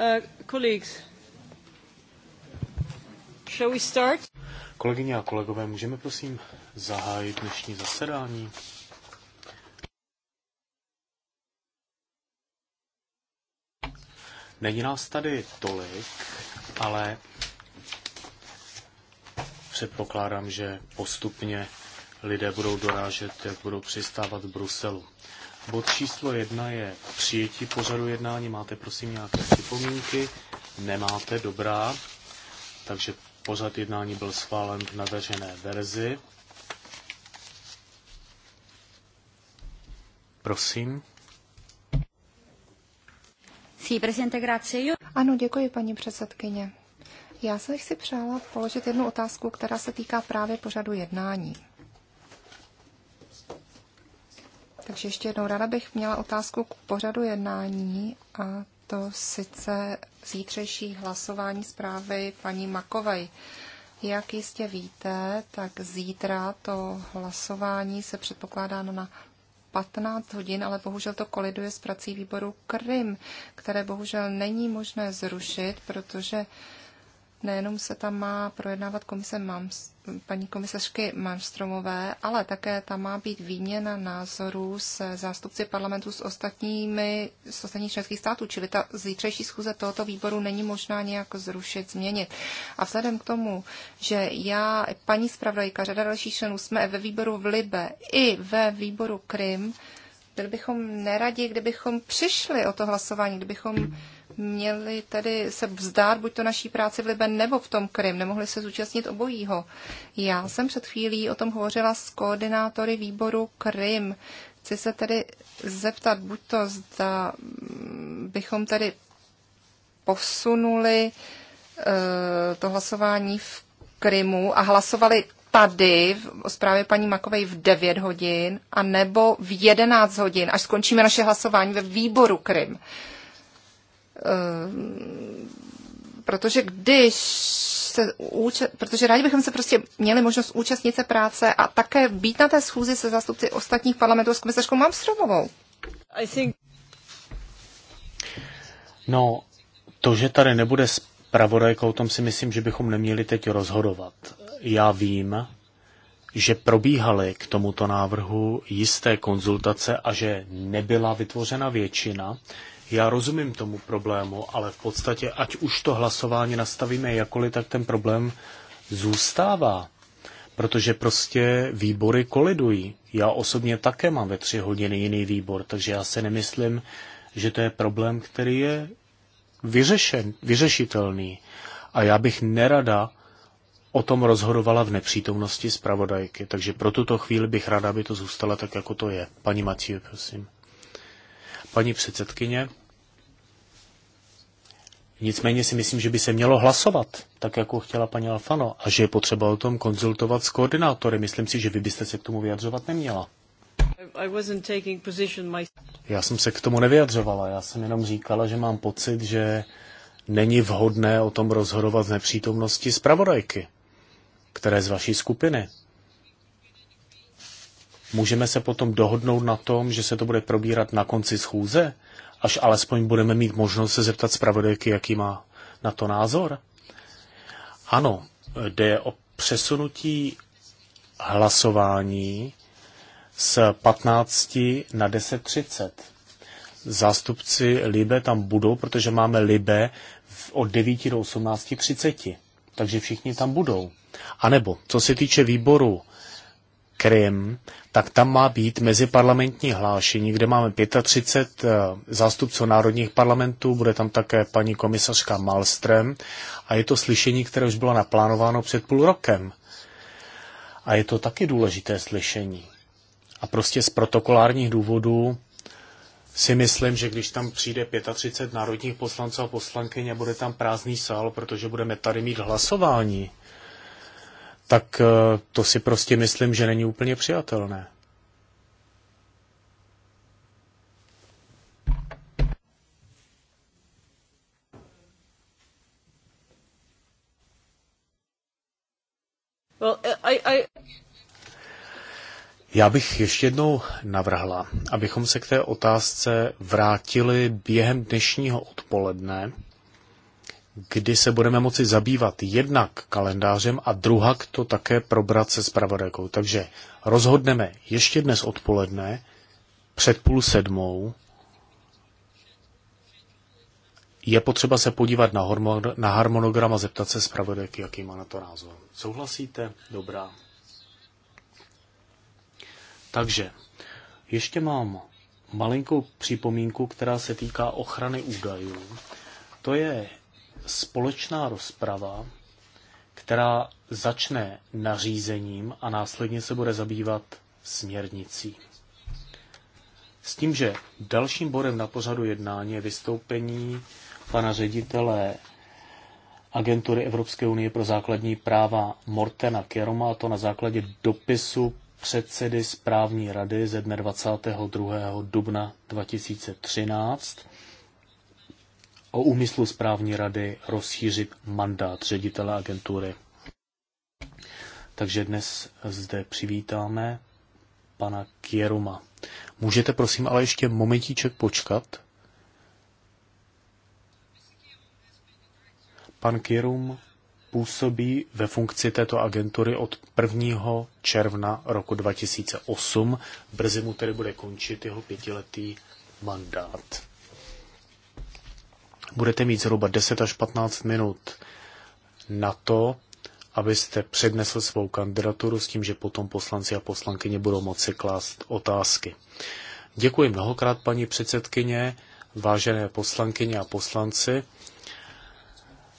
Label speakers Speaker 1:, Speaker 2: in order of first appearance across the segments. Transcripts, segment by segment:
Speaker 1: Eh, shall we start?
Speaker 2: Kolegyně a kolegové, můžeme prosím zahájit dnešní zasedání? Není nás tady tolik, ale předpokládám, že postupně lidé budou dorážet, jak budou přistávat v Bruselu. Bod číslo jedna je přijetí pořadu jednání. Máte prosím nějaké připomínky? Nemáte, dobrá. Takže pořad jednání byl schválen v navržené verzi. Prosím.
Speaker 3: Ano, děkuji, paní předsedkyně. Já se chci přála položit jednu otázku, která se týká právě pořadu jednání. Takže ještě jednou ráda bych měla otázku k pořadu jednání a to sice zítřejší hlasování zprávy paní Makovej. Jak jistě víte, tak zítra to hlasování se předpokládá na 15 hodin, ale bohužel to koliduje s prací výboru Krym, které bohužel není možné zrušit, protože Nejenom se tam má projednávat komise Mams, paní komisařky Malmstromové, ale také tam má být výměna názorů se zástupci parlamentu s ostatními, s ostatních členských států, čili ta zítřejší schůze tohoto výboru není možná nějak zrušit, změnit. A vzhledem k tomu, že já, paní zpravodajka, řada dalších členů jsme ve výboru v Libe i ve výboru Krym, byli bychom neradi, kdybychom přišli o to hlasování, kdybychom měli tady se vzdát buď to naší práci v Liben nebo v tom Krym, nemohli se zúčastnit obojího. Já jsem před chvílí o tom hovořila s koordinátory výboru Krym. Chci se tedy zeptat, buď to zda mm, bychom tedy posunuli eh, to hlasování v Krymu a hlasovali tady o zprávě paní Makovej v 9 hodin a nebo v 11 hodin, až skončíme naše hlasování ve výboru Krym. Ehm, protože když se účast, protože rádi bychom se prostě měli možnost účastnit se práce a také být na té schůzi se zástupci ostatních parlamentů s komisařkou Mamstromovou.
Speaker 1: I think...
Speaker 2: No, to, že tady nebude zpravodajka, o tom si myslím, že bychom neměli teď rozhodovat. Já vím, že probíhaly k tomuto návrhu jisté konzultace a že nebyla vytvořena většina. Já rozumím tomu problému, ale v podstatě, ať už to hlasování nastavíme jakoliv, tak ten problém zůstává. Protože prostě výbory kolidují. Já osobně také mám ve tři hodiny jiný výbor, takže já se nemyslím, že to je problém, který je vyřešen, vyřešitelný. A já bych nerada o tom rozhodovala v nepřítomnosti zpravodajky, takže pro tuto chvíli bych ráda, aby to zůstalo tak, jako to je. Paní Matěj, prosím. Paní předsedkyně, Nicméně si myslím, že by se mělo hlasovat, tak jako chtěla paní Alfano, a že je potřeba o tom konzultovat s koordinátory. Myslím si, že vy byste se k tomu vyjadřovat neměla. Já jsem se k tomu nevyjadřovala, já jsem jenom říkala, že mám pocit, že není vhodné o tom rozhodovat z nepřítomnosti zpravodajky, které z vaší skupiny. Můžeme se potom dohodnout na tom, že se to bude probírat na konci schůze až alespoň budeme mít možnost se zeptat zpravodajky, jaký má na to názor? Ano, jde o přesunutí hlasování z 15 na 10.30. Zástupci Libe tam budou, protože máme Libe od 9 do 18.30. Takže všichni tam budou. A nebo, co se týče výboru Krym, tak tam má být meziparlamentní hlášení, kde máme 35 eh, zástupců národních parlamentů, bude tam také paní komisařka Malstrem a je to slyšení, které už bylo naplánováno před půl rokem. A je to taky důležité slyšení. A prostě z protokolárních důvodů si myslím, že když tam přijde 35 národních poslanců a poslankyně, bude tam prázdný sál, protože budeme tady mít hlasování tak eh, to si prostě myslím, že není úplně přijatelné.
Speaker 1: Well, I, I...
Speaker 2: Já bych ještě jednou navrhla, abychom se k té otázce vrátili během dnešního odpoledne kdy se budeme moci zabývat jednak kalendářem a druhak to také probrat se zpravodajkou. Takže rozhodneme ještě dnes odpoledne před půl sedmou. Je potřeba se podívat na, na harmonogram a zeptat se zpravodajky, jaký má na to názor. Souhlasíte? Dobrá. Takže ještě mám malinkou připomínku, která se týká ochrany údajů. To je společná rozprava, která začne nařízením a následně se bude zabývat směrnicí. S tím, že dalším bodem na pořadu jednání je vystoupení pana ředitele agentury Evropské unie pro základní práva Mortena Keroma, a to na základě dopisu předsedy správní rady ze dne 22. dubna 2013 o úmyslu správní rady rozšířit mandát ředitele agentury. Takže dnes zde přivítáme pana Kieruma. Můžete prosím ale ještě momentíček počkat? Pan Kierum působí ve funkci této agentury od 1. června roku 2008. Brzy mu tedy bude končit jeho pětiletý mandát budete mít zhruba 10 až 15 minut na to, abyste přednesl svou kandidaturu s tím, že potom poslanci a poslankyně budou moci klást otázky. Děkuji mnohokrát, paní předsedkyně, vážené poslankyně a poslanci.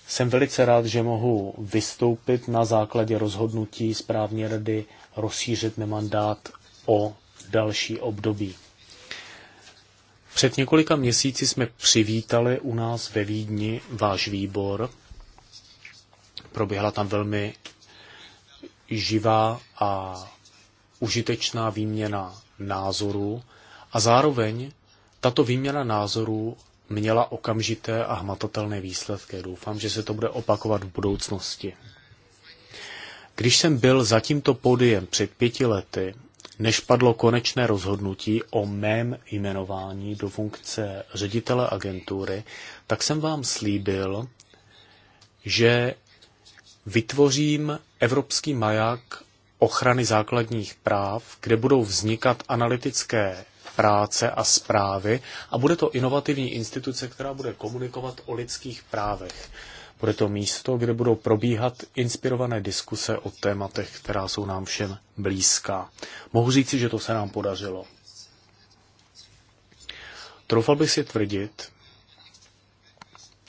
Speaker 2: Jsem velice rád, že mohu vystoupit na základě rozhodnutí správní rady rozšířit mandát o další období. Před několika měsíci jsme přivítali u nás ve Vídni váš výbor. Proběhla tam velmi živá a užitečná výměna názorů a zároveň tato výměna názorů měla okamžité a hmatatelné výsledky. Doufám, že se to bude opakovat v budoucnosti. Když jsem byl za tímto pódiem před pěti lety, než padlo konečné rozhodnutí o mém jmenování do funkce ředitele agentury, tak jsem vám slíbil, že vytvořím evropský maják ochrany základních práv, kde budou vznikat analytické práce a zprávy a bude to inovativní instituce, která bude komunikovat o lidských právech. Bude to místo, kde budou probíhat inspirované diskuse o tématech, která jsou nám všem blízká. Mohu říci, že to se nám podařilo. Troufal bych si tvrdit,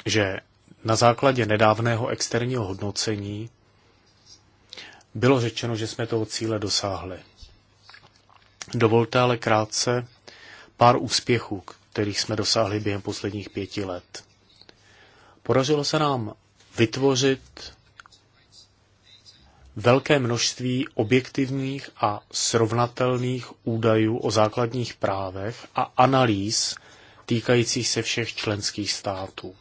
Speaker 2: že na základě nedávného externího hodnocení bylo řečeno, že jsme toho cíle dosáhli. Dovolte ale krátce pár úspěchů, kterých jsme dosáhli během posledních pěti let. Podařilo se nám vytvořit velké množství objektivních a srovnatelných údajů o základních právech a analýz týkajících se všech členských států.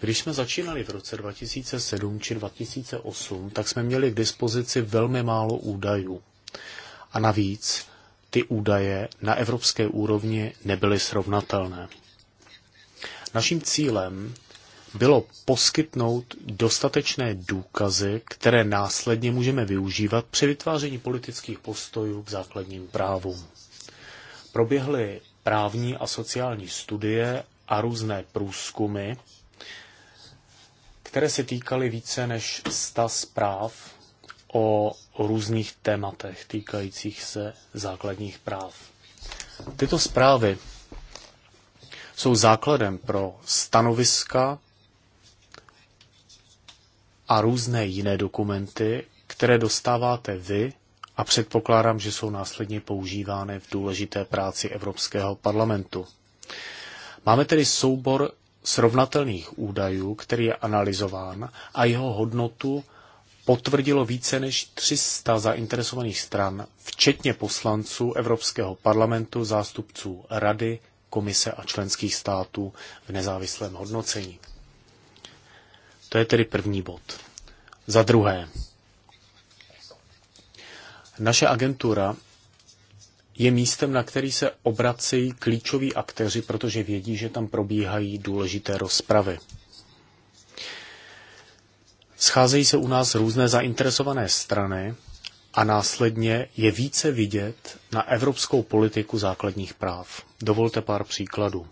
Speaker 2: Když jsme začínali v roce 2007 či 2008, tak jsme měli k dispozici velmi málo údajů. A navíc ty údaje na evropské úrovni nebyly srovnatelné. Naším cílem bylo poskytnout dostatečné důkazy, které následně můžeme využívat při vytváření politických postojů k základním právům. Proběhly právní a sociální studie a různé průzkumy, které se týkaly více než sta zpráv o různých tématech týkajících se základních práv. Tyto zprávy jsou základem pro stanoviska a různé jiné dokumenty, které dostáváte vy a předpokládám, že jsou následně používány v důležité práci Evropského parlamentu. Máme tedy soubor srovnatelných údajů, který je analyzován a jeho hodnotu potvrdilo více než 300 zainteresovaných stran, včetně poslanců Evropského parlamentu, zástupců Rady, Komise a členských států v nezávislém hodnocení. To je tedy první bod. Za druhé, naše agentura je místem, na který se obracejí klíčoví akteři, protože vědí, že tam probíhají důležité rozpravy. Scházejí se u nás různé zainteresované strany a následně je více vidět na evropskou politiku základních práv. Dovolte pár příkladů.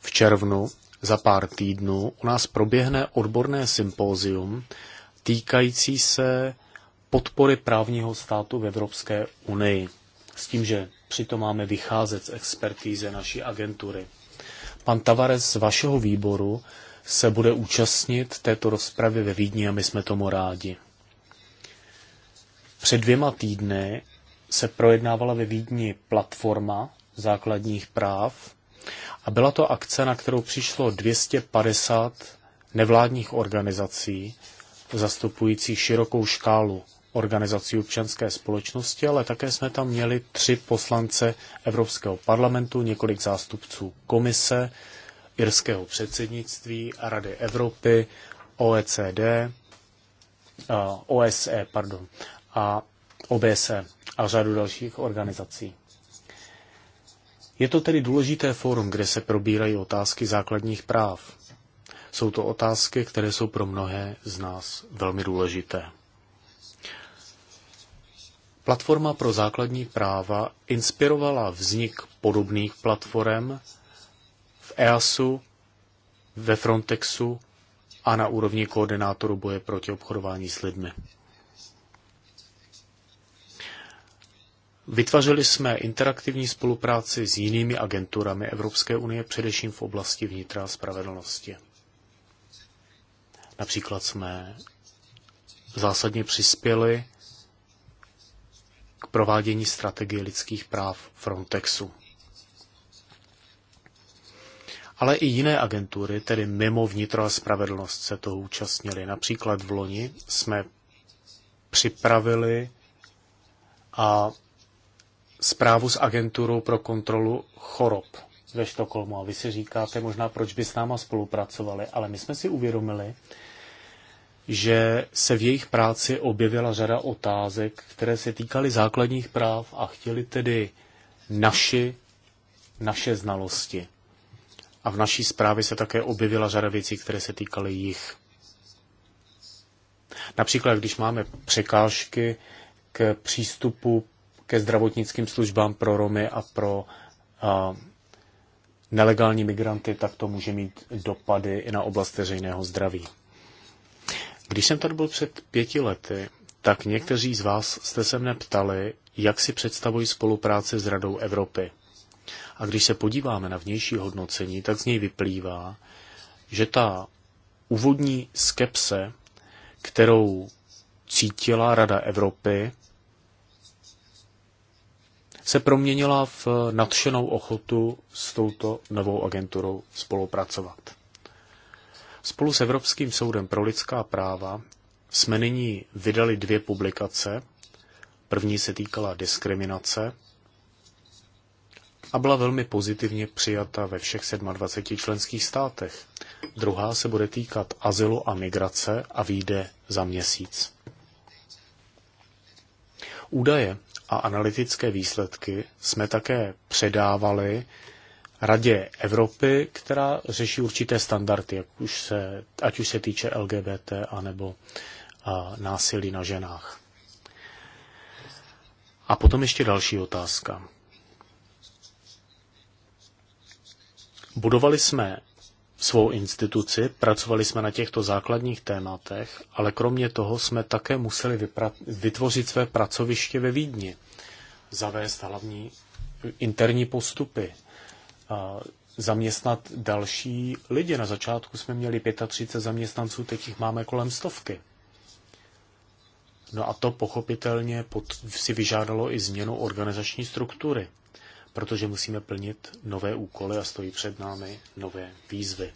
Speaker 2: V červnu za pár týdnů u nás proběhne odborné sympózium týkající se podpory právního státu v Evropské unii. S tím, že přitom máme vycházet z expertíze naší agentury. Pan Tavares z vašeho výboru se bude účastnit této rozpravy ve Vídni a my jsme tomu rádi. Před dvěma týdny se projednávala ve Vídni platforma základních práv a byla to akce, na kterou přišlo 250 nevládních organizací, zastupující širokou škálu organizací občanské společnosti, ale také jsme tam měli tři poslance Evropského parlamentu, několik zástupců komise, irského předsednictví Rady Evropy, OECD, eh, OSE, pardon, a OBSE a řadu dalších organizací. Je to tedy důležité fórum, kde se probírají otázky základních práv. Jsou to otázky, které jsou pro mnohé z nás velmi důležité. Platforma pro základní práva inspirovala vznik podobných platform v EASu, ve Frontexu a na úrovni koordinátoru boje proti obchodování s lidmi. Vytvořili jsme interaktivní spolupráci s jinými agenturami Evropské unie, především v oblasti vnitra a spravedlnosti. Například jsme zásadně přispěli k provádění strategie lidských práv Frontexu. Ale i jiné agentury, tedy mimo vnitro a spravedlnost, se toho účastnili. Například v loni jsme připravili a zprávu z agenturu pro kontrolu chorob ve Štokholmu a vy si říkáte možná, proč by s náma spolupracovali, ale my jsme si uvědomili, že se v jejich práci objevila řada otázek, které se týkaly základních práv a chtěli tedy naši, naše znalosti. A v naší zprávě se také objevila řada věcí, které se týkaly jich. Například, když máme překážky k přístupu ke zdravotnickým službám pro Romy a pro uh, nelegální migranty, tak to může mít dopady i na oblast veřejného zdraví. Když jsem tady byl před pěti lety, tak někteří z vás jste se mne ptali, jak si představují spolupráci s Radou Evropy. A když se podíváme na vnější hodnocení, tak z něj vyplývá, že ta úvodní skepse, kterou cítila Rada Evropy, se proměnila v nadšenou ochotu s touto novou agenturou spolupracovat. Spolu s Evropským soudem pro lidská práva jsme nyní vydali dvě publikace. První se týkala diskriminace a byla velmi pozitivně přijata ve všech 27 členských státech. Druhá se bude týkat azylu a migrace a vyjde za měsíc. Údaje a analytické výsledky jsme také předávali Radě Evropy, která řeší určité standardy, jak už se, ať už se týče LGBT anebo a, násilí na ženách. A potom ještě další otázka. Budovali jsme svou instituci, pracovali jsme na těchto základních tématech, ale kromě toho jsme také museli vytvořit své pracoviště ve Vídni, zavést hlavní eh, interní postupy, zaměstnat další lidi. Na začátku jsme měli 35 zaměstnanců, teď jich máme kolem stovky. No a to pochopitelně pod, si vyžádalo i změnu organizační struktury protože musíme plnit nové úkoly a stojí před námi nové výzvy.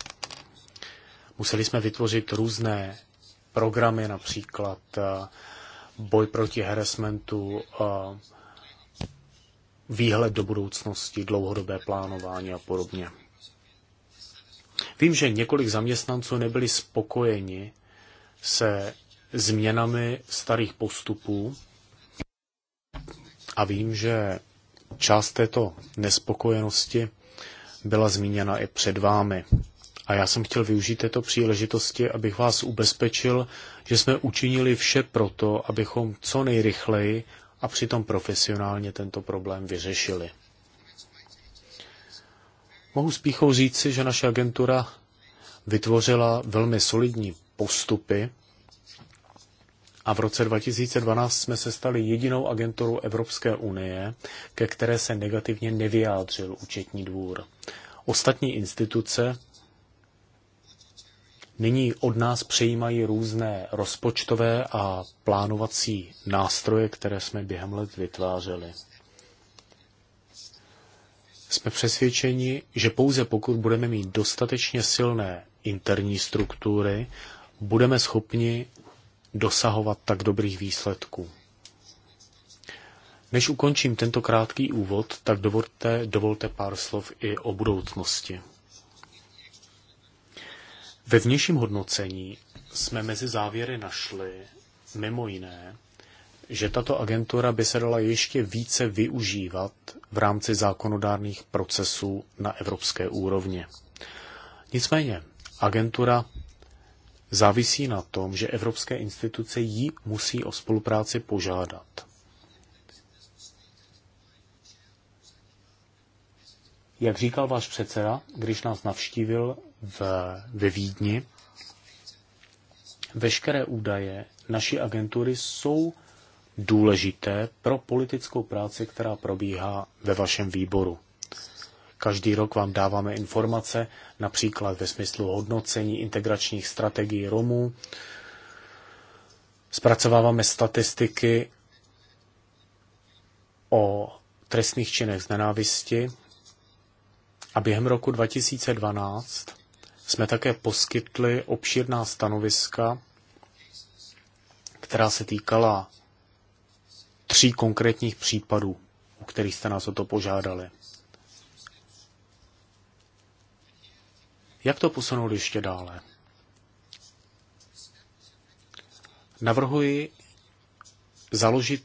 Speaker 2: Museli jsme vytvořit různé programy, například eh, boj proti harassmentu, eh, výhled do budoucnosti, dlouhodobé plánování a podobně. Vím, že několik zaměstnanců nebyli spokojeni se změnami starých postupů a vím, že Část této nespokojenosti byla zmíněna i před vámi. A já jsem chtěl využít této příležitosti, abych vás ubezpečil, že jsme učinili vše proto, abychom co nejrychleji a přitom profesionálně tento problém vyřešili. Mohu s říci, že naše agentura vytvořila velmi solidní postupy a v roce 2012 jsme se stali jedinou agenturou Evropské unie, ke které se negativně nevyjádřil účetní dvůr. Ostatní instituce nyní od nás přejímají různé rozpočtové a plánovací nástroje, které jsme během let vytvářeli. Jsme přesvědčeni, že pouze pokud budeme mít dostatečně silné interní struktury, budeme schopni dosahovat tak dobrých výsledků. Než ukončím tento krátký úvod, tak dovolte, dovolte pár slov i o budoucnosti. Ve vnějším hodnocení jsme mezi závěry našli, mimo jiné, že tato agentura by se dala ještě více využívat v rámci zákonodárných procesů na evropské úrovni. Nicméně, agentura závisí na tom, že evropské instituce ji musí o spolupráci požádat. Jak říkal váš předseda, když nás navštívil v, ve Vídni, veškeré údaje naší agentury jsou důležité pro politickou práci, která probíhá ve vašem výboru. Každý rok vám dáváme informace, například ve smyslu hodnocení integračních strategií Romů. Zpracováváme statistiky o trestných činech z nenávisti a během roku 2012 jsme také poskytli obšírná stanoviska, která se týkala tří konkrétních případů, u kterých jste nás o to požádali. Jak to posunout ještě dále? Navrhuji založit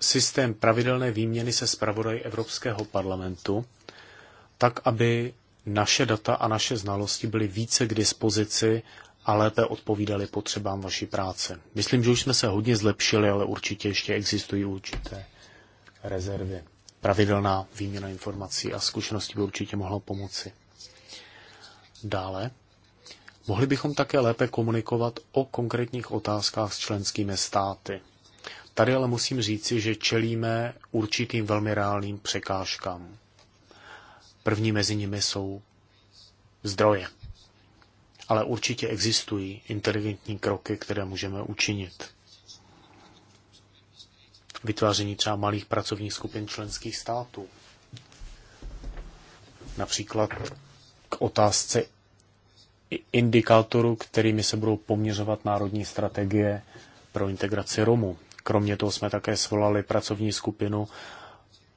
Speaker 2: systém pravidelné výměny se zpravodaji Evropského parlamentu, tak aby naše data a naše znalosti byly více k dispozici a lépe odpovídaly potřebám vaší práce. Myslím, že už jsme se hodně zlepšili, ale určitě ještě existují určité rezervy. Pravidelná výměna informací a zkušeností by určitě mohla pomoci. Dále, mohli bychom také lépe komunikovat o konkrétních otázkách s členskými státy. Tady ale musím říci, že čelíme určitým velmi reálným překážkám. První mezi nimi jsou zdroje. Ale určitě existují inteligentní kroky, které můžeme učinit. Vytváření třeba malých pracovních skupin členských států. Například otázce indikátorů, kterými se budou poměřovat národní strategie pro integraci Romů. Kromě toho jsme také svolali pracovní skupinu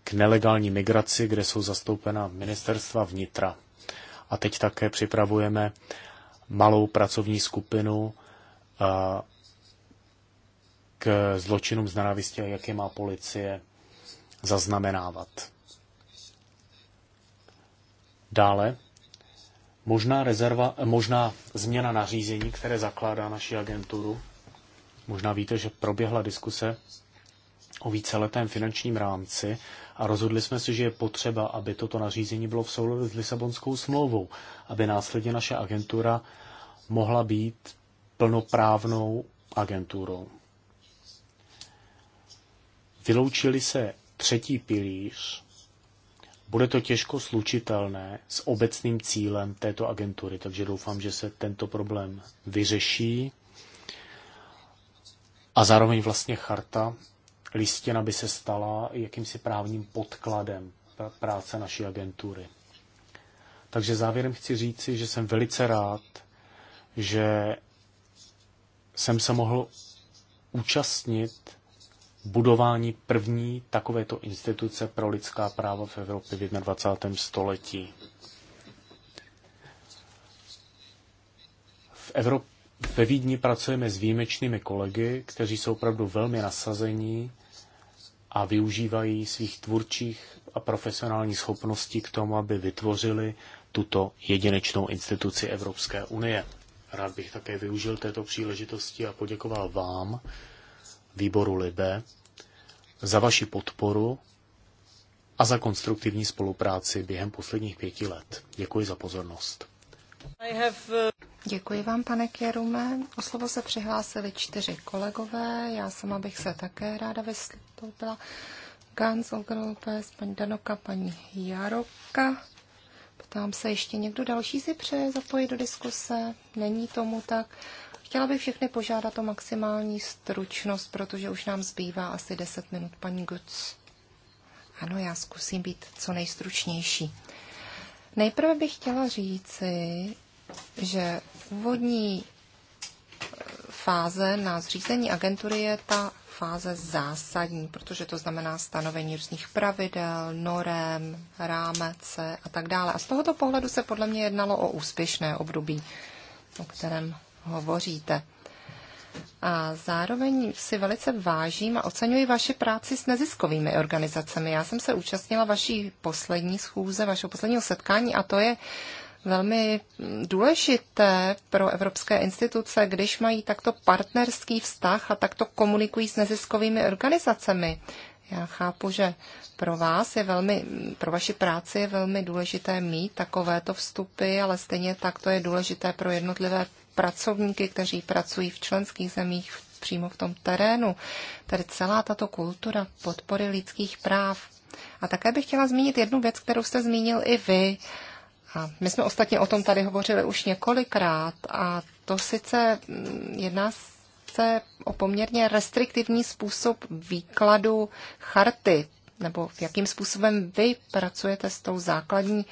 Speaker 2: k nelegální migraci, kde jsou zastoupena ministerstva vnitra. A teď také připravujeme malou pracovní skupinu k zločinům z nenávistě, jak je má policie zaznamenávat. Dále možná, rezerva, možná změna nařízení, které zakládá naši agenturu. Možná víte, že proběhla diskuse o víceletém finančním rámci a rozhodli jsme se, že je potřeba, aby toto nařízení bylo v souladu s Lisabonskou smlouvou, aby následně naše agentura mohla být plnoprávnou agenturou. Vyloučili se třetí pilíř bude to těžko slučitelné s obecným cílem této agentury, takže doufám, že se tento problém vyřeší. A zároveň vlastně charta, listina by se stala jakýmsi právním podkladem práce naší agentury. Takže závěrem chci říci, že jsem velice rád, že jsem se mohl účastnit budování první takovéto instituce pro lidská práva v Evropě v 21. století. V Evrop- ve Vídni pracujeme s výjimečnými kolegy, kteří jsou opravdu velmi nasazení a využívají svých tvůrčích a profesionálních schopností k tomu, aby vytvořili tuto jedinečnou instituci Evropské unie. Rád bych také využil této příležitosti a poděkoval vám, výboru Libe za vaši podporu a za konstruktivní spolupráci během posledních pěti let. Děkuji za pozornost.
Speaker 3: Uh, Děkuji vám, pane Kjerume. O slovo se přihlásili čtyři kolegové. Já sama bych se také ráda vystoupila. Gans, Olga paní Danoka, paní Jaroka. Ptám se, ještě někdo další si přeje zapojit do diskuse? Není tomu tak. Chtěla bych všechny požádat o maximální stručnost, protože už nám zbývá asi 10 minut, paní Guc. Ano, já zkusím být co nejstručnější. Nejprve bych chtěla říci, že úvodní e, fáze na zřízení agentury je ta fáze zásadní, protože to znamená stanovení různých pravidel, norem, rámece a tak dále. A z tohoto pohledu se podle mě jednalo o úspěšné období, o kterém hovoříte. A zároveň si velice vážím a oceňuji vaši práci s neziskovými organizacemi. Já jsem se účastnila vaší poslední schůze, vašeho posledního setkání a to je velmi důležité pro evropské instituce, když mají takto partnerský vztah a takto komunikují s neziskovými organizacemi. Já chápu, že pro vás je velmi, pro vaši práci je velmi důležité mít takovéto vstupy, ale stejně tak to je důležité pro jednotlivé pracovníky, kteří pracují v členských zemích přímo v tom terénu. Tedy celá tato kultura podpory lidských práv. A také bych chtěla zmínit jednu věc, kterou jste zmínil i vy. A my jsme ostatně o tom tady hovořili už několikrát a to sice mm, jedná se o poměrně restriktivní způsob výkladu charty, nebo jakým způsobem vy pracujete s tou základní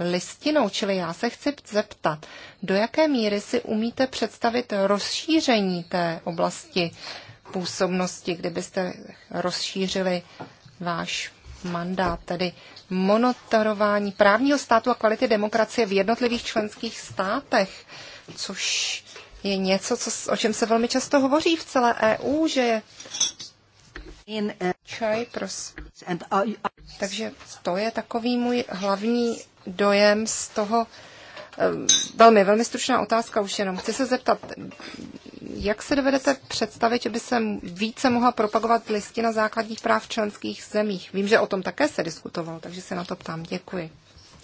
Speaker 3: listinou. Čili já se chci zeptat, do jaké míry si umíte představit rozšíření té oblasti působnosti, kdybyste rozšířili váš mandát, tedy monitorování právního státu a kvality demokracie v jednotlivých členských státech, což je něco, co, o čem se velmi často hovoří v celé EU, že in eh, čaj, prosím. Takže to je takový můj hlavní dojem z toho, velmi, velmi stručná otázka už jenom. Chci se zeptat, jak se dovedete představit, že by se více mohla propagovat listina základních práv v členských zemích? Vím, že o tom také se diskutovalo, takže se na to ptám. Děkuji.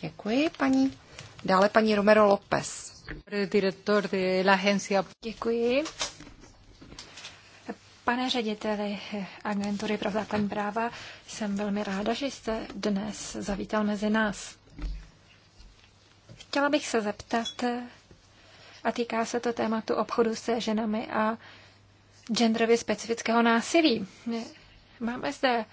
Speaker 3: Děkuji, paní. Dále paní Romero López.
Speaker 1: Děkuji. Pane řediteli Agentury pro základní práva, jsem velmi ráda, že jste dnes zavítal mezi nás. Chtěla bych se zeptat, a týká se to tématu obchodu se ženami a genderově specifického násilí. Máme zde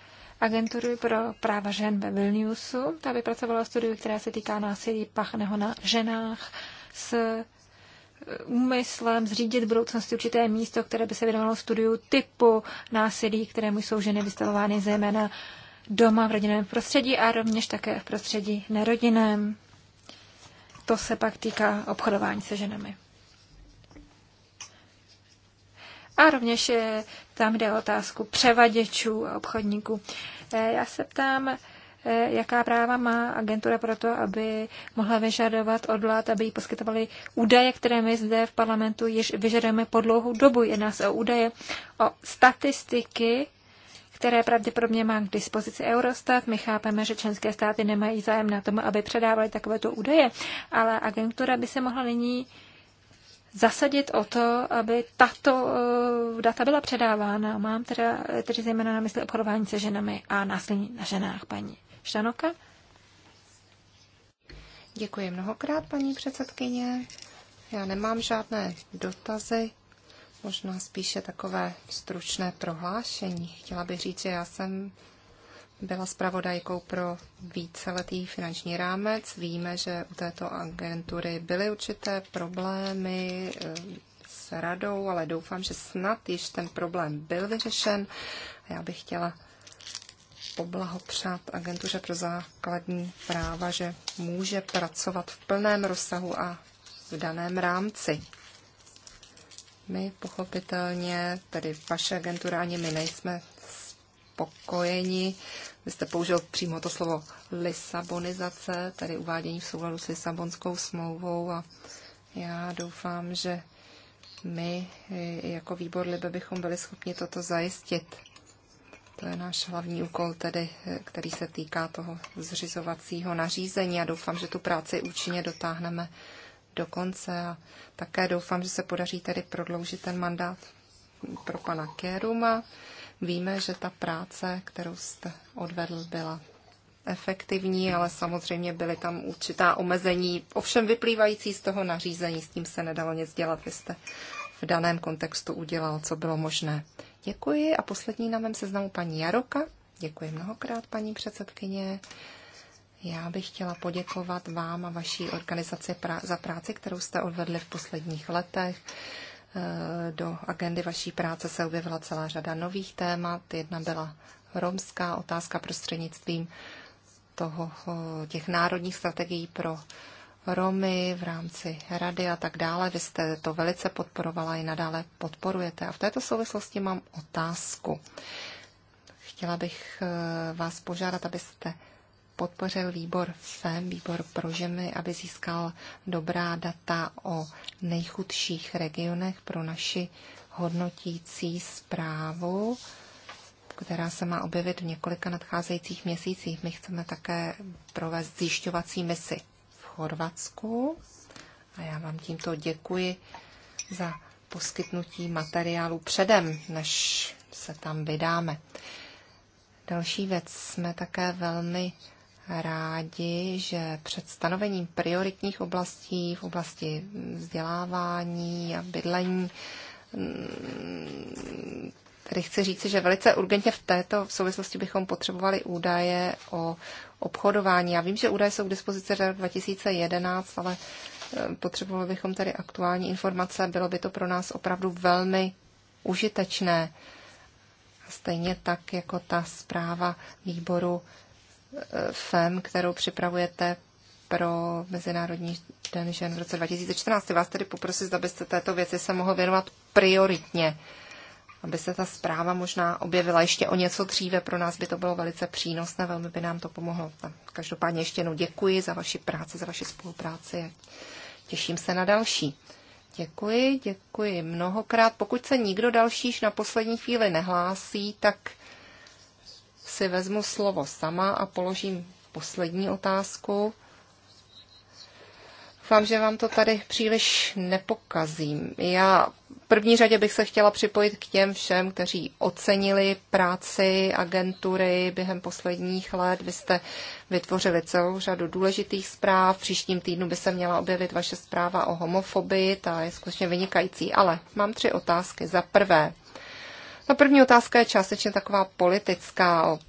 Speaker 1: agenturu pro práva žen ve Vilniusu. Ta vypracovala studiu, která se týká násilí pachného na ženách s e, úmyslem zřídit v budoucnosti určité místo, které by se věnovalo studiu typu násilí, kterému jsou ženy vystavovány zejména doma v rodinném prostředí a rovněž také v prostředí nerodinném to se pak týká obchodování se ženami. A rovněž tam jde o otázku převaděčů a obchodníků. Eh, já se ptám, eh, jaká práva má agentura pro to, aby mohla vyžadovat od vlád, aby jí poskytovali údaje, které my zde v parlamentu již vyžadujeme po dlouhou dobu. Jedná se o údaje, o statistiky které pravděpodobně má k dispozici Eurostat. My chápeme, že členské státy nemají zájem na tom, aby předávali takovéto údaje, ale agentura by se mohla nyní zasadit o to, aby tato eh, data byla předávána. Mám teda, tedy zejména na mysli obchodování se ženami a násilí na ženách, paní Štanoka. Děkuji mnohokrát, paní předsedkyně.
Speaker 3: Já nemám žádné dotazy možná spíše takové stručné prohlášení. Chtěla bych říct, že já jsem byla spravodajkou pro víceletý finanční rámec. Víme, že u této agentury byly určité problémy eh, s radou, ale doufám, že snad již ten problém byl vyřešen. A já bych chtěla poblahopřát agentuře pro základní práva, že může pracovat v plném rozsahu a v daném rámci. My pochopitelně, tedy vaše agentura ani my nejsme spokojeni. Vy jste použil přímo to slovo Lisabonizace, tedy uvádění v souladu s Lisabonskou smlouvou a já doufám, že my jako výbor Libe bychom byli schopni toto zajistit. To je náš hlavní úkol, tedy, který se týká toho zřizovacího nařízení a doufám, že tu práci účinně dotáhneme do konce a také doufám, že se podaří tedy prodloužit ten mandát pro pana Kéruma. Víme, že ta práce, kterou jste odvedl, byla efektivní, ale samozřejmě byly tam určitá omezení, ovšem vyplývající z toho nařízení, s tím se nedalo nic dělat. Vy jste v daném kontextu udělal, co bylo možné. Děkuji a poslední na mém seznamu paní Jaroka. Děkuji mnohokrát, paní předsedkyně. Já bych chtěla poděkovat vám a vaší organizaci za práci, kterou jste odvedli v posledních letech. Eh, do agendy vaší práce se objevila celá řada nových témat. Jedna byla romská otázka prostřednictvím toho, eh, těch národních strategií pro Romy v rámci rady a tak dále. Vy jste to velice podporovala i nadále podporujete. A v této souvislosti mám otázku. Chtěla bych eh, vás požádat, abyste podpořil výbor FEM, výbor pro ženy, aby získal dobrá data o nejchudších regionech pro naši hodnotící zprávu, která se má objevit v několika nadcházejících měsících. My chceme také provést zjišťovací misi v Chorvatsku. A já vám tímto děkuji za poskytnutí materiálu předem, než se tam vydáme. Další věc, jsme také velmi rádi, že před stanovením prioritních oblastí v oblasti vzdělávání a bydlení mm, tedy chci říci, že velice urgentně v této souvislosti bychom potřebovali údaje o obchodování. Já vím, že údaje jsou k dispozici rok 2011, ale e, potřebovali bychom tady aktuální informace. Bylo by to pro nás opravdu velmi užitečné. Stejně tak jako ta zpráva výboru FEM, kterou připravujete pro Mezinárodní den žen v roce 2014. Vás tedy poprosím, abyste této věci se mohl věnovat prioritně, aby se ta zpráva možná objevila ještě o něco dříve. Pro nás by to bylo velice přínosné, velmi by nám to pomohlo. Tak každopádně ještě jednou děkuji za vaši práci, za vaši spolupráci. Těším se na další. Děkuji, děkuji mnohokrát. Pokud se nikdo další na poslední chvíli nehlásí, tak si vezmu slovo sama a položím poslední otázku. Doufám, že vám to tady příliš nepokazím. Já v první řadě bych se chtěla připojit k těm všem, kteří ocenili práci agentury během posledních let. Vy jste vytvořili celou řadu důležitých zpráv. V příštím týdnu by se měla objevit vaše zpráva o homofobii, ta je skutečně vynikající. Ale mám tři otázky. Za prvé, ta no, první otázka je částečně taková politická o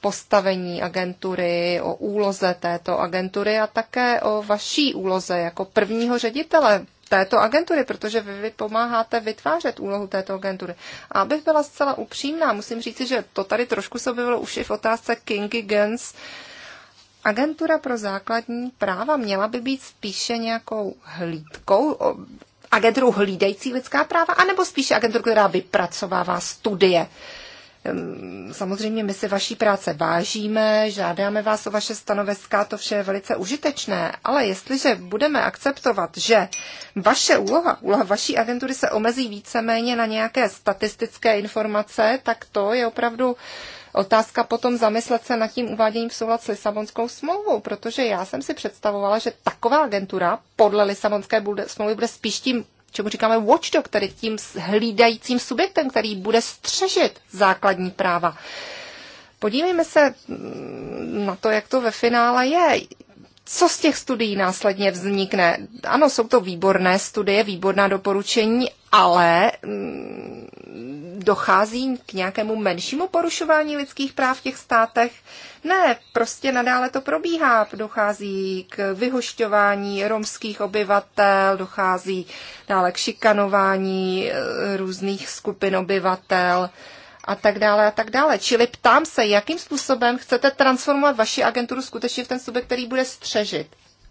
Speaker 3: postavení agentury, o úloze této agentury a také o vaší úloze jako prvního ředitele této agentury, protože vy pomáháte vytvářet úlohu této agentury. A abych byla zcela upřímná, musím říci, že to tady trošku se objevilo už i v otázce Kingy Gens. Agentura pro základní práva měla by být spíše nějakou hlídkou, agenturu hlídající lidská práva, anebo spíše agenturu, která vypracovává studie. Ehm, samozřejmě my si vaší práce vážíme, žádáme vás o vaše stanoviska, to vše je velice užitečné, ale jestliže budeme akceptovat, že vaše úloha, úloha vaší agentury se omezí víceméně na nějaké statistické informace, tak to je opravdu otázka potom zamyslet se nad tím uváděním v soulad s Lisabonskou smlouvou, protože já jsem si představovala, že taková agentura podle Lisabonské smlouvy bude spíš tím čemu říkáme watchdog, tedy tím hlídajícím subjektem, který bude střežit základní práva. Podívejme se mm, na to, jak to ve finále je. Co z těch studií následně vznikne? Ano, jsou to výborné studie, výborná doporučení, ale mm, dochází k nějakému menšímu porušování lidských práv v těch státech? Ne, prostě nadále to probíhá. Dochází k vyhošťování romských obyvatel, dochází dále k šikanování eh, různých skupin obyvatel a tak dále a tak dále. Čili ptám se, jakým způsobem chcete transformovat vaši agenturu skutečně v ten subjekt, který bude střežit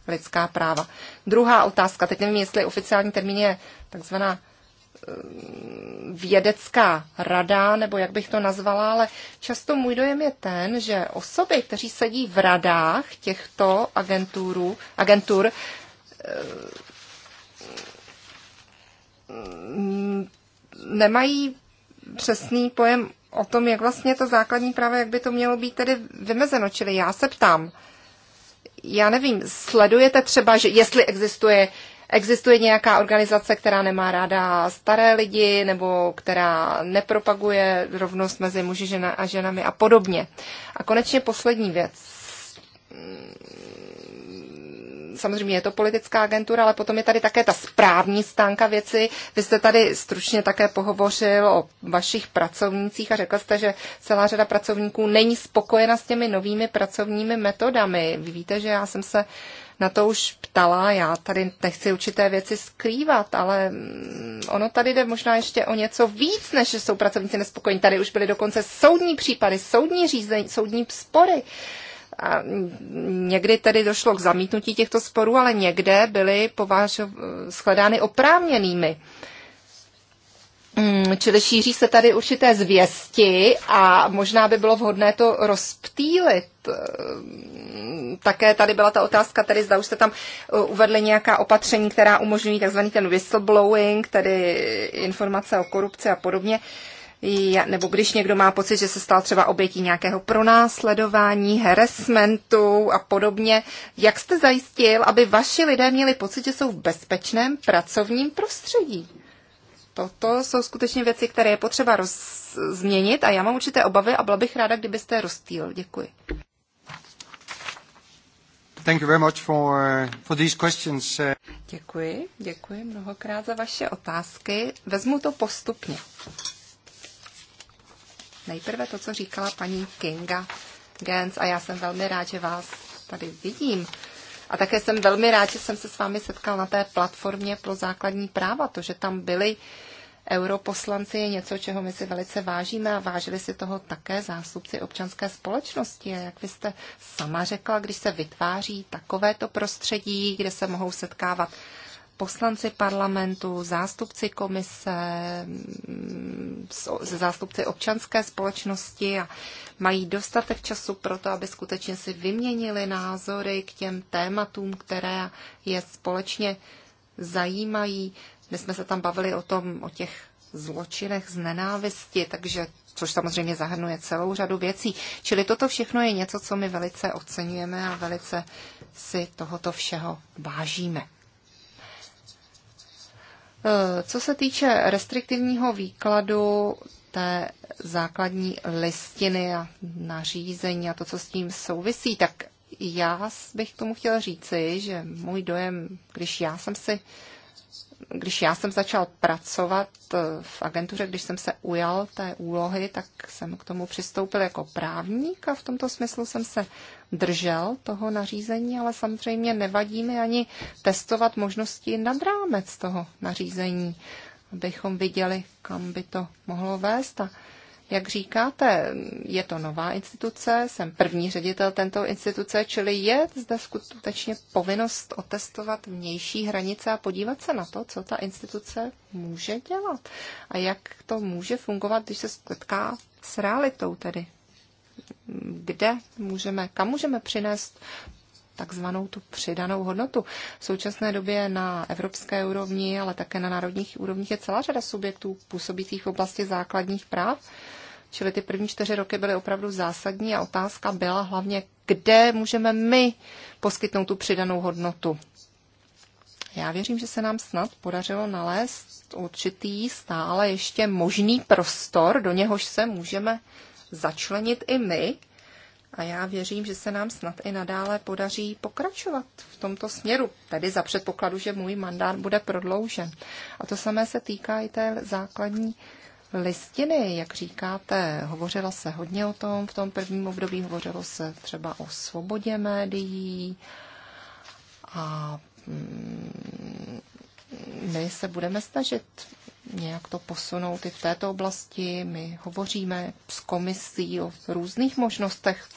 Speaker 3: lidská práva. Druhá otázka, teď nevím, jestli oficiální termín je takzvaná Eh, vědecká rada, nebo jak bych to nazvala, ale často můj dojem je ten, že osoby, kteří sedí v radách těchto agentůrů, agentur, eh, nemají přesný pojem o tom, jak vlastně to základní právo, jak by to mělo být tedy vymezeno. Čili já se ptám, já nevím, sledujete třeba, že jestli existuje uh, Existuje nějaká organizace, která nemá ráda staré lidi nebo která nepropaguje rovnost mezi muži žena a ženami a podobně. A konečně poslední věc. Mm, samozřejmě je to politická agentura, ale potom je tady také ta správní stánka věci. Vy jste tady stručně také pohovořil o vašich pracovnících a řekl jste, že celá řada pracovníků není spokojena s těmi novými pracovními metodami. Vy víte, že já jsem se uh, na to už ptala. Já tady nechci určité věci skrývat, ale mm, ono tady jde možná ještě o něco víc, než že jsou pracovníci nespokojení. Tady už byly dokonce soudní případy, soudní řízení, soudní spory. A někdy tedy došlo k zamítnutí těchto sporů, ale někde byly považovány shledány oprávněnými. Uh, Mm, čili šíří se tady určité zvěsti a možná by bylo vhodné to rozptýlit. Mm, také tady byla ta otázka, tady zda už jste tam uh, uvedli nějaká opatření, která umožňují tzv. ten whistleblowing, tedy informace o korupci a podobně. Nebo když někdo má pocit, že se stal třeba obětí nějakého pronásledování, harassmentu a podobně, jak jste zajistil, aby vaši lidé měli pocit, že jsou v bezpečném pracovním prostředí? toto jsou skutečně věci, které je potřeba roz- změnit a já mám určité obavy a byla bych ráda, kdybyste je rozstýl. Děkuji. Thank you very much for, for these questions. Děkuji, děkuji mnohokrát za vaše otázky. Vezmu to postupně. Nejprve to, co říkala paní Kinga Gens, a já jsem velmi rád, že vás tady vidím. A také jsem velmi rád, že jsem se s vámi setkal na té platformě pro základní práva. To, že tam byli europoslanci, je něco, čeho my si velice vážíme a vážili si toho také zástupci občanské společnosti. A jak vy jste sama řekla, když se vytváří takovéto prostředí, kde se mohou setkávat poslanci parlamentu, zástupci komise, zástupci občanské společnosti a mají dostatek času pro to, aby skutečně si vyměnili názory k těm tématům, které je společně zajímají. My jsme se tam bavili o tom, o těch zločinech z nenávisti, takže což samozřejmě zahrnuje celou řadu věcí. Čili toto všechno je něco, co my velice oceňujeme a velice si tohoto všeho vážíme. Eh, co se týče restriktivního výkladu té základní listiny a nařízení a to, co s tím souvisí, tak já bych tomu chtěla říci, že můj dojem, když já jsem si když já jsem začal pracovat eh, v agentuře, když jsem se ujal té úlohy, tak jsem k tomu přistoupil jako právník a v tomto smyslu jsem se držel toho nařízení, ale samozřejmě nevadí mi ani testovat možnosti nad rámec toho nařízení, abychom viděli, kam by to mohlo vést. A jak říkáte, je to nová instituce, jsem první ředitel tento instituce, čili je zde skutečně povinnost otestovat vnější hranice a podívat se na to, co ta instituce může dělat a jak to může fungovat, když se setká s realitou tedy. Kde můžeme, kam můžeme přinést takzvanou tu přidanou hodnotu. V současné době na evropské úrovni, ale také na národních úrovních je celá řada subjektů působících v oblasti základních práv. Čili ty první čtyři roky byly opravdu zásadní a otázka byla hlavně, kde můžeme my poskytnout tu přidanou hodnotu. Já věřím, že se nám snad podařilo nalézt určitý stále ještě možný prostor, do něhož se můžeme začlenit i my, a já věřím, že se nám snad i nadále podaří pokračovat v tomto směru, tedy za předpokladu, že můj mandát bude prodloužen. A to samé se týká i té základní listiny, jak říkáte, hovořilo se hodně o tom, v tom prvním období hovořilo se třeba o svobodě médií a mm, my se budeme snažit nějak to posunout i v této oblasti. My hovoříme s komisí o různých možnostech.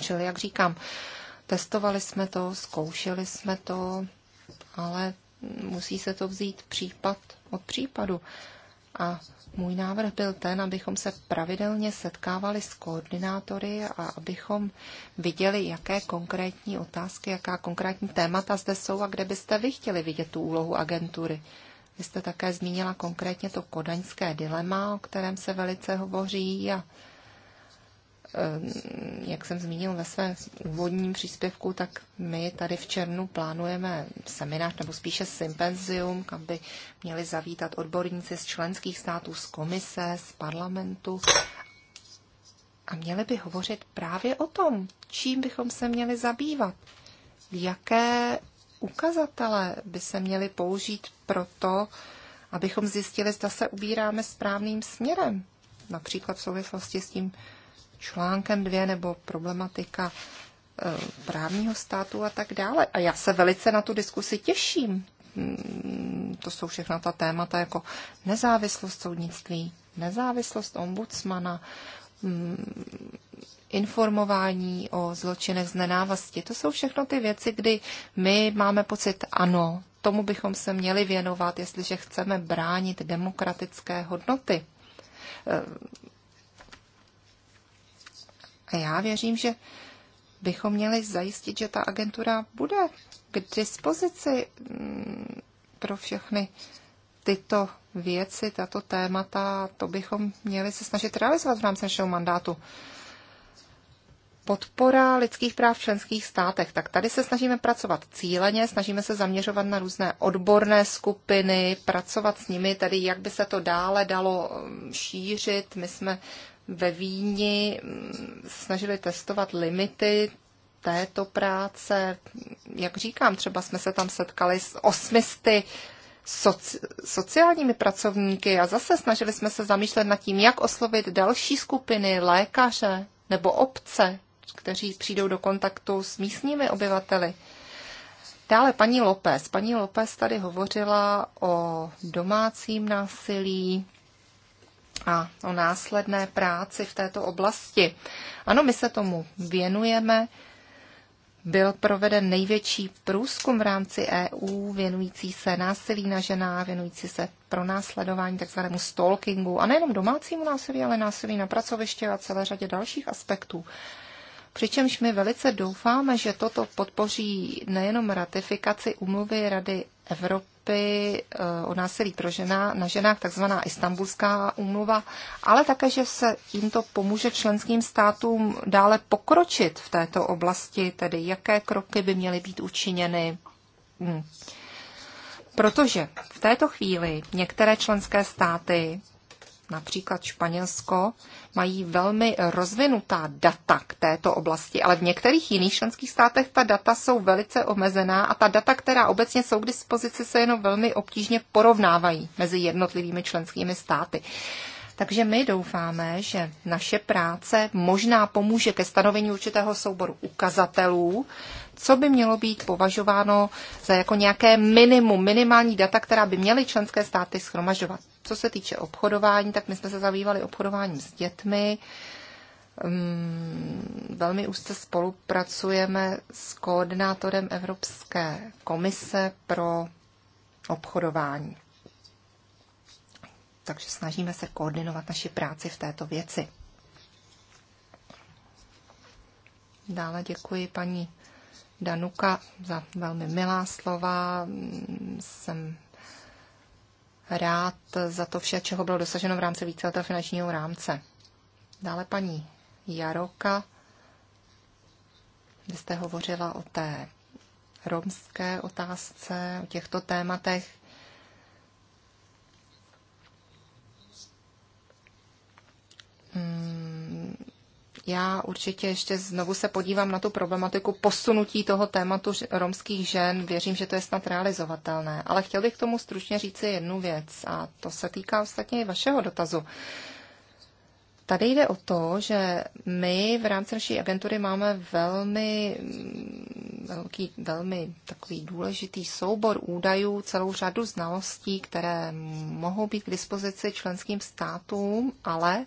Speaker 3: Čili, jak říkám, testovali jsme to, zkoušeli jsme to, ale musí se to vzít případ od případu. A můj návrh byl ten, abychom se pravidelně setkávali s koordinátory a abychom viděli, jaké konkrétní otázky, jaká konkrétní témata zde jsou a kde byste vy chtěli vidět tu úlohu agentury. Vy jste také zmínila konkrétně to kodaňské dilema, o kterém se velice hovoří a Eh, jak jsem zmínil ve svém úvodním příspěvku, tak my tady v černu plánujeme seminář nebo spíše sympenzium, kam by měli zavítat odborníci z členských států, z komise, z parlamentu a měli by hovořit právě o tom, čím bychom se měli zabývat, jaké ukazatele by se měly použít pro to, abychom zjistili, zda se ubíráme správným směrem, například v souvislosti s tím článkem dvě nebo problematika e, právního státu a tak dále. A já se velice na tu diskusi těším. Mm, to jsou všechna ta témata jako nezávislost soudnictví, nezávislost ombudsmana, mm, informování o zločinech z nenávasti. To jsou všechno ty věci, kdy my máme pocit, ano, tomu bychom se měli věnovat, jestliže chceme bránit demokratické hodnoty. E, a já věřím, že bychom měli zajistit, že ta agentura bude k dispozici mm, pro všechny tyto věci, tato témata, to bychom měli se snažit realizovat v rámci našeho mandátu. Podpora lidských práv v členských státech. Tak tady se snažíme pracovat cíleně, snažíme se zaměřovat na různé odborné skupiny, pracovat s nimi, tedy jak by se to dále dalo mm, šířit. My jsme ve Víni mm, snažili testovat limity této práce. Jak říkám, třeba jsme se tam setkali s osmisty soci, sociálními pracovníky a zase snažili jsme se zamýšlet nad tím, jak oslovit další skupiny, lékaře nebo obce, kteří přijdou do kontaktu s místními obyvateli. Dále paní López. Paní López tady hovořila o domácím násilí, a o následné práci v této oblasti. Ano, my se tomu věnujeme. Byl proveden největší průzkum v rámci EU věnující se násilí na ženách, věnující se pronásledování, takzvanému stalkingu a nejenom domácímu násilí, ale násilí na pracovišti a celé řadě dalších aspektů. Přičemž my velice doufáme, že toto podpoří nejenom ratifikaci umluvy Rady Evropy eh, o násilí pro žena, na ženách, takzvaná Istanbulská úmluva, ale také, že se tímto pomůže členským státům dále pokročit v této oblasti, tedy jaké kroky by měly být učiněny. Hmm. Protože v této chvíli některé členské státy, například Španělsko, mají velmi rozvinutá data k této oblasti, ale v některých jiných členských státech ta data jsou velice omezená a ta data, která obecně jsou k dispozici, se jenom velmi obtížně porovnávají mezi jednotlivými členskými státy. Takže my doufáme, že naše práce možná pomůže ke stanovení určitého souboru ukazatelů, co by mělo být považováno za jako nějaké minimum, minimální data, která by měly členské státy schromažovat. Co se týče obchodování, tak my jsme se zabývali obchodováním s dětmi. Mm, velmi úzce spolupracujeme s koordinátorem Evropské komise pro obchodování. Takže snažíme se koordinovat naši práci v této věci. Dále děkuji paní Danuka za velmi milá slova. Jsem rád za to vše, čeho bylo dosaženo v rámci víceletého finančního rámce. Dále paní Jaroka, vy jste hovořila o té romské otázce, o těchto tématech. Hmm, já určitě ještě znovu se podívám na tu problematiku posunutí toho tématu romských žen. Věřím, že to je snad realizovatelné. Ale chtěl bych k tomu stručně říci jednu věc a to se týká ostatně i vašeho dotazu. Tady jde o to, že my v rámci naší agentury máme velmi, mm, velký, velmi takový důležitý soubor údajů, celou řadu znalostí, které mohou být k dispozici členským státům, ale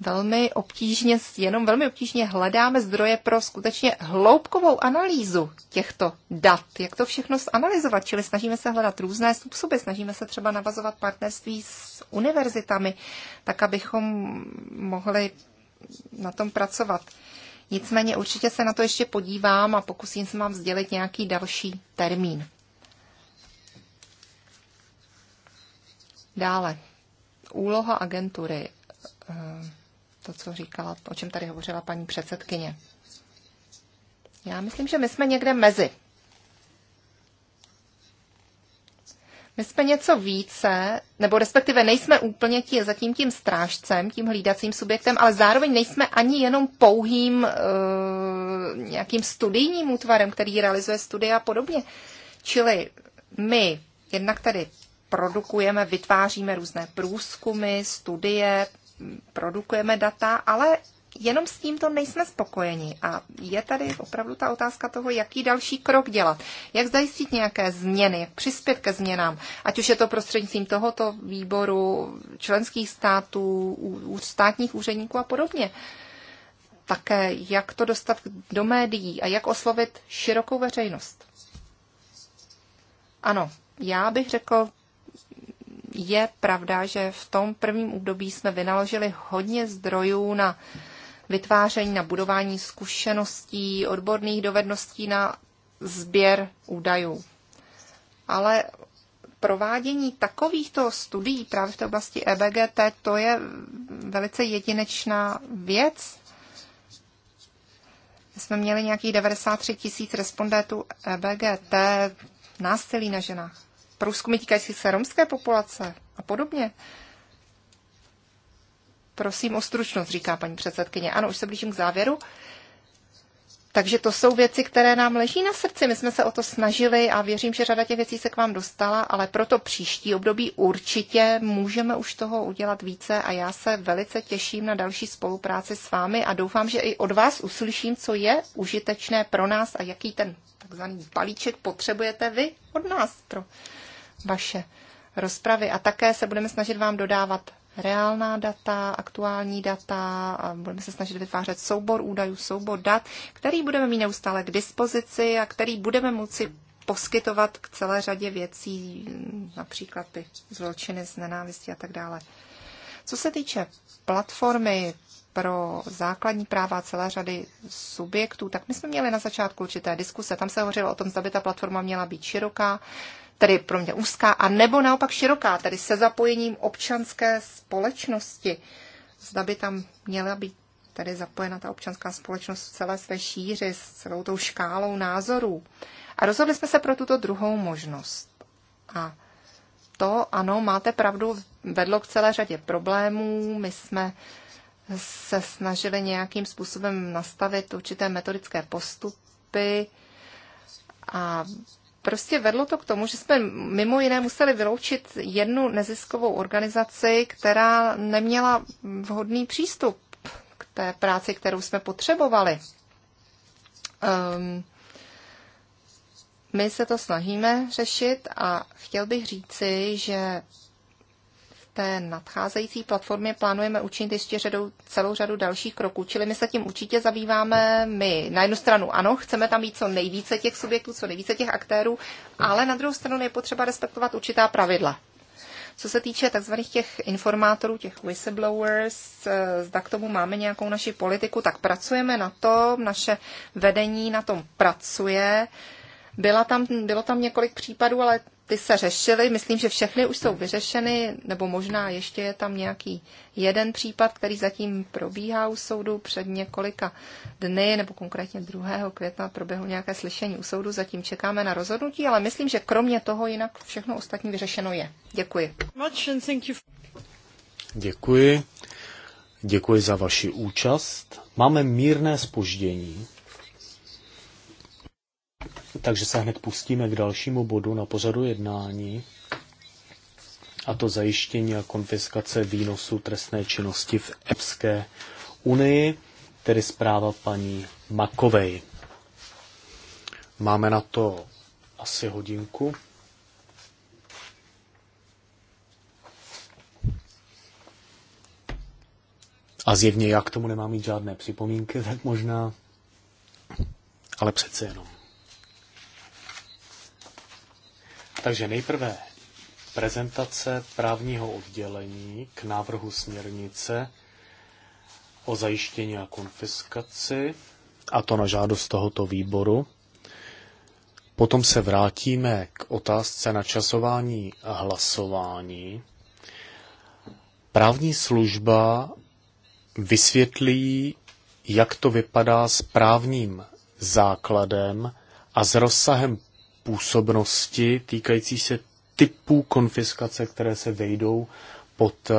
Speaker 3: velmi obtížně, jenom velmi obtížně hledáme zdroje pro skutečně hloubkovou analýzu těchto dat, jak to všechno zanalizovat, čili snažíme se hledat různé způsoby, snažíme se třeba navazovat partnerství s univerzitami, tak abychom mohli na tom pracovat. Nicméně určitě se na to ještě podívám a pokusím se vám sdělit nějaký další termín. Dále. Úloha agentury. Uh to, co říkala, o čem tady hovořila paní předsedkyně. Já myslím, že my jsme někde mezi. My jsme něco více, nebo respektive nejsme úplně tím, zatím tím strážcem, tím hlídacím subjektem, ale zároveň nejsme ani jenom pouhým e, nějakým studijním útvarem, který realizuje studie a podobně. Čili my jednak tady produkujeme, vytváříme různé průzkumy, studie, produkujeme data, ale jenom s tímto nejsme spokojeni. A je tady opravdu ta otázka toho, jaký další krok dělat. Jak zajistit nějaké změny, jak přispět ke změnám, ať už je to prostřednictvím tohoto výboru, členských států, státních úředníků a podobně. Také jak to dostat do médií a jak oslovit širokou veřejnost. Ano, já bych řekl, je pravda, že v tom prvním období jsme vynaložili hodně zdrojů na vytváření, na budování zkušeností, odborných dovedností na sběr údajů. Ale provádění takovýchto studií právě v té oblasti EBGT, to je velice jedinečná věc. My jsme měli nějakých 93 tisíc respondentů EBGT násilí na ženách průzkumy týkající se romské populace a podobně. Prosím o stručnost, říká paní předsedkyně. Ano, už se blížím k závěru. Takže to jsou věci, které nám leží na srdci. My jsme se o to snažili a věřím, že řada těch věcí se k vám dostala, ale proto příští období určitě můžeme už toho udělat více a já se velice těším na další spolupráci s vámi a doufám, že i od vás uslyším, co je užitečné pro nás a jaký ten takzvaný balíček potřebujete vy od nás pro vaše rozpravy. A také se budeme snažit vám dodávat reálná data, aktuální data a budeme se snažit vytvářet soubor údajů, soubor dat, který budeme mít neustále k dispozici a který budeme moci poskytovat k celé řadě věcí, například ty zločiny z nenávisti a tak dále. Co se týče platformy pro základní práva celé řady subjektů, tak my jsme měli na začátku určité diskuse. Tam se hovořilo o tom, zda by ta platforma měla být široká, tedy pro mě úzká, a nebo naopak široká, tedy se zapojením občanské společnosti. Zda by tam měla být tedy zapojena ta občanská společnost v celé své šíři, s celou tou škálou názorů. A rozhodli jsme se pro tuto druhou možnost. A to, ano, máte pravdu, vedlo k celé řadě problémů. My jsme se snažili nějakým způsobem nastavit určité metodické postupy a prostě vedlo to k tomu, že jsme mimo jiné museli vyloučit jednu neziskovou organizaci, která neměla vhodný přístup k té práci, kterou jsme potřebovali. Um, my se to snažíme řešit a chtěl bych říci, že té nadcházející platformě plánujeme učinit ještě řadu celou řadu dalších kroků, čili my se tím určitě zabýváme. My na jednu stranu ano, chceme tam být co nejvíce těch subjektů, co nejvíce těch aktérů, ale na druhou stranu je potřeba respektovat určitá pravidla. Co se týče takzvaných těch informátorů, těch whistleblowers, eh, zda k tomu máme nějakou naši politiku, tak pracujeme na tom, naše vedení na tom pracuje. Byla tam, bylo tam několik případů, ale ty se řešily, myslím, že všechny už jsou vyřešeny, nebo možná ještě je tam nějaký jeden případ, který zatím probíhá u soudu před několika dny, nebo konkrétně 2. května proběhlo nějaké slyšení u soudu, zatím čekáme na rozhodnutí, ale myslím, že kromě toho jinak všechno ostatní vyřešeno
Speaker 1: je. Děkuji.
Speaker 2: Děkuji. Děkuji za vaši účast. Máme mírné spoždění, takže se hned pustíme k dalšímu bodu na pořadu jednání, a to zajištění a konfiskace výnosu trestné činnosti v Evropské unii, tedy zpráva paní Makovej. Máme na to asi hodinku. A zjevně já k tomu nemám mít žádné připomínky, tak možná, ale přece jenom. Takže nejprve prezentace právního oddělení k návrhu směrnice o zajištění a konfiskaci, a to na žádost tohoto výboru. Potom se vrátíme k otázce na časování a hlasování. Právní služba vysvětlí, jak to vypadá s právním základem a s rozsahem působnosti týkající se typů konfiskace, které se vejdou pod eh,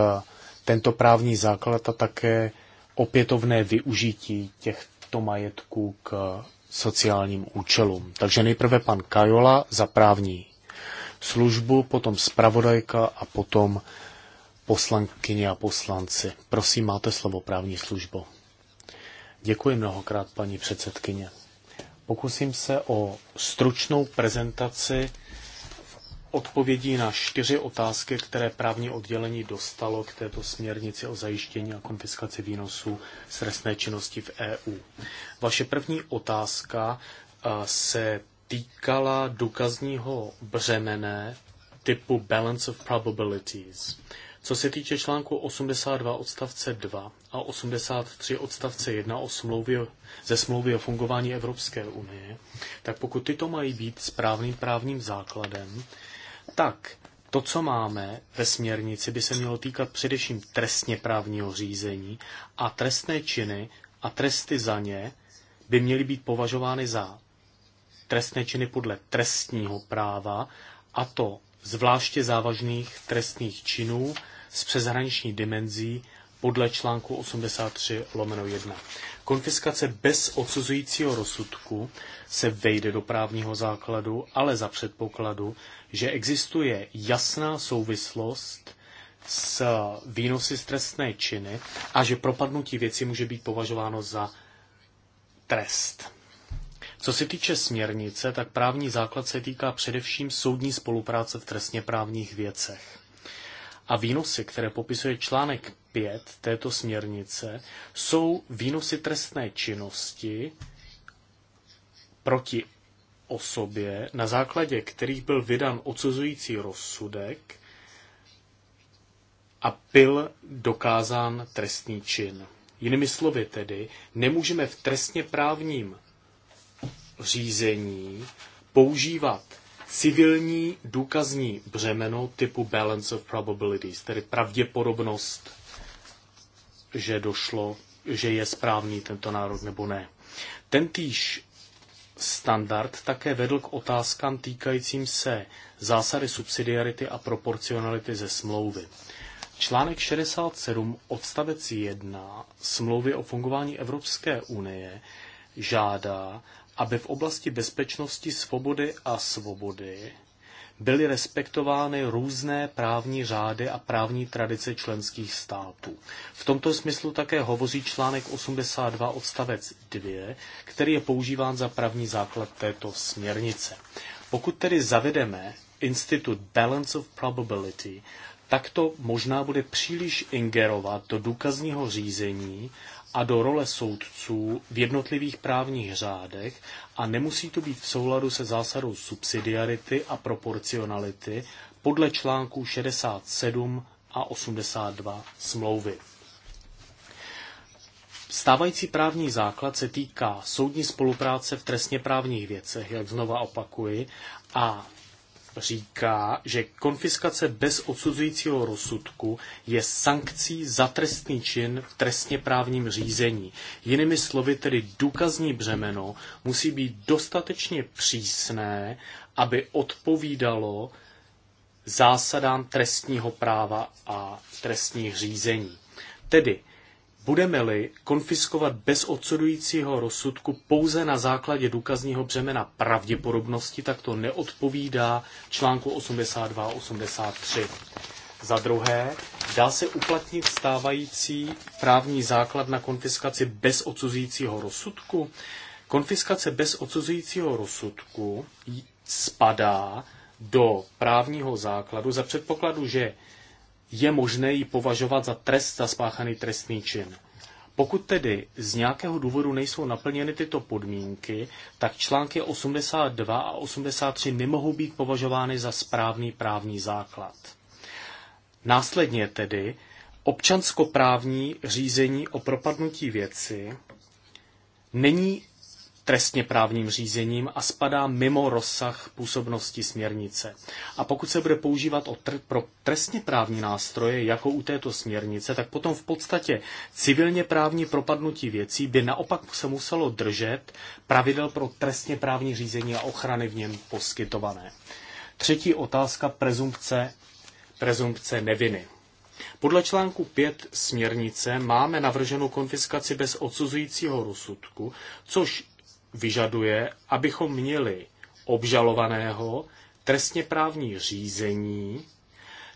Speaker 2: tento právní základ a také opětovné využití těchto majetků k sociálním účelům. Takže nejprve pan Kajola za právní službu, potom zpravodajka a potom poslankyně a poslanci. Prosím, máte slovo právní službo. Děkuji mnohokrát, paní předsedkyně. Pokusím se o stručnou prezentaci odpovědí na čtyři otázky, které právní oddělení dostalo k této směrnici o zajištění a konfiskaci výnosů z trestné činnosti v EU. Vaše první otázka eh, se týkala důkazního břemene typu balance of probabilities. Co se týče článku 82 odstavce 2 a 83 odstavce 1 o smlouvě, ze smlouvy o fungování Evropské unie, tak pokud tyto mají být správným právním základem, tak to, co máme ve směrnici, by se mělo týkat především trestně právního řízení a trestné činy a tresty za ně by měly být považovány za trestné činy podle trestního práva a to zvláště závažných trestných činů s přeshraniční dimenzí podle článku 83 lomeno 1. Konfiskace bez odsuzujícího rozsudku se vejde do právního základu, ale za předpokladu, že existuje jasná souvislost s výnosy z trestné činy a že propadnutí věci může být považováno za trest. Co se týče směrnice, tak právní základ se týká především soudní spolupráce v trestně právních věcech. A výnosy, které popisuje článek 5 této směrnice, jsou výnosy trestné činnosti proti osobě, na základě kterých byl vydan odsuzující rozsudek a byl dokázán trestný čin. Jinými slovy tedy, nemůžeme v trestně právním řízení používat civilní důkazní břemeno typu balance of probabilities, tedy pravděpodobnost, že došlo, že je správný tento národ nebo ne. Tentýž standard také vedl k otázkám týkajícím se zásady subsidiarity a proporcionality ze smlouvy. Článek 67 odstavec 1 smlouvy o fungování Evropské unie žádá, aby v oblasti bezpečnosti, svobody a svobody byly respektovány různé právní řády a právní tradice členských států. V tomto smyslu také hovoří článek 82 odstavec 2, který je používán za právní základ této směrnice. Pokud tedy zavedeme institut Balance of Probability, tak to možná bude příliš ingerovat do důkazního řízení a do role soudců v jednotlivých právních řádech a nemusí to být v souladu se zásadou subsidiarity a proporcionality podle článků 67 a 82 smlouvy. Stávající právní základ se týká soudní spolupráce v trestně právních věcech, jak znova opakuji, a říká, že konfiskace bez odsuzujícího rozsudku je sankcí za trestný čin v trestně právním řízení. Jinými slovy, tedy důkazní břemeno musí být dostatečně přísné, aby odpovídalo zásadám trestního práva a trestních řízení. Tedy Budeme-li konfiskovat bez odsudujícího rozsudku pouze na základě důkazního břemena pravděpodobnosti, tak to neodpovídá článku 82 a 83. Za druhé, dá se uplatnit stávající právní základ na konfiskaci bez odsuzujícího rozsudku? Konfiskace bez odsuzujícího rozsudku spadá do právního základu za předpokladu, že je možné ji považovat za trest za spáchaný trestný čin. Pokud tedy z nějakého důvodu nejsou naplněny tyto podmínky, tak články 82 a 83 nemohou být považovány za správný právní základ. Následně tedy občanskoprávní řízení o propadnutí věci není trestně právním řízením a spadá mimo rozsah působnosti směrnice. A pokud se bude používat tr- pro trestně právní nástroje, jako u této směrnice, tak potom v podstatě civilně právní propadnutí věcí by naopak se muselo držet pravidel pro trestně právní řízení a ochrany v něm poskytované. Třetí otázka prezumpce, prezumpce neviny. Podle článku 5 směrnice máme navrženou konfiskaci bez odsuzujícího rozsudku, což vyžaduje, abychom měli obžalovaného trestně právní řízení,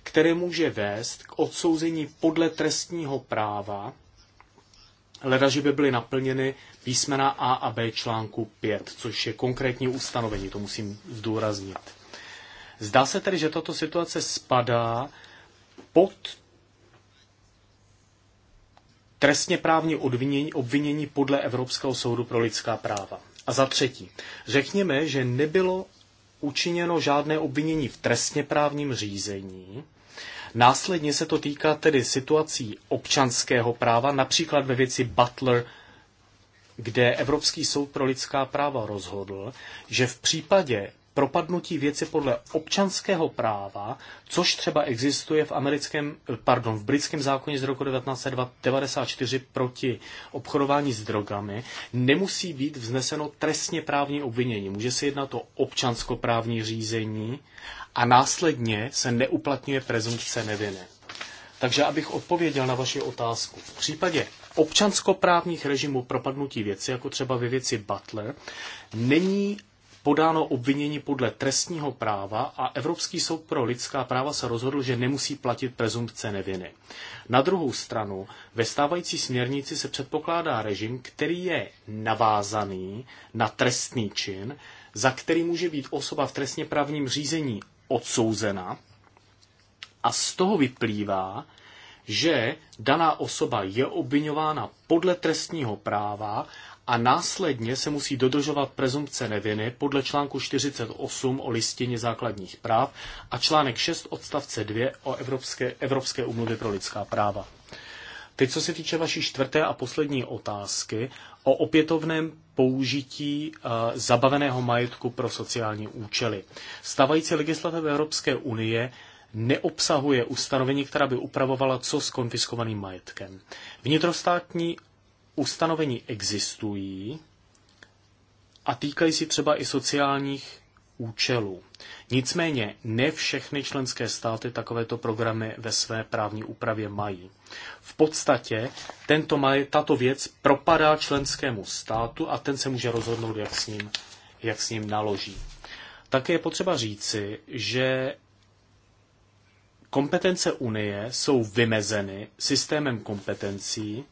Speaker 2: které může vést k odsouzení podle trestního práva, ledaže by byly naplněny písmena A a B článku 5, což je konkrétní ustanovení, to musím zdůraznit. Zdá se tedy, že tato situace spadá pod trestně právní odvinění, obvinění podle Evropského soudu pro lidská práva. A za třetí, řekněme, že nebylo učiněno žádné obvinění v trestně právním řízení, Následně se to týká tedy situací občanského práva, například ve věci Butler, kde Evropský soud pro lidská práva rozhodl, že v případě propadnutí věci podle občanského práva, což třeba existuje v americkém, eh, pardon, v britském zákoně z roku 1994 proti obchodování s drogami, nemusí být vzneseno trestně právní obvinění. Může se jednat o občanskoprávní řízení a následně se neuplatňuje prezumpce neviny. Takže abych odpověděl na vaši otázku. V případě občanskoprávních režimů propadnutí věci, jako třeba ve věci Butler, není podáno obvinění podle trestního práva a Evropský soud pro lidská práva se rozhodl, že nemusí platit prezumpce neviny. Na druhou stranu, ve stávající směrnici se předpokládá režim, který je navázaný na trestný čin, za který může být osoba v trestně právním řízení odsouzena a z toho vyplývá, že daná osoba je obvinována podle trestního práva a následně se musí dodržovat prezumpce neviny podle článku 48 o listině základních práv a článek 6 odstavce 2 o Evropské, Evropské umluvě pro lidská práva. Teď, co se týče vaší čtvrté a poslední otázky o opětovném použití eh, zabaveného majetku pro sociální účely. Stavající legislativa Evropské unie neobsahuje ustanovení, která by upravovala co s konfiskovaným majetkem. Vnitrostátní ustanovení existují a týkají si třeba i sociálních účelů. Nicméně ne všechny členské státy takovéto programy ve své právní úpravě mají. V podstatě tento, maj, tato věc propadá členskému státu a ten se může rozhodnout, jak s ním, jak s ním naloží. Také je potřeba říci, že kompetence Unie jsou vymezeny systémem kompetencí,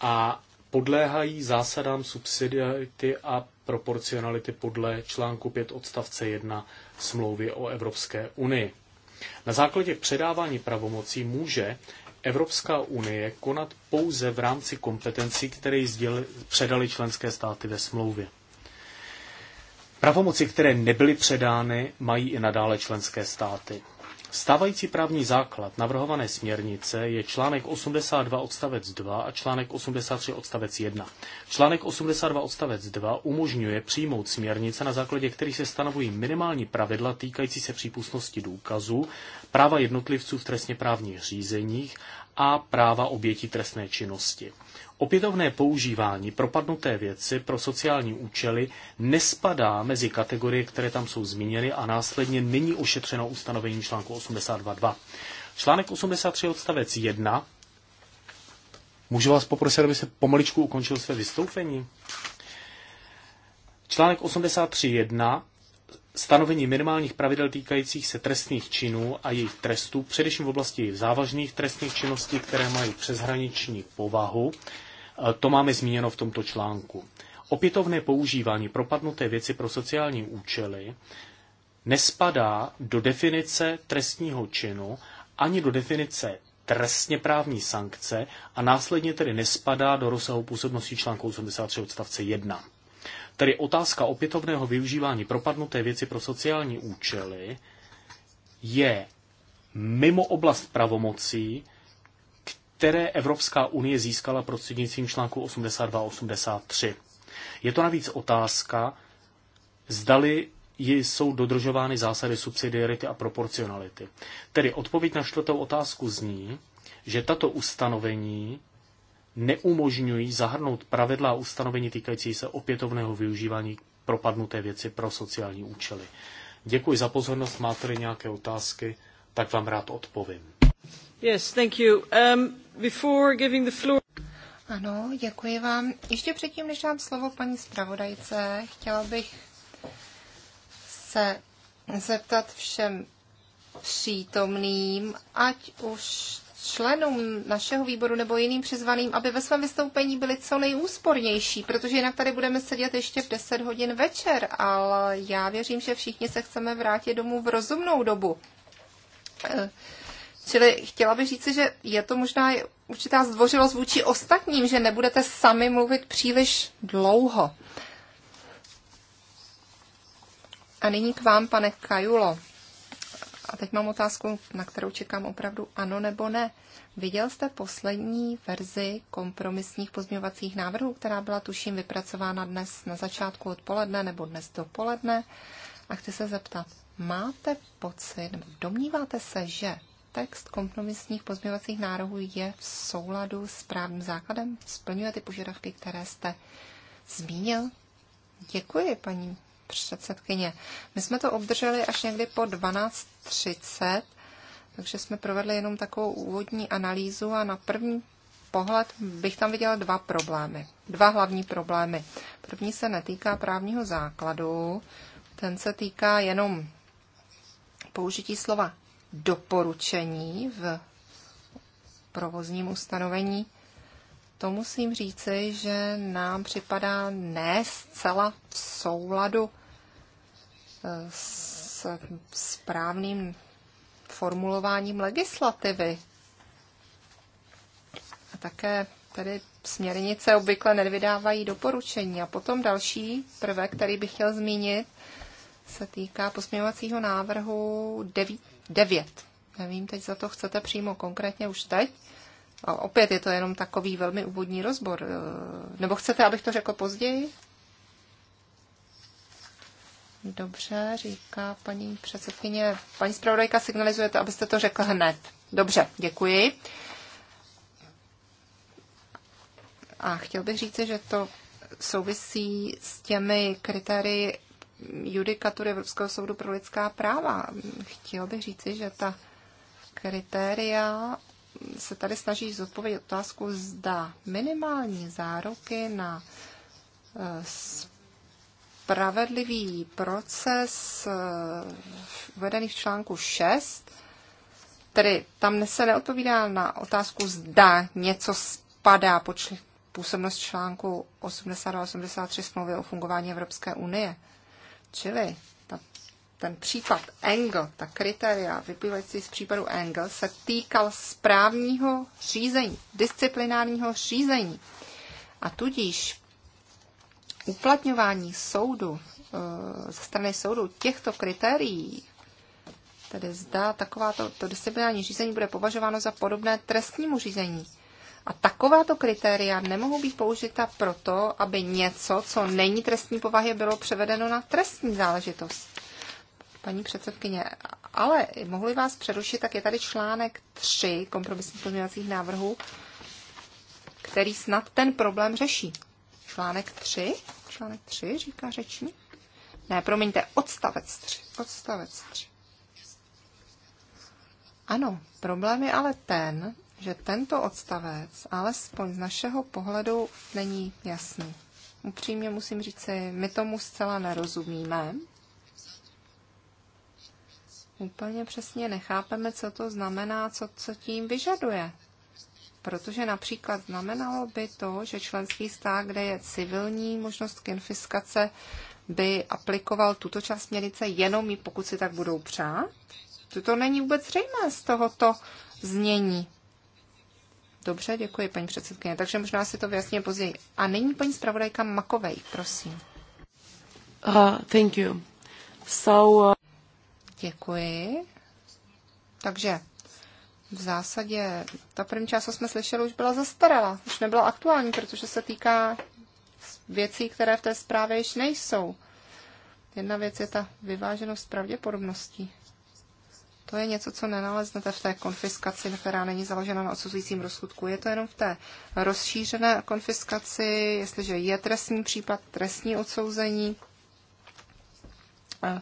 Speaker 2: a podléhají zásadám subsidiarity a proporcionality podle článku 5 odstavce 1 smlouvy o Evropské unii. Na základě předávání pravomocí může Evropská unie konat pouze v rámci kompetencí, které jí předali členské státy ve smlouvě. Pravomoci, které nebyly předány, mají i nadále členské státy. Stávající právní základ navrhované směrnice je článek 82 odstavec 2 a článek 83 odstavec 1. Článek 82 odstavec 2 umožňuje přijmout směrnice, na základě kterých se stanovují minimální pravidla týkající se přípustnosti důkazů, práva jednotlivců v trestně právních řízeních a práva obětí trestné činnosti. Opětovné používání propadnuté věci pro sociální účely nespadá mezi kategorie, které tam jsou zmíněny a následně není ošetřeno ustanovení článku 82.2. Článek 83 odstavec 1. Můžu vás poprosit, aby se pomaličku ukončil své vystoupení? Článek 83.1 stanovení minimálních pravidel týkajících se trestných činů a jejich trestů, především v oblasti závažných trestných činností, které mají přeshraniční povahu. E, to máme zmíněno v tomto článku. Opětovné používání propadnuté věci pro sociální účely nespadá do definice trestního činu ani do definice trestně právní sankce a následně tedy nespadá do rozsahu působnosti článku 83 odstavce 1. Tedy otázka opětovného využívání propadnuté věci pro sociální účely je mimo oblast pravomocí, které Evropská unie získala prostřednictvím článku 82 a 83. Je to navíc otázka, zdali jsou dodržovány zásady subsidiarity a proporcionality. Tedy odpověď na čtvrtou otázku zní, že tato ustanovení neumožňují zahrnout pravidla a ustanovení týkající se opětovného využívání propadnuté věci pro sociální účely. Děkuji za pozornost. Máte-li nějaké otázky, tak vám
Speaker 1: rád odpovím. Yes, thank you. Um, before giving the floor...
Speaker 3: Ano, děkuji vám. Ještě předtím, než dám slovo paní zpravodajce, chtěla bych se zeptat všem přítomným, ať už členům našeho výboru nebo jiným přizvaným, aby ve svém vystoupení byli co nejúspornější, protože jinak tady budeme sedět ještě v 10 hodin večer, ale já věřím, že všichni se chceme vrátit domů v rozumnou dobu. Eh, čili chtěla bych říci, že je to možná určitá zdvořilost vůči ostatním, že nebudete sami mluvit příliš dlouho. A nyní k vám, pane Kajulo. A teď mám otázku, na kterou čekám opravdu ano nebo ne. Viděl jste poslední verzi kompromisních pozměňovacích návrhů, která byla tuším vypracována dnes na začátku odpoledne nebo dnes dopoledne? A chci se zeptat, máte pocit, nebo domníváte se, že text kompromisních pozměňovacích návrhů je v souladu s právním základem? Splňuje ty požadavky, které jste zmínil? Děkuji, paní předsedkyně. My jsme to obdrželi až někdy po 12.30, takže jsme provedli jenom takovou úvodní analýzu a na první pohled bych tam viděla dva problémy. Dva hlavní problémy. První se netýká právního základu, ten se týká jenom použití slova doporučení v provozním ustanovení. To musím říci, že nám připadá ne zcela v souladu s správným formulováním legislativy. A také tedy směrnice obvykle nevydávají doporučení. A potom další prvek, který bych chtěl zmínit, se týká posměvacího návrhu 9. 9. Nevím, teď za to chcete přímo konkrétně už teď. A opět je to jenom takový velmi úvodní rozbor. Nebo chcete, abych to řekl později? Dobře, říká paní předsedkyně. Paní zpravodajka, signalizujete, abyste to řekl hned. Dobře, děkuji. A chtěl bych říci, že to souvisí s těmi kritérii judikatury Evropského soudu pro lidská práva. Chtěl bych říci, že ta kritéria se tady snaží zodpovědět otázku, zda minimální záruky na eh, spravedlivý proces eh, vedený v článku 6, tedy tam se neodpovídá na otázku, zda něco spadá pod působnost článku 80 a 83 smlouvy o fungování Evropské unie. Čili ta, ten případ Engel, ta kritéria vyplývající z případu Engel, se týkal správního řízení, disciplinárního řízení. A tudíž uplatňování soudu, eh, ze strany soudu těchto kritérií, tedy zda takováto to disciplinární řízení bude považováno za podobné trestnímu řízení. A takováto kritéria nemohou být použita proto, aby něco, co není trestní povahy, bylo převedeno na trestní záležitost. Paní předsedkyně, ale mohli vás přerušit, tak je tady článek 3 kompromisních pozměňovacích návrhů, který snad ten problém řeší. Článek 3? Článek 3, říká řečník. Ne, promiňte, odstavec 3. Odstavec 3. Ano, problém je ale ten, že tento odstavec, alespoň z našeho pohledu, není jasný. Upřímně musím říci, my tomu zcela nerozumíme. Úplně přesně nechápeme, co to znamená, co, co tím vyžaduje protože například znamenalo by to, že členský stát, kde je civilní možnost konfiskace, by aplikoval tuto část směrnice jenom i pokud si tak budou přát? To není vůbec zřejmé z tohoto znění. Dobře, děkuji, paní předsedkyně. Takže možná si to vyjasně později. A nyní paní zpravodajka Makovej, prosím. Uh, thank you. So, uh... Děkuji. Takže v zásadě ta první část, co jsme slyšeli, už byla zastarala, už nebyla aktuální, protože se týká věcí, které v té zprávě již nejsou. Jedna věc je ta vyváženost pravděpodobností. To je něco, co nenaleznete v té konfiskaci, která není založena na odsuzujícím rozsudku. Je to jenom v té rozšířené konfiskaci, jestliže je trestní případ, trestní odsouzení. A,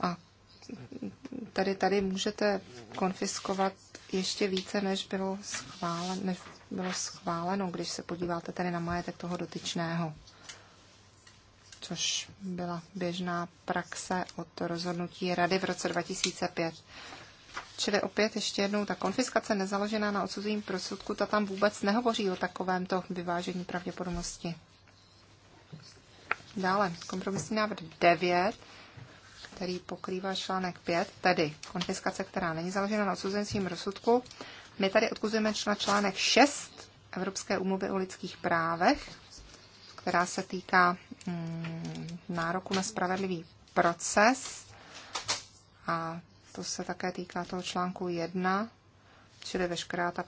Speaker 3: a tady, tady můžete konfiskovat ještě více, než bylo, schválen, než bylo schváleno, když se podíváte tady na majetek toho dotyčného. Což byla běžná praxe od rozhodnutí rady v roce 2005. Čili opět ještě jednou, ta konfiskace nezaložená na odsuzení prosudku, ta tam vůbec nehovoří o takovémto vyvážení pravděpodobnosti. Dále, kompromisní návrh 9 který pokrývá článek 5, tedy konfiskace, která není založena na odsuzencím rozsudku. My tady odkuzujeme na článek 6 Evropské umluvy o lidských právech, která se týká mm, nároku na spravedlivý proces. A to se také týká toho článku 1, čili veškerá ta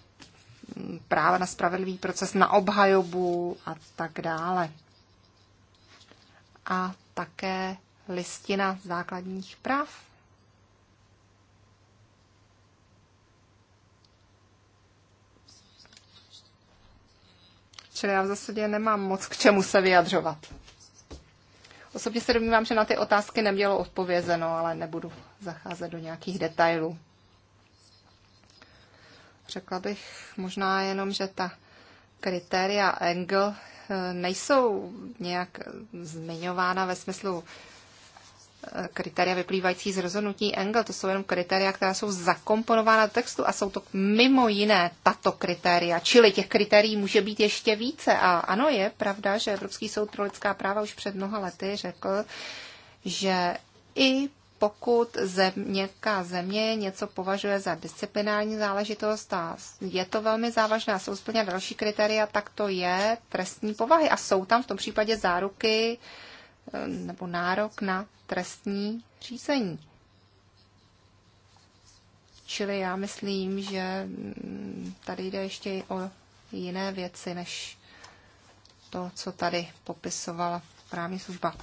Speaker 3: mm, práva na spravedlivý proces, na obhajobu a tak dále. A také listina základních práv. Čili já v zásadě nemám moc k čemu se vyjadřovat. Osobně se domnívám, že na ty otázky nemělo odpovězeno, ale nebudu zacházet do nějakých detailů. Řekla bych možná jenom, že ta kritéria Engel eh, nejsou nějak zmiňována ve smyslu kritéria vyplývající z rozhodnutí Engel, to jsou jenom kritéria, která jsou zakomponována do textu a jsou to mimo jiné tato kritéria, čili těch kritérií může být ještě více. A ano, je pravda, že Evropský soud pro lidská práva už před mnoha lety řekl, že i pokud nějaká země něco považuje za disciplinární záležitost a je to velmi závažné a jsou splněna další kritéria, tak to je trestní povahy a jsou tam v tom případě záruky uh, Eh, nebo nárok na trestní řízení. Čili já myslím, že mm, tady jde ještě i o jiné věci, než to, co tady popisovala právní služba.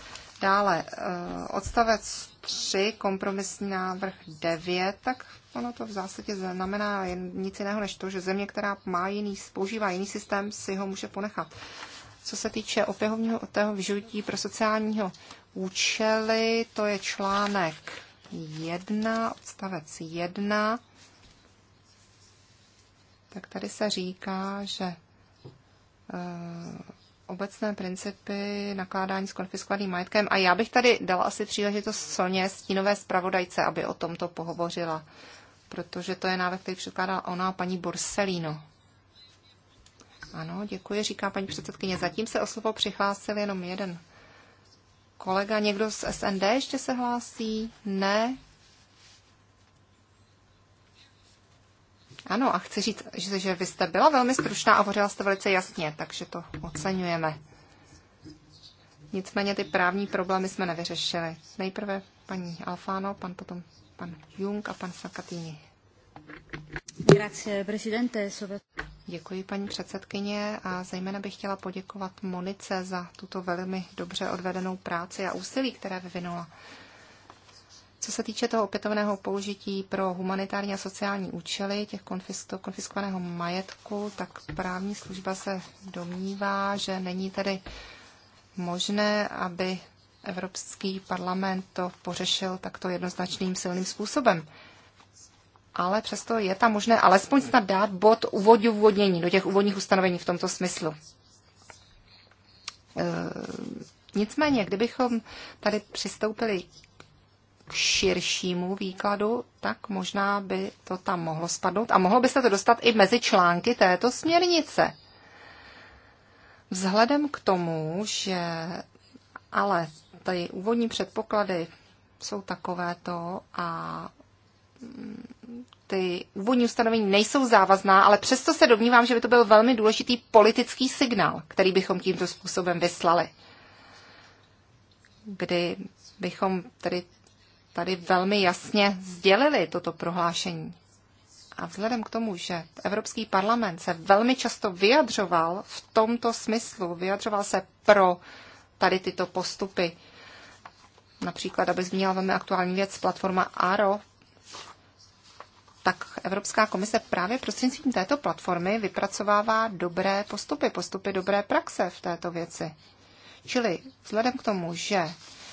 Speaker 3: Dále, eh, odstavec 3, kompromisní návrh 9, tak ono to v zásadě znamená nic jiného než to, že země, která má jiný, používá jiný systém, si ho může ponechat. Co se týče opěhovního tého vyžití pro sociálního účely, to je článek 1, odstavec 1. Tak tady se říká, že e, obecné principy nakládání s konfiskovaným majetkem. A já bych tady dala asi příležitost Soně, stínové zpravodajce, aby o tomto pohovořila, protože to je návrh, který předkládá ona a paní Borsellino. Ano, děkuji, říká paní předsedkyně. Zatím se o slovo přihlásil jenom jeden kolega. Někdo z SND ještě se hlásí? Ne? Ano, a chci říct, že, že vy jste byla velmi stručná a hovořila jste velice jasně, takže to oceňujeme. Nicméně ty právní problémy jsme nevyřešili. Nejprve paní Alfano, pan potom pan Jung a pan Sakatini. Grazie, presidente. Děkuji, paní předsedkyně, a zejména bych chtěla poděkovat Monice za tuto velmi dobře odvedenou práci a úsilí, které vyvinula. Co se týče toho opětovného použití pro humanitární a sociální účely těch konfiskovaného majetku, tak právní služba se domnívá, že není tedy možné, aby Evropský parlament to pořešil takto jednoznačným silným způsobem ale přesto je tam možné alespoň snad dát bod úvodní uvodnění do těch úvodních ustanovení v tomto smyslu. E, nicméně, kdybychom tady přistoupili k širšímu výkladu, tak možná by to tam mohlo spadnout a mohlo by se to dostat i mezi články této směrnice. Vzhledem k tomu, že ale tady úvodní předpoklady jsou takovéto a ty úvodní ustanovení nejsou závazná, ale přesto se domnívám, že by to byl velmi důležitý politický signál, který bychom tímto způsobem vyslali. Kdy bychom tedy tady velmi jasně sdělili toto prohlášení. A vzhledem k tomu, že Evropský parlament se velmi často vyjadřoval v tomto smyslu, vyjadřoval se pro tady tyto postupy, například, aby zmínila velmi aktuální věc, platforma ARO tak Evropská komise právě prostřednictvím této platformy vypracovává dobré postupy, postupy dobré praxe v této věci. Čili vzhledem k tomu, že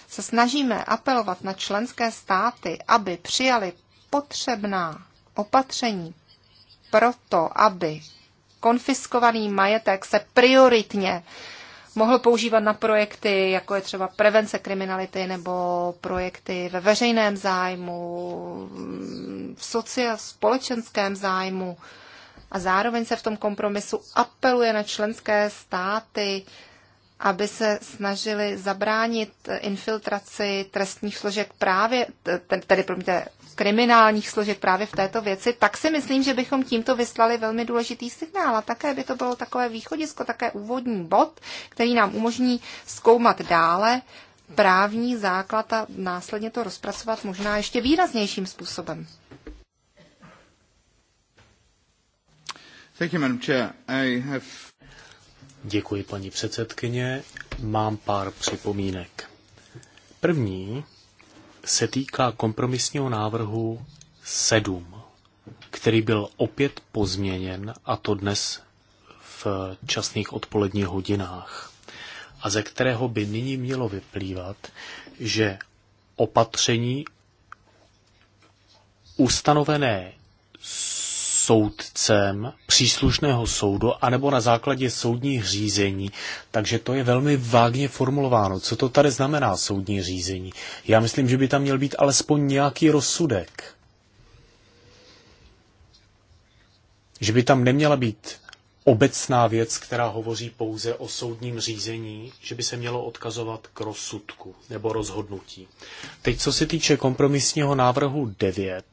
Speaker 3: se snažíme apelovat na členské státy, aby přijali potřebná opatření proto, aby konfiskovaný majetek se prioritně mohl používat na projekty, jako je třeba prevence kriminality nebo projekty ve veřejném zájmu, v socia- společenském zájmu. A zároveň se v tom kompromisu apeluje na členské státy, aby se snažili zabránit infiltraci trestních složek právě, tedy promiňte, kriminálních složek právě v této věci, tak si myslím, že bychom tímto vyslali velmi důležitý signál a také by to bylo takové východisko, také úvodní bod, který nám umožní zkoumat dále právní základ a následně to rozpracovat možná ještě výraznějším způsobem.
Speaker 2: Děkuji, paní předsedkyně. Mám pár připomínek. První se týká kompromisního návrhu 7, který byl opět pozměněn, a to dnes v časných odpoledních hodinách, a ze kterého by nyní mělo vyplývat, že opatření ustanovené soudcem příslušného soudu anebo na základě soudních řízení. Takže to je velmi vágně formulováno. Co to tady znamená soudní řízení? Já myslím, že by tam měl být alespoň nějaký rozsudek. Že by tam neměla být obecná věc, která hovoří pouze o soudním řízení, že by se mělo odkazovat k rozsudku nebo rozhodnutí. Teď, co se týče kompromisního návrhu 9,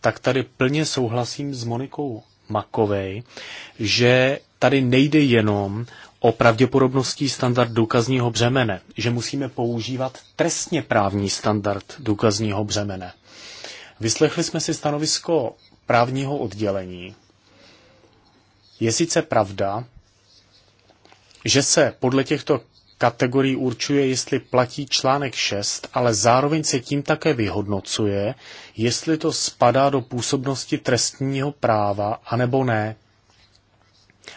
Speaker 2: tak tady plně souhlasím s Monikou Makovej, že tady nejde jenom o pravděpodobností standard důkazního břemene, že musíme používat trestně právní standard důkazního břemene. Vyslechli jsme si stanovisko právního oddělení, je sice pravda, že se podle těchto kategorií určuje, jestli platí článek 6, ale zároveň se tím také vyhodnocuje, jestli to spadá do působnosti trestního práva, anebo ne.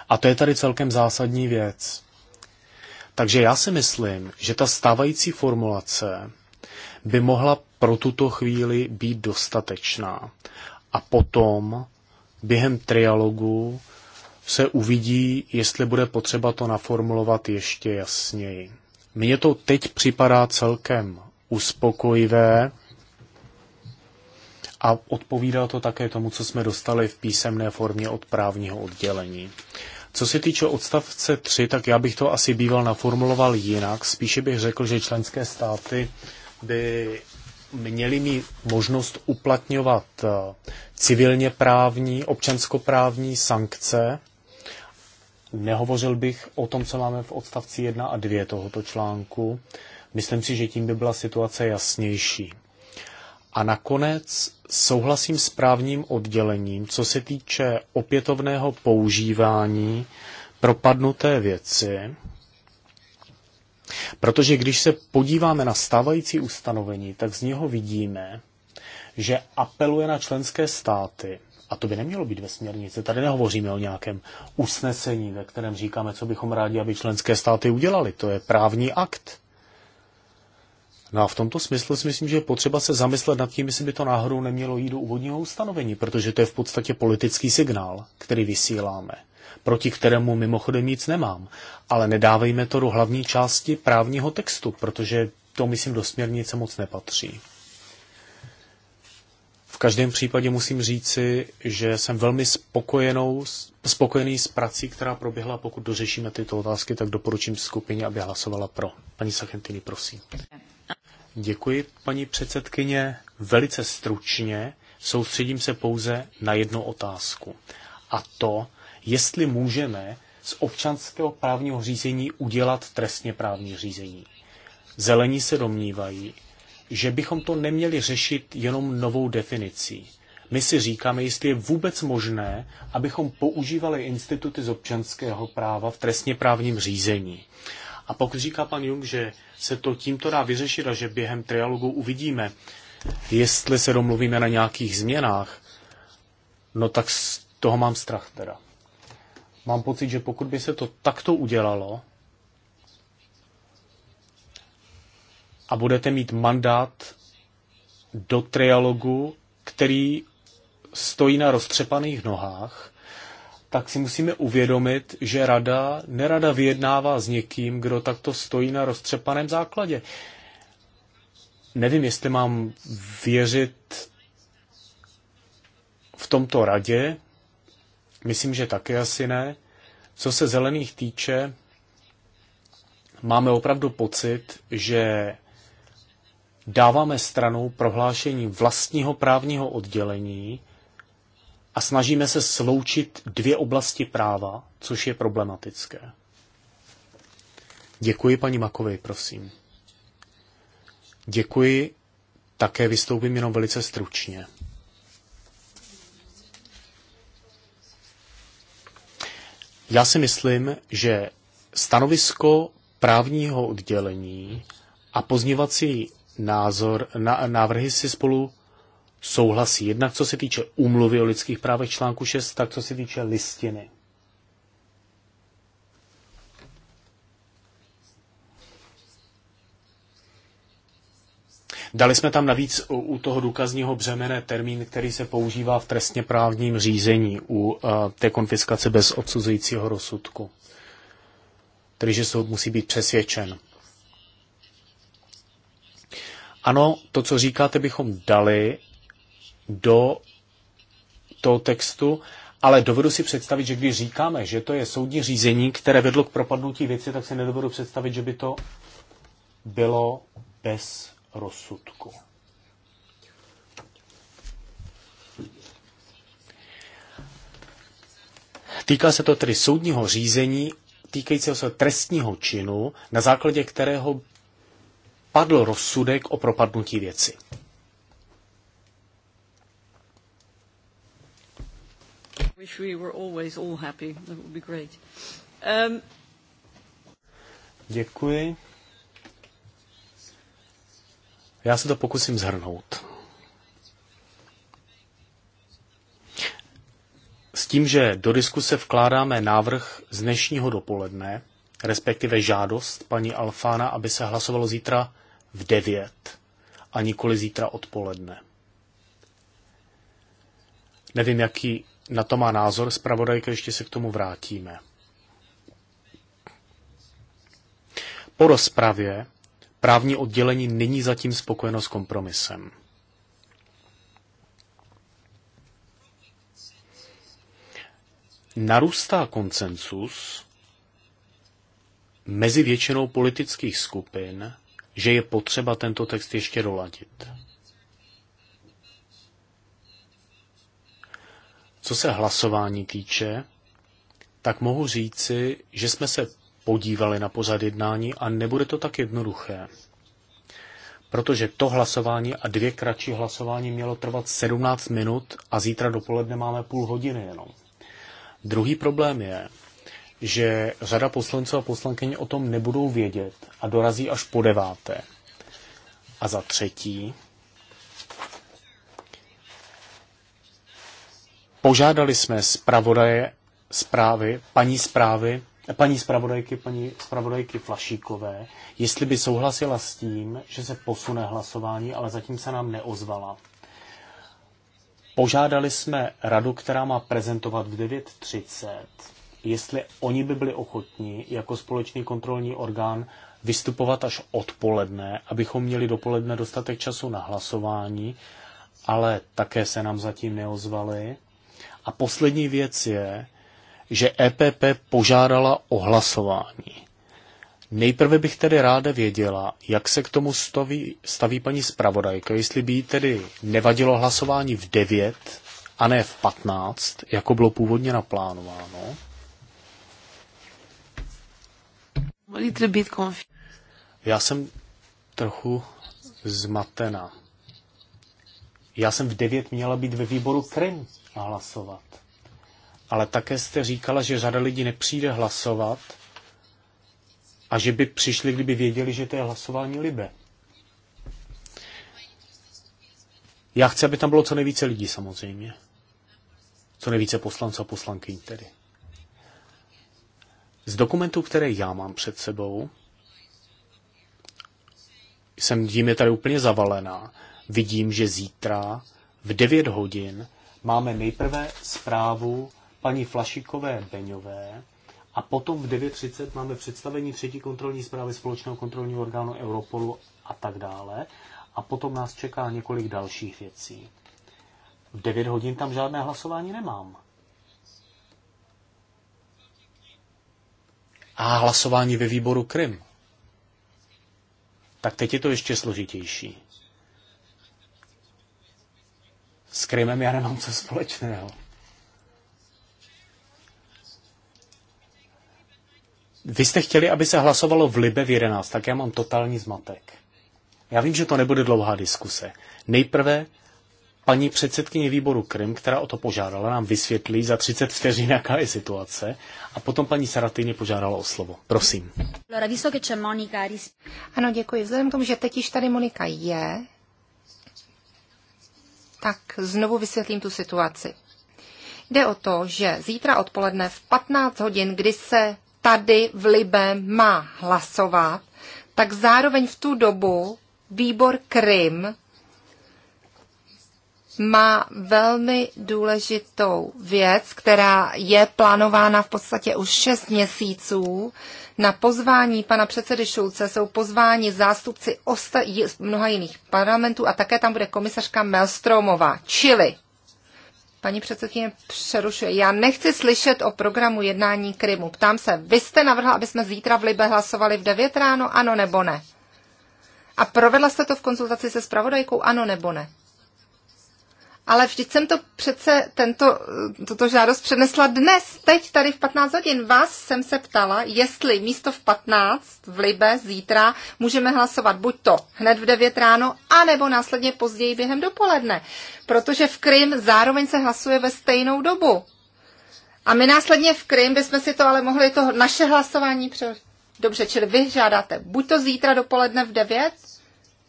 Speaker 2: A to je tady celkem zásadní věc. Takže já si myslím, že ta stávající formulace by mohla pro tuto chvíli být dostatečná. A potom během trialogu se uvidí, jestli bude potřeba to naformulovat ještě jasněji. Mně to teď připadá celkem uspokojivé a odpovídá to také tomu, co jsme dostali v písemné formě od právního oddělení. Co se týče odstavce 3, tak já bych to asi býval naformuloval jinak. Spíše bych řekl, že členské státy by měli mít možnost uplatňovat eh, civilně právní, občanskoprávní sankce Nehovořil bych o tom, co máme v odstavci 1 a 2 tohoto článku. Myslím si, že tím by byla situace jasnější. A nakonec souhlasím s právním oddělením, co se týče opětovného používání propadnuté věci, protože když se podíváme na stávající ustanovení, tak z něho vidíme, že apeluje na členské státy, a to by nemělo být ve směrnici. Tady nehovoříme o nějakém usnesení, ve kterém říkáme, co bychom rádi, aby členské státy udělali. To je právní akt. No a v tomto smyslu si myslím, že je potřeba se zamyslet nad tím, jestli by to náhodou nemělo jít do úvodního ustanovení, protože to je v podstatě politický signál, který vysíláme, proti kterému mimochodem nic nemám. Ale nedávejme to do hlavní části právního textu, protože to, myslím, do směrnice moc nepatří. V každém případě musím říci, že jsem velmi spokojenou, spokojený s prací, která proběhla. Pokud dořešíme tyto otázky, tak doporučím skupině, aby hlasovala pro. Paní Sachentini, prosím. Děkuji, paní předsedkyně. Velice stručně soustředím se pouze na jednu otázku. A to, jestli můžeme z občanského právního řízení udělat trestně právní řízení. Zelení se domnívají, že bychom to neměli řešit jenom novou definicí. My si říkáme, jestli je vůbec možné, abychom používali instituty z občanského práva v trestně právním řízení. A pokud říká pan Jung, že se to tímto dá vyřešit a že během trialogu uvidíme, jestli se domluvíme na nějakých změnách, no tak z toho mám strach teda. Mám pocit, že pokud by se to takto udělalo, a budete mít mandát do trialogu, který stojí na roztřepaných nohách, tak si musíme uvědomit, že rada nerada vyjednává s někým, kdo takto stojí na roztřepaném základě. Nevím, jestli mám věřit v tomto radě, myslím, že také asi ne. Co se zelených týče, máme opravdu pocit, že dáváme stranou prohlášení vlastního právního oddělení a snažíme se sloučit dvě oblasti práva, což je problematické. Děkuji paní Makovej, prosím. Děkuji, také vystoupím jenom velice stručně. Já si myslím, že stanovisko právního oddělení a pozněvací názor, na, návrhy si spolu souhlasí. Jednak co se týče úmluvy o lidských právech článku 6, tak co se týče listiny. Dali jsme tam navíc u toho důkazního břemene termín, který se používá v trestně právním řízení u eh, té konfiskace bez odsuzujícího rozsudku. Tedy, že soud musí být přesvědčen. Ano, to, co říkáte, bychom dali do toho textu, ale dovedu si představit, že když říkáme, že to je soudní řízení, které vedlo k propadnutí věci, tak si nedovedu představit, že by to bylo bez rozsudku. Týká se to tedy soudního řízení týkajícího se trestního činu, na základě kterého padl rozsudek o propadnutí věci. Um, Děkuji. Já se to pokusím zhrnout. S tím, že do diskuse vkládáme návrh z dnešního dopoledne, respektive žádost paní Alfána, aby se hlasovalo zítra v devět a nikoli zítra odpoledne. Nevím, jaký na to má názor zpravodajka, ještě se k tomu vrátíme. Po rozpravě právní oddělení není zatím spokojeno s kompromisem. Narůstá konsensus mezi většinou politických skupin že je potřeba tento text ještě doladit. Co se hlasování týče, tak mohu říci, že jsme se podívali na pořad jednání a nebude to tak jednoduché. Protože to hlasování a dvě kratší hlasování mělo trvat 17 minut a zítra dopoledne máme půl hodiny jenom. Druhý problém je, že řada poslanců a poslankyně o tom nebudou vědět a dorazí až po deváté. A za třetí, požádali jsme zpravodaje zprávy, paní zprávy, paní zpravodajky, paní zpravodajky Flašíkové, jestli by souhlasila s tím, že se posune hlasování, ale zatím se nám neozvala. Požádali jsme radu, která má prezentovat v 9.30 jestli oni by byli ochotní jako společný kontrolní orgán vystupovat až odpoledne, abychom měli dopoledne dostatek času na hlasování, ale také se nám zatím neozvali. A poslední věc je, že EPP požádala o hlasování. Nejprve bych tedy ráda věděla, jak se k tomu staví, staví paní zpravodajka, jestli by jí tedy nevadilo hlasování v 9 a ne v 15, jako bylo původně naplánováno. Já jsem trochu zmatená. Já jsem v devět měla být ve výboru Krim a hlasovat. Ale také jste říkala, že řada lidí nepřijde hlasovat a že by přišli, kdyby věděli, že to je hlasování Libe. Já chci, aby tam bylo co nejvíce lidí samozřejmě. Co nejvíce poslanců a poslankyní tedy. Z dokumentů, které já mám před sebou, jsem tím je tady úplně zavalená. Vidím, že zítra v 9 hodin máme nejprve zprávu paní Flašikové Beňové a potom v 9.30 máme představení třetí kontrolní zprávy společného kontrolního orgánu Europolu a tak dále. A potom nás čeká několik dalších věcí. V 9 hodin tam žádné hlasování nemám. a hlasování ve výboru Krym. Tak teď je to ještě složitější. S Krymem já nemám co společného. Vy jste chtěli, aby se hlasovalo v Libe v 11, tak já mám totální zmatek. Já vím, že to nebude dlouhá diskuse. Nejprve paní předsedkyně výboru Krym, která o to požádala, nám vysvětlí za 30 vteřin, jaká je situace. A potom paní Saratýny požádala o slovo.
Speaker 3: Prosím. Ano, děkuji. Vzhledem k tomu, že teď již tady Monika je, tak znovu vysvětlím tu situaci. Jde o to, že zítra odpoledne v 15 hodin, kdy se tady v Libe má hlasovat, tak zároveň v tu dobu výbor Krym má velmi důležitou věc, která je plánována v podstatě už 6 měsíců. Na pozvání pana předsedy Šulce jsou pozváni zástupci osta- mnoha jiných parlamentů a také tam bude komisařka Melstromová, čili Paní předsedkyně přerušuje. Já nechci slyšet o programu jednání Krymu. Ptám se, vy jste navrhla, aby jsme zítra v Libe hlasovali v 9 ráno, ano nebo ne? A provedla jste to v konzultaci se spravodajkou, ano nebo ne? Ale vždyť jsem to přece, tento, toto žádost přednesla dnes, teď tady v 15 hodin. Vás jsem se ptala, jestli místo v 15 v Libe zítra můžeme hlasovat buď to hned v 9 ráno, anebo následně později během dopoledne. Protože v Krym zároveň se hlasuje ve stejnou dobu. A my následně v Krym bychom si to ale mohli to naše hlasování přehodit. Dobře, čili vy žádáte buď to zítra dopoledne v 9,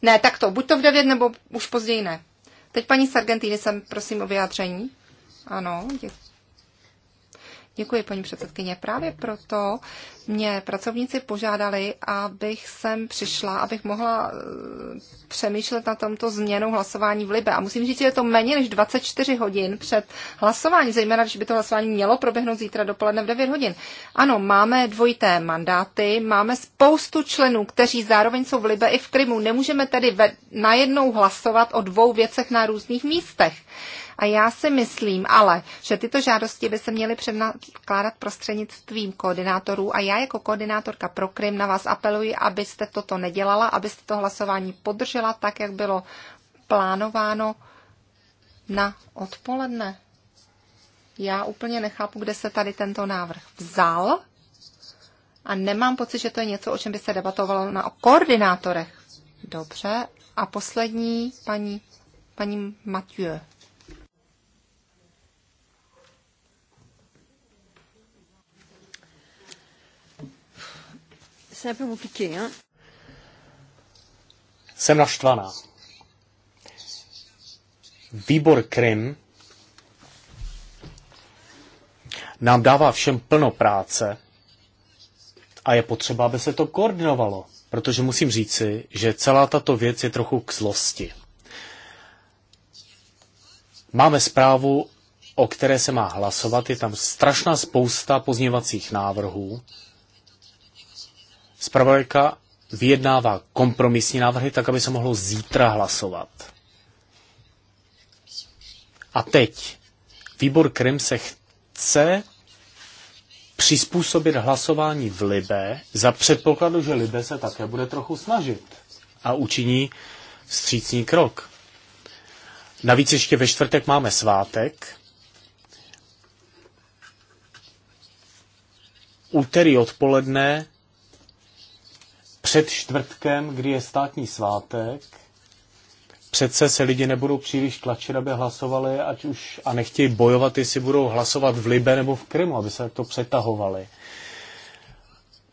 Speaker 3: ne, tak to, buď to v 9, nebo už později ne. Teď paní Sargentini, jsem prosím o vyjádření. Ano, děkuji. Děkuji, paní předsedkyně. Právě proto mě pracovníci požádali, abych sem přišla, abych mohla eh, přemýšlet na tomto změnou hlasování v Libe. A musím říct, že je to méně než 24 hodin před hlasováním, zejména když by to hlasování mělo proběhnout zítra dopoledne v 9 hodin. Ano, máme dvojité mandáty, máme spoustu členů, kteří zároveň jsou v Libe i v Krymu. Nemůžeme tedy ve, najednou hlasovat o dvou věcech na různých místech. A já si myslím ale, že tyto žádosti by se měly předkládat prostřednictvím koordinátorů a já jako koordinátorka pro Krym na vás apeluji, abyste toto nedělala, abyste to hlasování podržela tak, jak bylo plánováno na odpoledne. Já úplně nechápu, kde se tady tento návrh vzal a nemám pocit, že to je něco, o čem by se debatovalo na koordinátorech. Dobře. A poslední paní, paní Mathieu.
Speaker 2: Jsem naštvaná. Výbor Krim nám dává všem plno práce a je potřeba, aby se to koordinovalo, protože musím říci, že celá tato věc je trochu k zlosti. Máme zprávu, o které se má hlasovat, je tam strašná spousta pozněvacích návrhů, zpravodajka vyjednává kompromisní návrhy tak, aby se mohlo zítra hlasovat. A teď výbor Krim se chce přizpůsobit hlasování v Libe za předpokladu, že Libe se také bude trochu snažit a učiní vstřícný krok. Navíc ještě ve čtvrtek máme svátek. Úterý odpoledne před čtvrtkem, kdy je státní svátek, přece se lidi nebudou příliš tlačit, aby hlasovali, ať už a nechtějí bojovat, jestli budou hlasovat v Libe nebo v Krymu, aby se to přetahovali.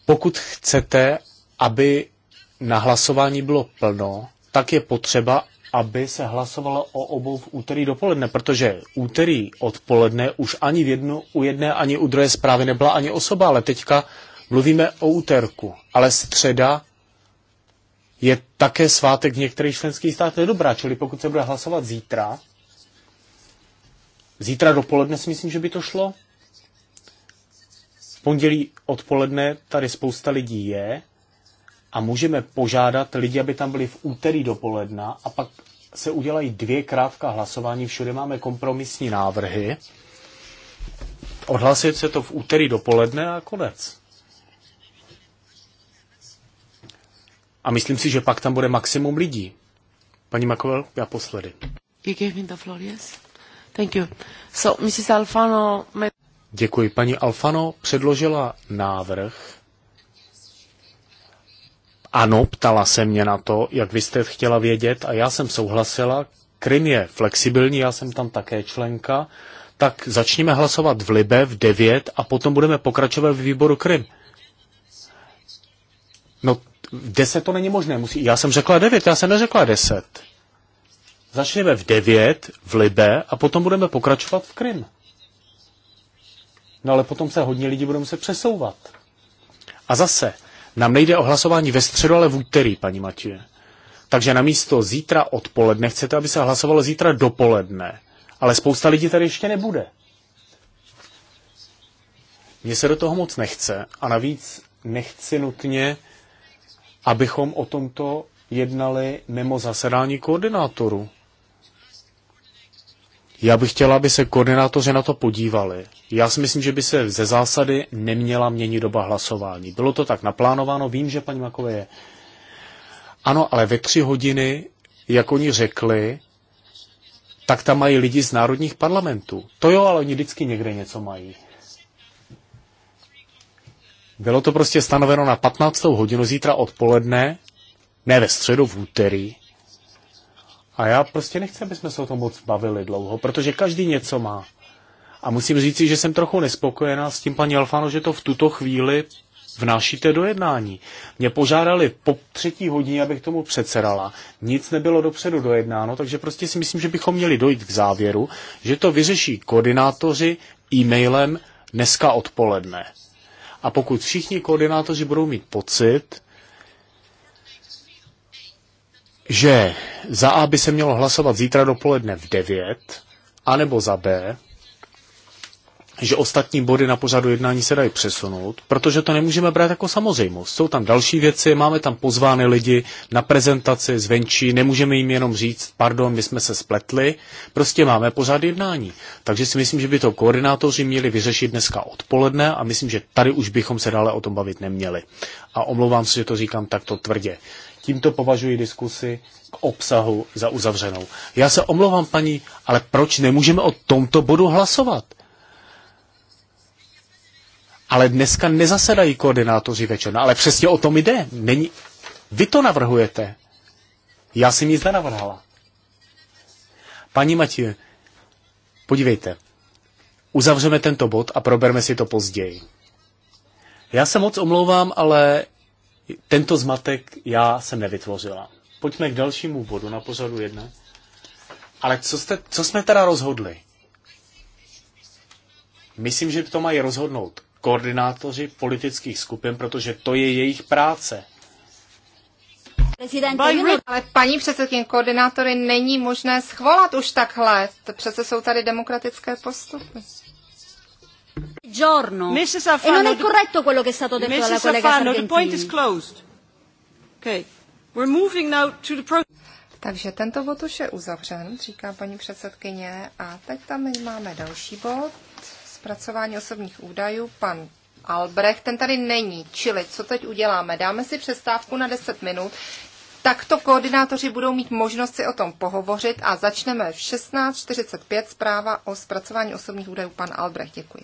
Speaker 2: Pokud chcete, aby na hlasování bylo plno, tak je potřeba, aby se hlasovalo o obou v úterý dopoledne, protože úterý odpoledne už ani v jednu, u jedné, ani u druhé zprávy nebyla ani osoba, ale teďka mluvíme o úterku, ale středa je také svátek v některých členských státech nedobrá, čili pokud se bude hlasovat zítra, zítra dopoledne si myslím, že by to šlo. V pondělí odpoledne tady spousta lidí je a můžeme požádat lidi, aby tam byli v úterý dopoledna a pak se udělají dvě krátká hlasování, všude máme kompromisní návrhy. Odhlasit se to v úterý dopoledne a konec. A myslím si, že pak tam bude maximum lidí. Paní Makovel, já posledy.
Speaker 3: You gave me the floor, yes? Thank you. So, Mrs. Alfano...
Speaker 2: Děkuji. Paní Alfano předložila návrh. Ano, ptala se mě na to, jak vy jste chtěla vědět a já jsem souhlasila. Krym je flexibilní, já jsem tam také členka. Tak začněme hlasovat v Libe v 9 a potom budeme pokračovat v výboru Krym. No deset to není možné. Musí, já jsem řekla devět, já jsem neřekla deset. Začneme v devět v Libe a potom budeme pokračovat v Krym. No ale potom se hodně lidí budou muset přesouvat. A zase, nám nejde o hlasování ve středu, ale v úterý, paní Matěje. Takže na místo zítra odpoledne chcete, aby se hlasovalo zítra dopoledne. Ale spousta lidí tady ještě nebude. Mně se do toho moc nechce a navíc nechci nutně abychom o tomto jednali mimo zasedání koordinátorů. Já bych chtěla, aby se koordinátoři na to podívali. Já si myslím, že by se ze zásady neměla měnit doba hlasování. Bylo to tak naplánováno, vím, že paní Makové je. Ano, ale ve tři hodiny, jak oni řekli, tak tam mají lidi z národních parlamentů. To jo, ale oni vždycky někde něco mají. Bylo to prostě stanoveno na 15. hodinu zítra odpoledne, ne ve středu, v úterý. A já prostě nechci, aby jsme se o tom moc bavili dlouho, protože každý něco má. A musím říct, že jsem trochu nespokojená s tím, paní Alfano, že to v tuto chvíli vnášíte do jednání. Mě požádali po třetí hodině, abych tomu předsedala. Nic nebylo dopředu dojednáno, takže prostě si myslím, že bychom měli dojít k závěru, že to vyřeší koordinátoři e-mailem dneska odpoledne. A pokud všichni koordinátoři budou mít pocit, že za A by se mělo hlasovat zítra dopoledne v 9, anebo za B, že ostatní body na pořadu jednání se dají přesunout, protože to nemůžeme brát jako samozřejmost. Jsou tam další věci, máme tam pozvány lidi na prezentaci zvenčí, nemůžeme jim jenom říct, pardon, my jsme se spletli, prostě máme pořád jednání. Takže si myslím, že by to koordinátoři měli vyřešit dneska odpoledne a myslím, že tady už bychom se dále o tom bavit neměli. A omlouvám se, že to říkám takto tvrdě. Tímto považuji diskusi k obsahu za uzavřenou. Já se omlouvám, paní, ale proč nemůžeme o tomto bodu hlasovat? ale dneska nezasedají koordinátoři večer. No, ale přesně o tom jde. Není... Vy to navrhujete. Já si nic nenavrhala. Paní mati, podívejte. Uzavřeme tento bod a proberme si to později. Já se moc omlouvám, ale tento zmatek já jsem nevytvořila. Pojďme k dalšímu bodu na pořadu jedna. Ale co, jste, co jsme teda rozhodli? Myslím, že to mají rozhodnout koordinátoři politických skupin, protože to je jejich práce.
Speaker 3: Ale paní předsedkyně, koordinátory není možné schvolat už takhle. Přece jsou tady demokratické postupy.
Speaker 1: Giorno. Mrs. Alfano, e non è corretto quello che è stato detto Mrs. dalla collega Alfano, the point is closed. Okay. We're moving now to the pro- takže
Speaker 3: tento bod už je uzavřen, říká paní předsedkyně. A teď tam máme další bod, zpracování osobních údajů, pan Albrecht, ten tady není. Čili, co teď uděláme? Dáme si přestávku na 10 minut, takto koordinátoři budou mít možnost si o tom pohovořit a začneme v 16.45 zpráva o zpracování osobních údajů. Pan Albrecht, děkuji.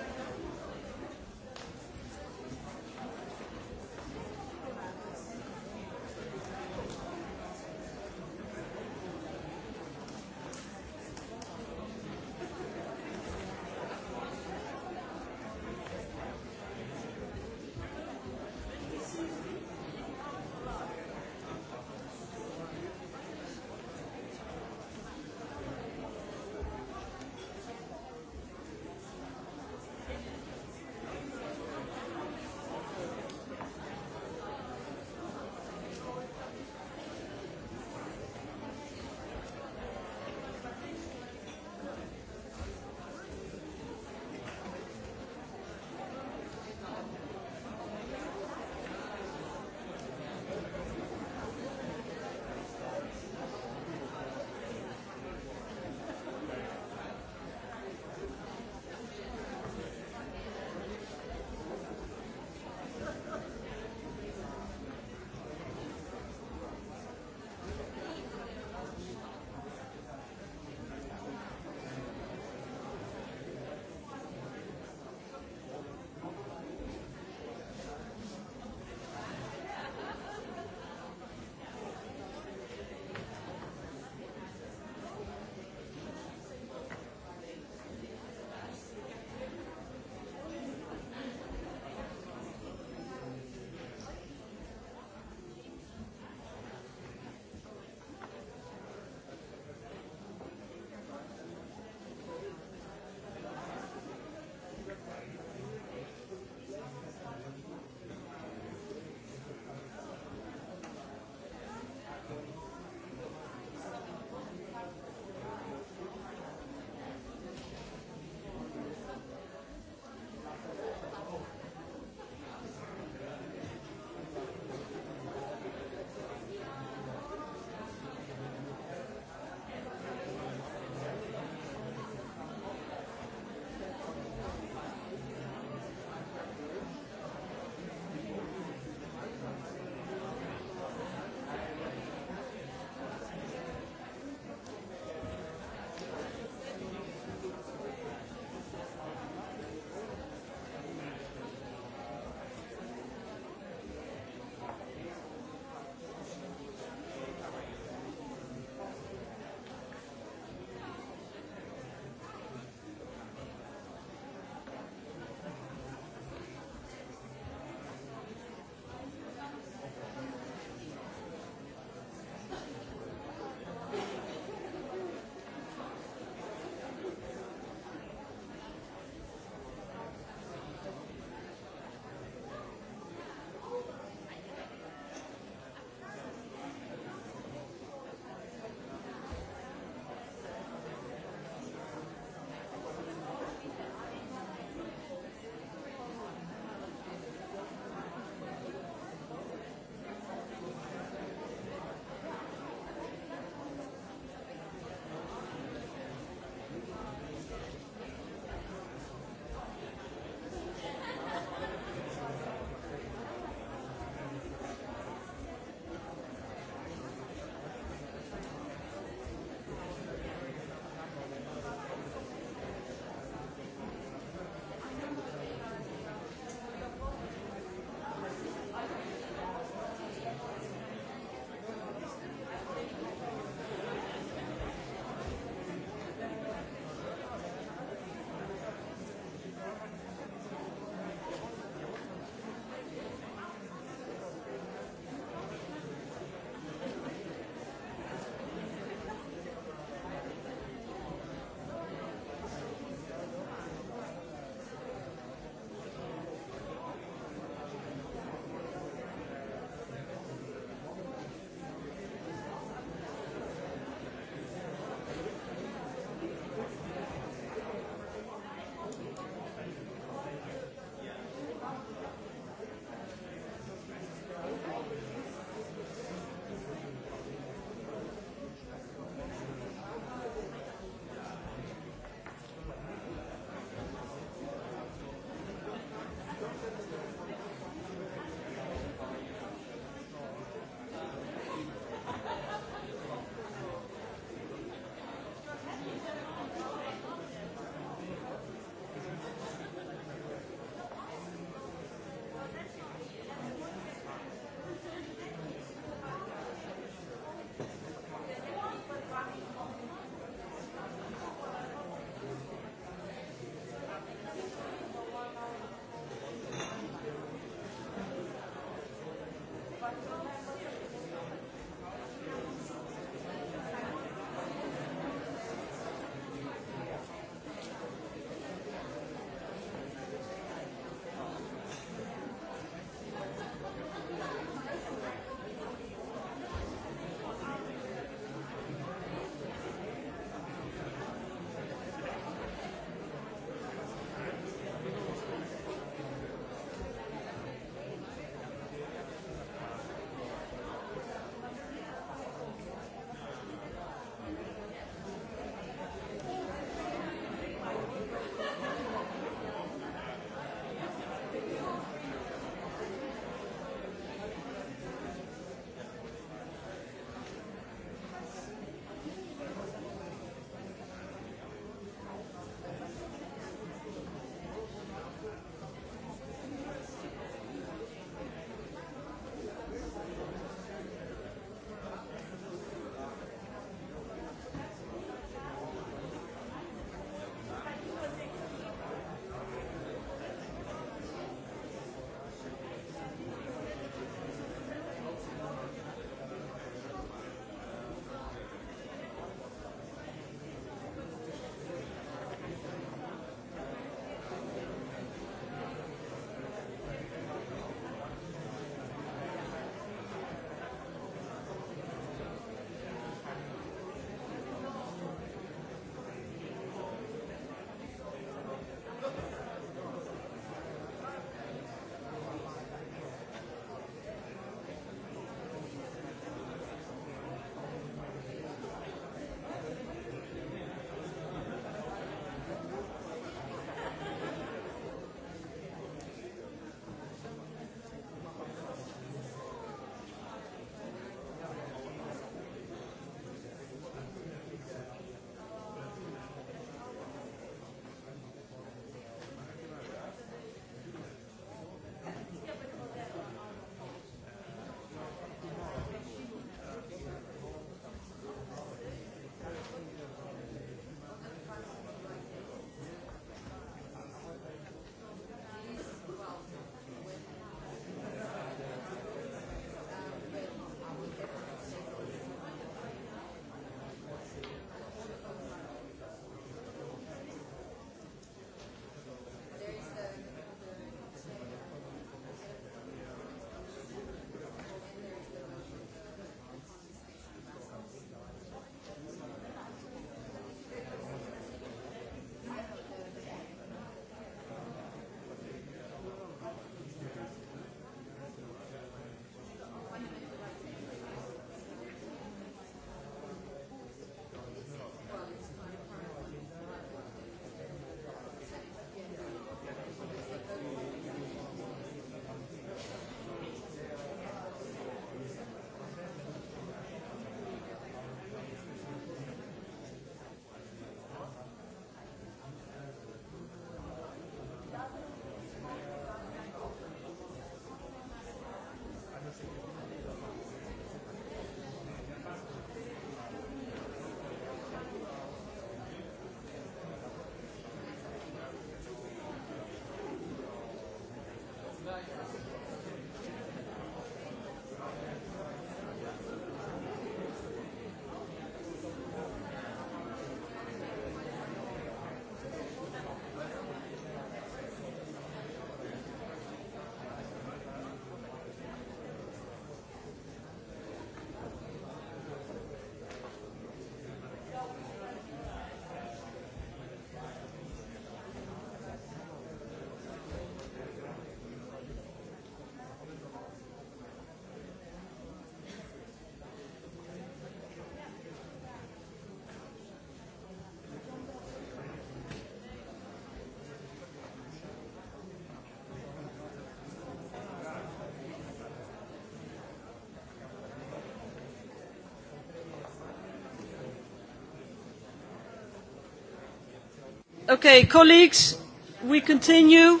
Speaker 1: Okay, colleagues, we continue.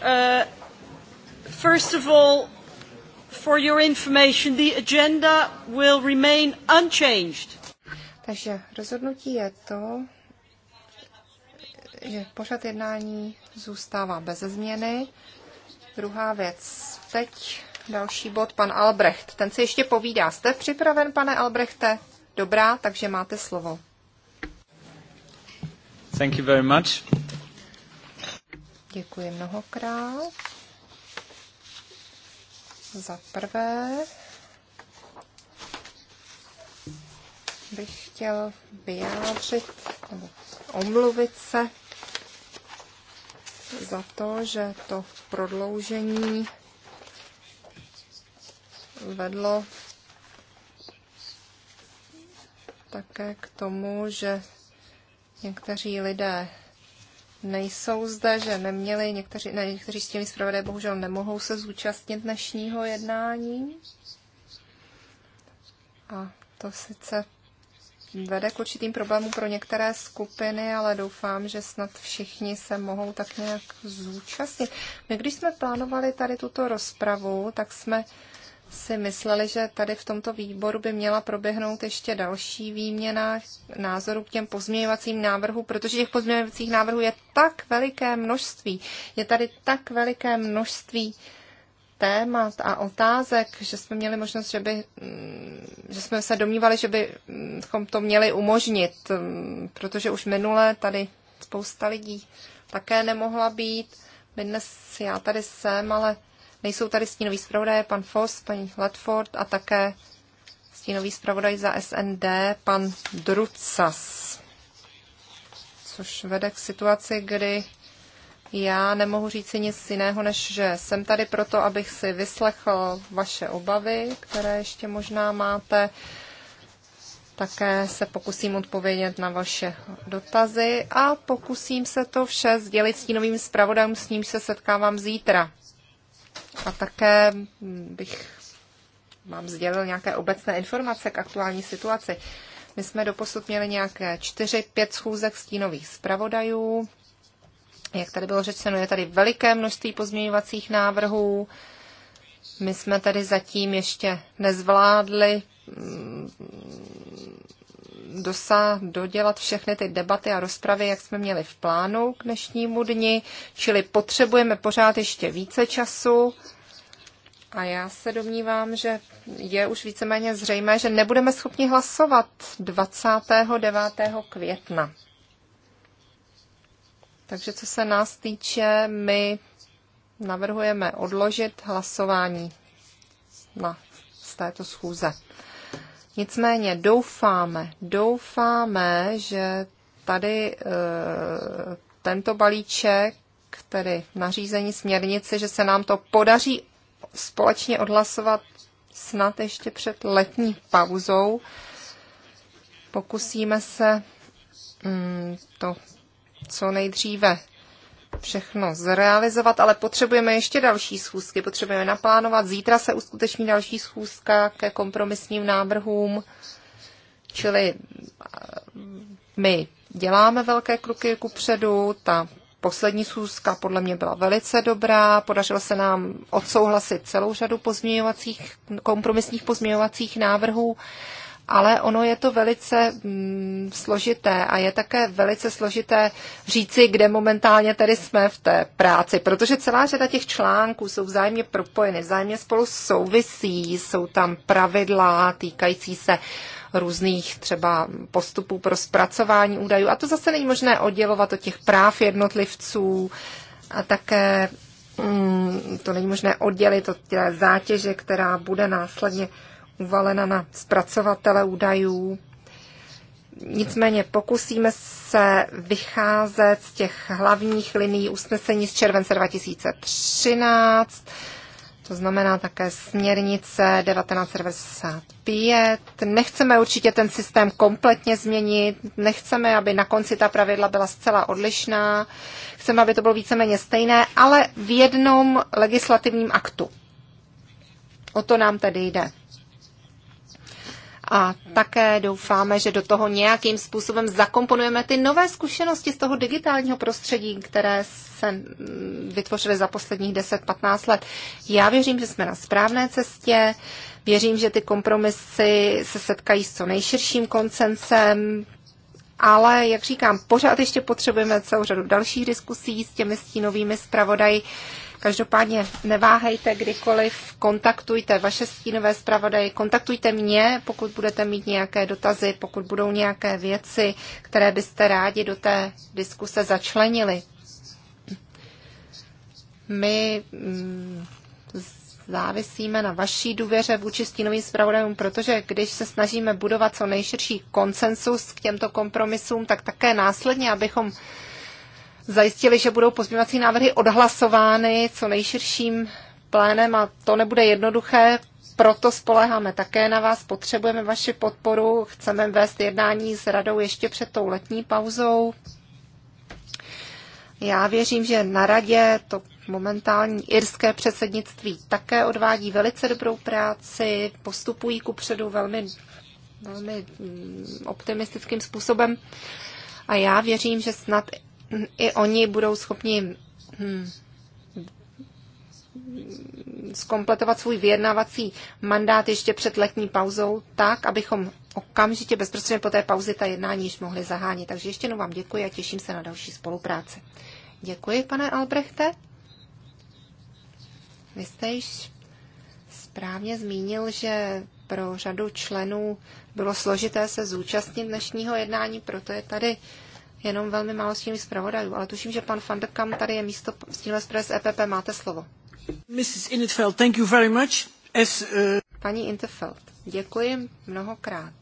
Speaker 1: Uh, first of all, for your information, the agenda will remain
Speaker 3: unchanged. Takže rozhodnutí je to, že pořad jednání zůstává bez změny. Druhá věc. Teď další bod, pan Albrecht. Ten se ještě povídá. Jste připraven, pane Albrechte? Dobrá, takže máte slovo. Thank you very much. Děkuji mnohokrát. Za prvé bych chtěl vyjádřit nebo omluvit se za to, že to prodloužení vedlo také k tomu, že někteří lidé nejsou zde, že neměli, někteří, ne, někteří těmi zpravodaj bohužel nemohou se zúčastnit dnešního jednání. A to sice vede k určitým problémům pro některé skupiny, ale doufám, že snad všichni se mohou tak nějak zúčastnit. My, když jsme plánovali tady tuto rozpravu, tak jsme si mysleli, že tady v tomto výboru by měla proběhnout ještě další výměna názorů k těm pozměňovacím návrhům, protože těch pozměňovacích návrhů je tak veliké množství. Je tady tak veliké množství témat a otázek, že jsme měli možnost, že, by, mm, že jsme se domnívali, že bychom to měli umožnit, mm, protože už minule tady spousta lidí také nemohla být. My dnes já tady jsem, ale Nejsou tady stínový zpravodaj pan Foss, paní Ledford a také stínový zpravodaj za SND pan Drucas. Což vede k situaci, kdy já nemohu říci nic jiného, než že jsem tady proto, abych si vyslechl vaše obavy, které ještě možná máte. Také se pokusím odpovědět na vaše dotazy a pokusím se to vše sdělit s tím novým zpravodajům, s ním se setkávám zítra. A také hm, bych vám sdělil nějaké obecné informace k aktuální situaci. My jsme doposud měli nějaké čtyři, pět schůzek stínových zpravodajů. Jak tady bylo řečeno, je tady veliké množství pozměňovacích návrhů. My jsme tady zatím ještě nezvládli hm, dosáh, dodělat všechny ty debaty a rozpravy, jak jsme měli v plánu k dnešnímu dni, čili potřebujeme pořád ještě více času. A já se domnívám, že je už víceméně zřejmé, že nebudeme schopni hlasovat 29. května. Takže co se nás týče, my navrhujeme odložit hlasování na, z této schůze. Nicméně doufáme, doufáme, že tady e, tento balíček, tedy nařízení směrnice, že se nám to podaří společně odhlasovat snad ještě před letní pauzou. Pokusíme se mm, to co nejdříve všechno zrealizovat, ale potřebujeme ještě další schůzky, potřebujeme naplánovat. Zítra se uskuteční další schůzka ke kompromisním návrhům, čili eh, my děláme velké kroky ku předu, ta poslední schůzka podle mě byla velice dobrá, podařilo se nám odsouhlasit celou řadu pozměňovacích, kompromisních pozměňovacích návrhů ale ono je to velice mm, složité a je také velice složité říci, kde momentálně tady jsme v té práci, protože celá řada těch článků jsou vzájemně propojeny, vzájemně spolu souvisí, jsou tam pravidla týkající se různých třeba postupů pro zpracování údajů a to zase není možné oddělovat od těch práv jednotlivců a také mm, to není možné oddělit od té zátěže, která bude následně uvalena na zpracovatele údajů. Nicméně pokusíme se vycházet z těch hlavních liní usnesení z července 2013, to znamená také směrnice 1995. Nechceme určitě ten systém kompletně změnit, nechceme, aby na konci ta pravidla byla zcela odlišná, chceme, aby to bylo víceméně stejné, ale v jednom legislativním aktu. O to nám tedy jde a také doufáme, že do toho nějakým způsobem zakomponujeme ty nové zkušenosti z toho digitálního prostředí, které se vytvořily za posledních 10-15 let. Já věřím, že jsme na správné cestě, věřím, že ty kompromisy se setkají s co nejširším koncensem, ale, jak říkám, pořád ještě potřebujeme celou řadu dalších diskusí s těmi stínovými zpravodaji. Každopádně neváhejte kdykoliv, kontaktujte vaše stínové zpravodaje, kontaktujte mě, pokud budete mít nějaké dotazy, pokud budou nějaké věci, které byste rádi do té diskuse začlenili. My mm, závisíme na vaší důvěře vůči stínovým zpravodajům, protože když se snažíme budovat co nejširší konsensus k těmto kompromisům, tak také následně, abychom zajistili, že budou pozměňovací návrhy odhlasovány co nejširším plénem a to nebude jednoduché, proto spoleháme také na vás, potřebujeme vaši podporu, chceme vést jednání s radou ještě před tou letní pauzou. Já věřím, že na radě to momentální irské předsednictví také odvádí velice dobrou práci, postupují kupředu velmi, velmi mm, optimistickým způsobem. A já věřím, že snad i oni budou schopni hm, skompletovat svůj vyjednávací mandát ještě před letní pauzou, tak, abychom okamžitě bezprostředně po té pauzi ta jednání již mohli zahánit. Takže ještě jednou vám děkuji a těším se na další spolupráci. Děkuji, pane Albrechte. Vy jste již správně zmínil, že pro řadu členů bylo složité se zúčastnit dnešního jednání, proto je tady jenom velmi málo s stínových zpravodajů, ale tuším, že pan van de Kam tady je místo stínové zpravodaje z EPP. Máte slovo. Mrs. Inetfeld, thank you very much. As, uh... Paní Interfeld, děkuji mnohokrát.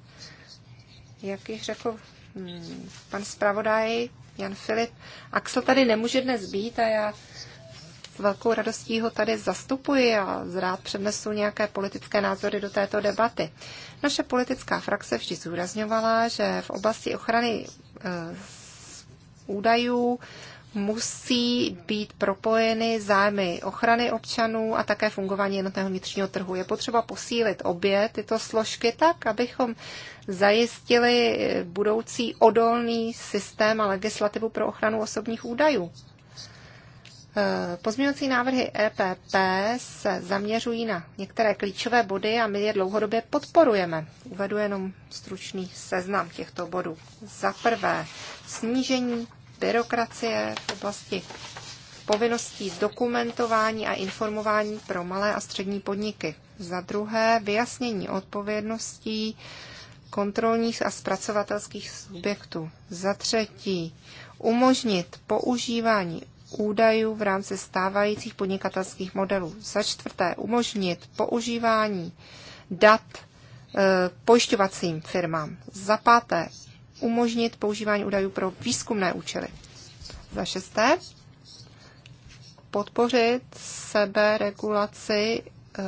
Speaker 3: Jak již řekl hmm, pan zpravodaj Jan Filip, Axel tady nemůže dnes být a já s velkou radostí ho tady zastupuji a zrád přednesu nějaké politické názory do této debaty. Naše politická frakce vždy zúrazňovala, že v oblasti ochrany eh, údajů musí být propojeny zájmy ochrany občanů a také fungování jednotného vnitřního trhu. Je potřeba posílit obě tyto složky tak, abychom zajistili budoucí odolný systém a legislativu pro ochranu osobních údajů. Eh, pozměňovací návrhy EPP se zaměřují na některé klíčové body a my je dlouhodobě podporujeme. Uvedu jenom stručný seznam těchto bodů. Za prvé, snížení byrokracie v oblasti povinností dokumentování a informování pro malé a střední podniky. Za druhé, vyjasnění odpovědností kontrolních a zpracovatelských subjektů. Za třetí, umožnit používání údajů v rámci stávajících podnikatelských modelů. Za čtvrté, umožnit používání dat e, pojišťovacím firmám. Za páté, umožnit používání údajů pro výzkumné účely. Za šesté, podpořit seberegulaci eh,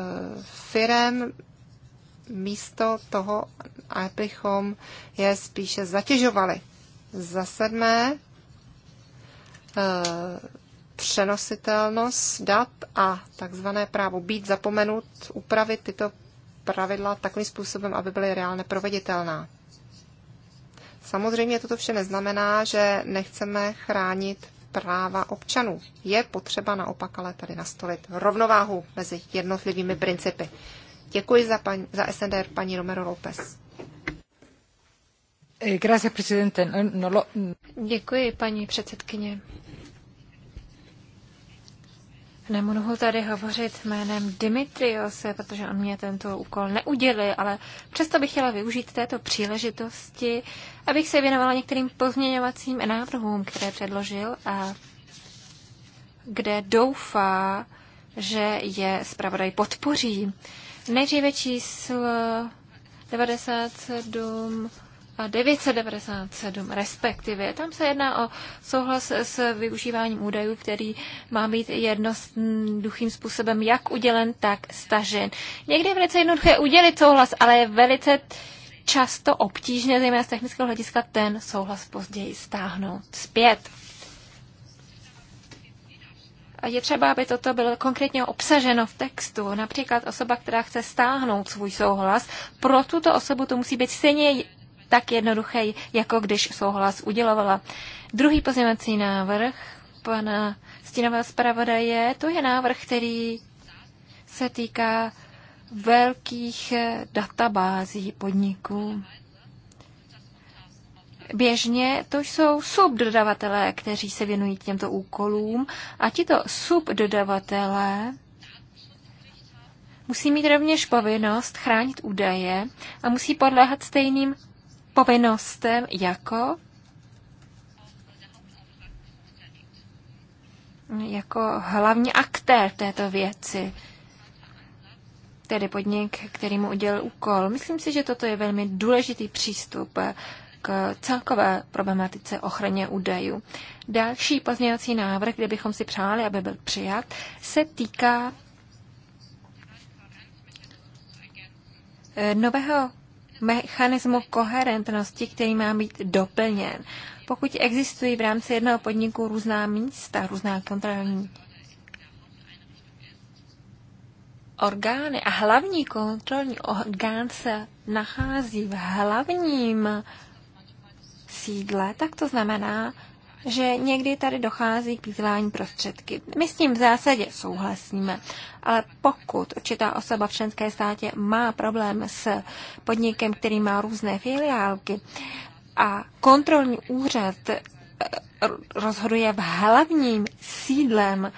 Speaker 3: firem místo toho, abychom je spíše zatěžovali. Za sedmé, eh, přenositelnost dat a takzvané právo být zapomenut, upravit tyto pravidla takovým způsobem, aby byly reálně proveditelná. Samozřejmě toto vše neznamená, že nechceme chránit práva občanů. Je potřeba naopak ale tady nastolit rovnováhu mezi jednotlivými principy. Děkuji za, paň, za SNDR paní Romero López. Eh, no, no
Speaker 1: Děkuji, paní předsedkyně. Nemohu tady hovořit jménem Dimitriose, protože on mě tento úkol neudělil, ale přesto bych chtěla využít této příležitosti, abych se věnovala některým pozměňovacím návrhům, které předložil a kde doufá, že je zpravodaj podpoří. Nejdříve číslo 97 997, respektive. Tam se jedná o souhlas s využíváním údajů, který má být jednoduchým způsobem jak udělen, tak stažen. Někdy je velice jednoduché udělit souhlas, ale je velice často obtížné, zejména z technického hlediska, ten souhlas později stáhnout zpět. A je třeba, aby toto bylo konkrétně obsaženo v textu. Například osoba, která chce stáhnout svůj souhlas, pro tuto osobu to musí být stejně tak jednoduché, jako když souhlas udělovala. Druhý pozměňovací návrh pana stínového zpravodaje, to je návrh, který se týká velkých databází podniků. Běžně to jsou subdodavatelé, kteří se věnují těmto úkolům a tito subdodavatelé musí mít rovněž povinnost chránit údaje a musí podléhat stejným povinnostem jako jako hlavní aktér této věci, tedy podnik, který mu udělal úkol. Myslím si, že toto je velmi důležitý přístup k celkové problematice ochraně údajů. Další pozměňovací návrh, kde bychom si přáli, aby byl přijat, se týká eh, nového mechanismu koherentnosti, který má být doplněn. Pokud existují v rámci jednoho podniku různá místa, různá kontrolní orgány a hlavní kontrolní orgán se nachází v hlavním sídle, tak to znamená, že někdy tady dochází k plýtvání prostředky. My s tím v zásadě souhlasíme, ale pokud určitá osoba v členské státě má problém s podnikem, který má různé filiálky a kontrolní úřad eh, rozhoduje v hlavním sídlem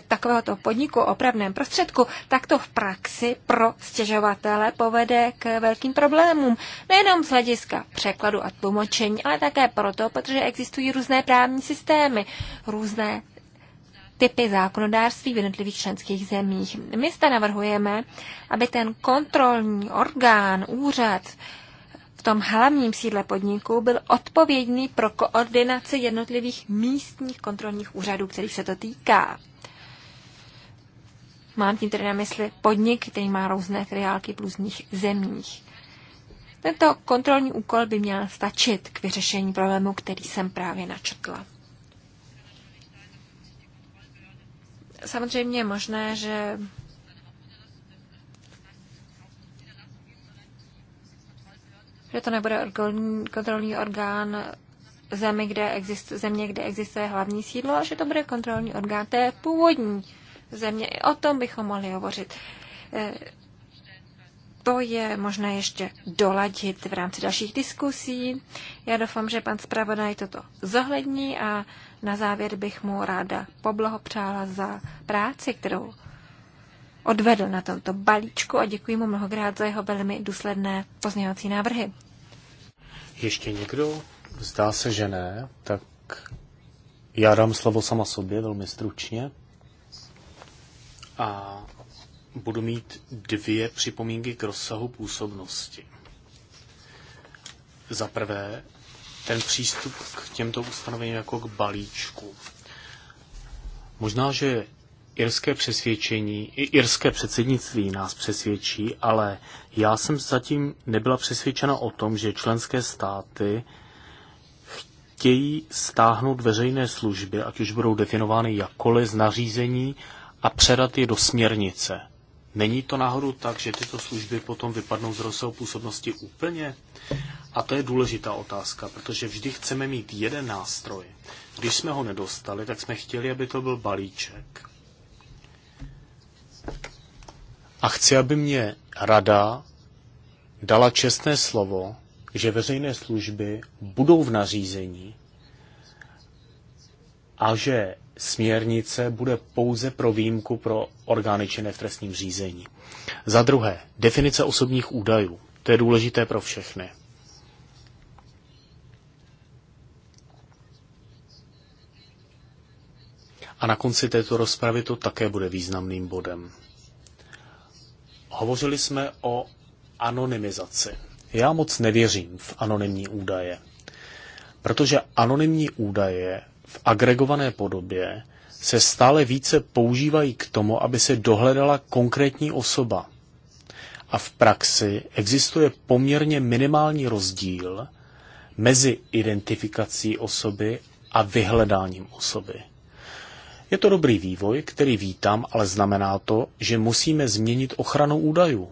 Speaker 1: takovéhoto podniku o opravném prostředku, tak to v praxi pro stěžovatele povede k velkým problémům. Nejenom z hlediska překladu a tlumočení, ale také proto, protože existují různé právní systémy, různé typy zákonodárství v jednotlivých členských zemích. My zde navrhujeme, aby ten kontrolní orgán, úřad v tom hlavním sídle podniku byl odpovědný pro koordinaci jednotlivých místních kontrolních úřadů, kterých se to týká. Mám tím tedy na mysli podnik, který má různé filiálky v různých zemích. Tento kontrolní úkol by měl stačit k vyřešení problému, který jsem právě načetla. Samozřejmě je možné, že že to nebude kontrolní orgán zemi, kde exist, země, kde existuje hlavní sídlo, ale že to bude kontrolní orgán té původní země. I o tom bychom mohli hovořit. Eh, to je možné ještě doladit v rámci dalších diskusí. Já doufám, že pan zpravodaj toto zohlední a na závěr bych mu ráda poblahopřála za práci, kterou odvedl na tomto balíčku a děkuji mu mnohokrát za jeho velmi důsledné pozměňovací návrhy.
Speaker 2: Ještě někdo? Zdá se, že ne. Tak já dám slovo sama sobě velmi stručně a budu mít dvě připomínky k rozsahu působnosti. Za prvé, ten přístup k těmto ustanovením jako k balíčku. Možná, že irské přesvědčení, irské předsednictví nás přesvědčí, ale já jsem zatím nebyla přesvědčena o tom, že členské státy chtějí stáhnout veřejné služby, ať už budou definovány jakkoliv z nařízení a předat je do směrnice. Není to náhodou tak, že tyto služby potom vypadnou z rozsahu působnosti úplně? A to je důležitá otázka, protože vždy chceme mít jeden nástroj. Když jsme ho nedostali, tak jsme chtěli, aby to byl balíček. A chci, aby mě rada dala čestné slovo, že veřejné služby budou v nařízení a že směrnice bude pouze pro výjimku pro orgány činné v trestním řízení. Za druhé, definice osobních údajů. To je důležité pro všechny. A na konci této rozpravy to také bude významným bodem. Hovořili jsme o anonymizaci. Já moc nevěřím v anonymní údaje, protože anonymní údaje v agregované podobě se stále více používají k tomu, aby se dohledala konkrétní osoba. A v praxi existuje poměrně minimální rozdíl mezi identifikací osoby a vyhledáním osoby. Je to dobrý vývoj, který vítám, ale znamená to, že musíme změnit ochranu údajů,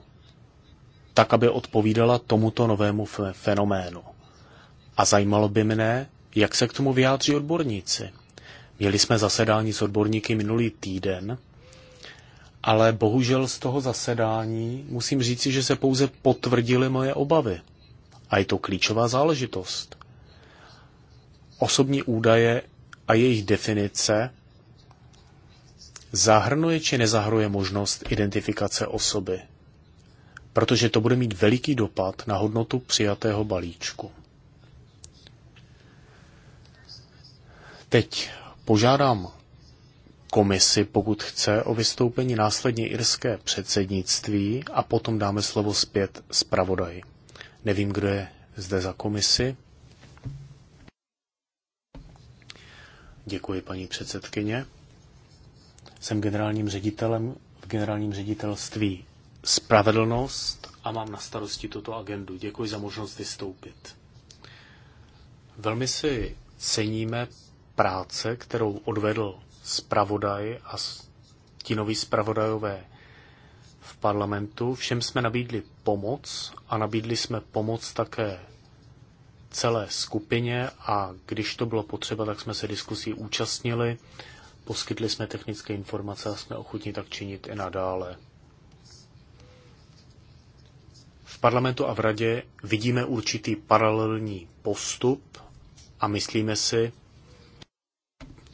Speaker 2: tak aby odpovídala tomuto novému fenoménu. A zajímalo by mne, jak se k tomu vyjádří odborníci. Měli jsme zasedání s odborníky minulý týden, ale bohužel z toho zasedání musím říci, že se pouze potvrdily moje obavy. A je to klíčová záležitost. Osobní údaje a jejich definice zahrnuje či nezahrnuje možnost identifikace osoby, protože to bude mít veliký dopad na hodnotu přijatého balíčku. Teď požádám komisi, pokud chce, o vystoupení následně irské předsednictví a potom dáme slovo zpět zpravodaji. Nevím, kdo je zde za komisi. Děkuji, paní předsedkyně. Jsem generálním ředitelem v generálním ředitelství Spravedlnost a mám na starosti tuto agendu. Děkuji za možnost vystoupit. Velmi si ceníme práce, kterou odvedl zpravodaj a stínoví zpravodajové v parlamentu. Všem jsme nabídli pomoc a nabídli jsme pomoc také celé skupině a když to bylo potřeba, tak jsme se diskusí účastnili, poskytli jsme technické informace a jsme ochotni tak činit i nadále. V parlamentu a v radě vidíme určitý paralelní postup a myslíme si,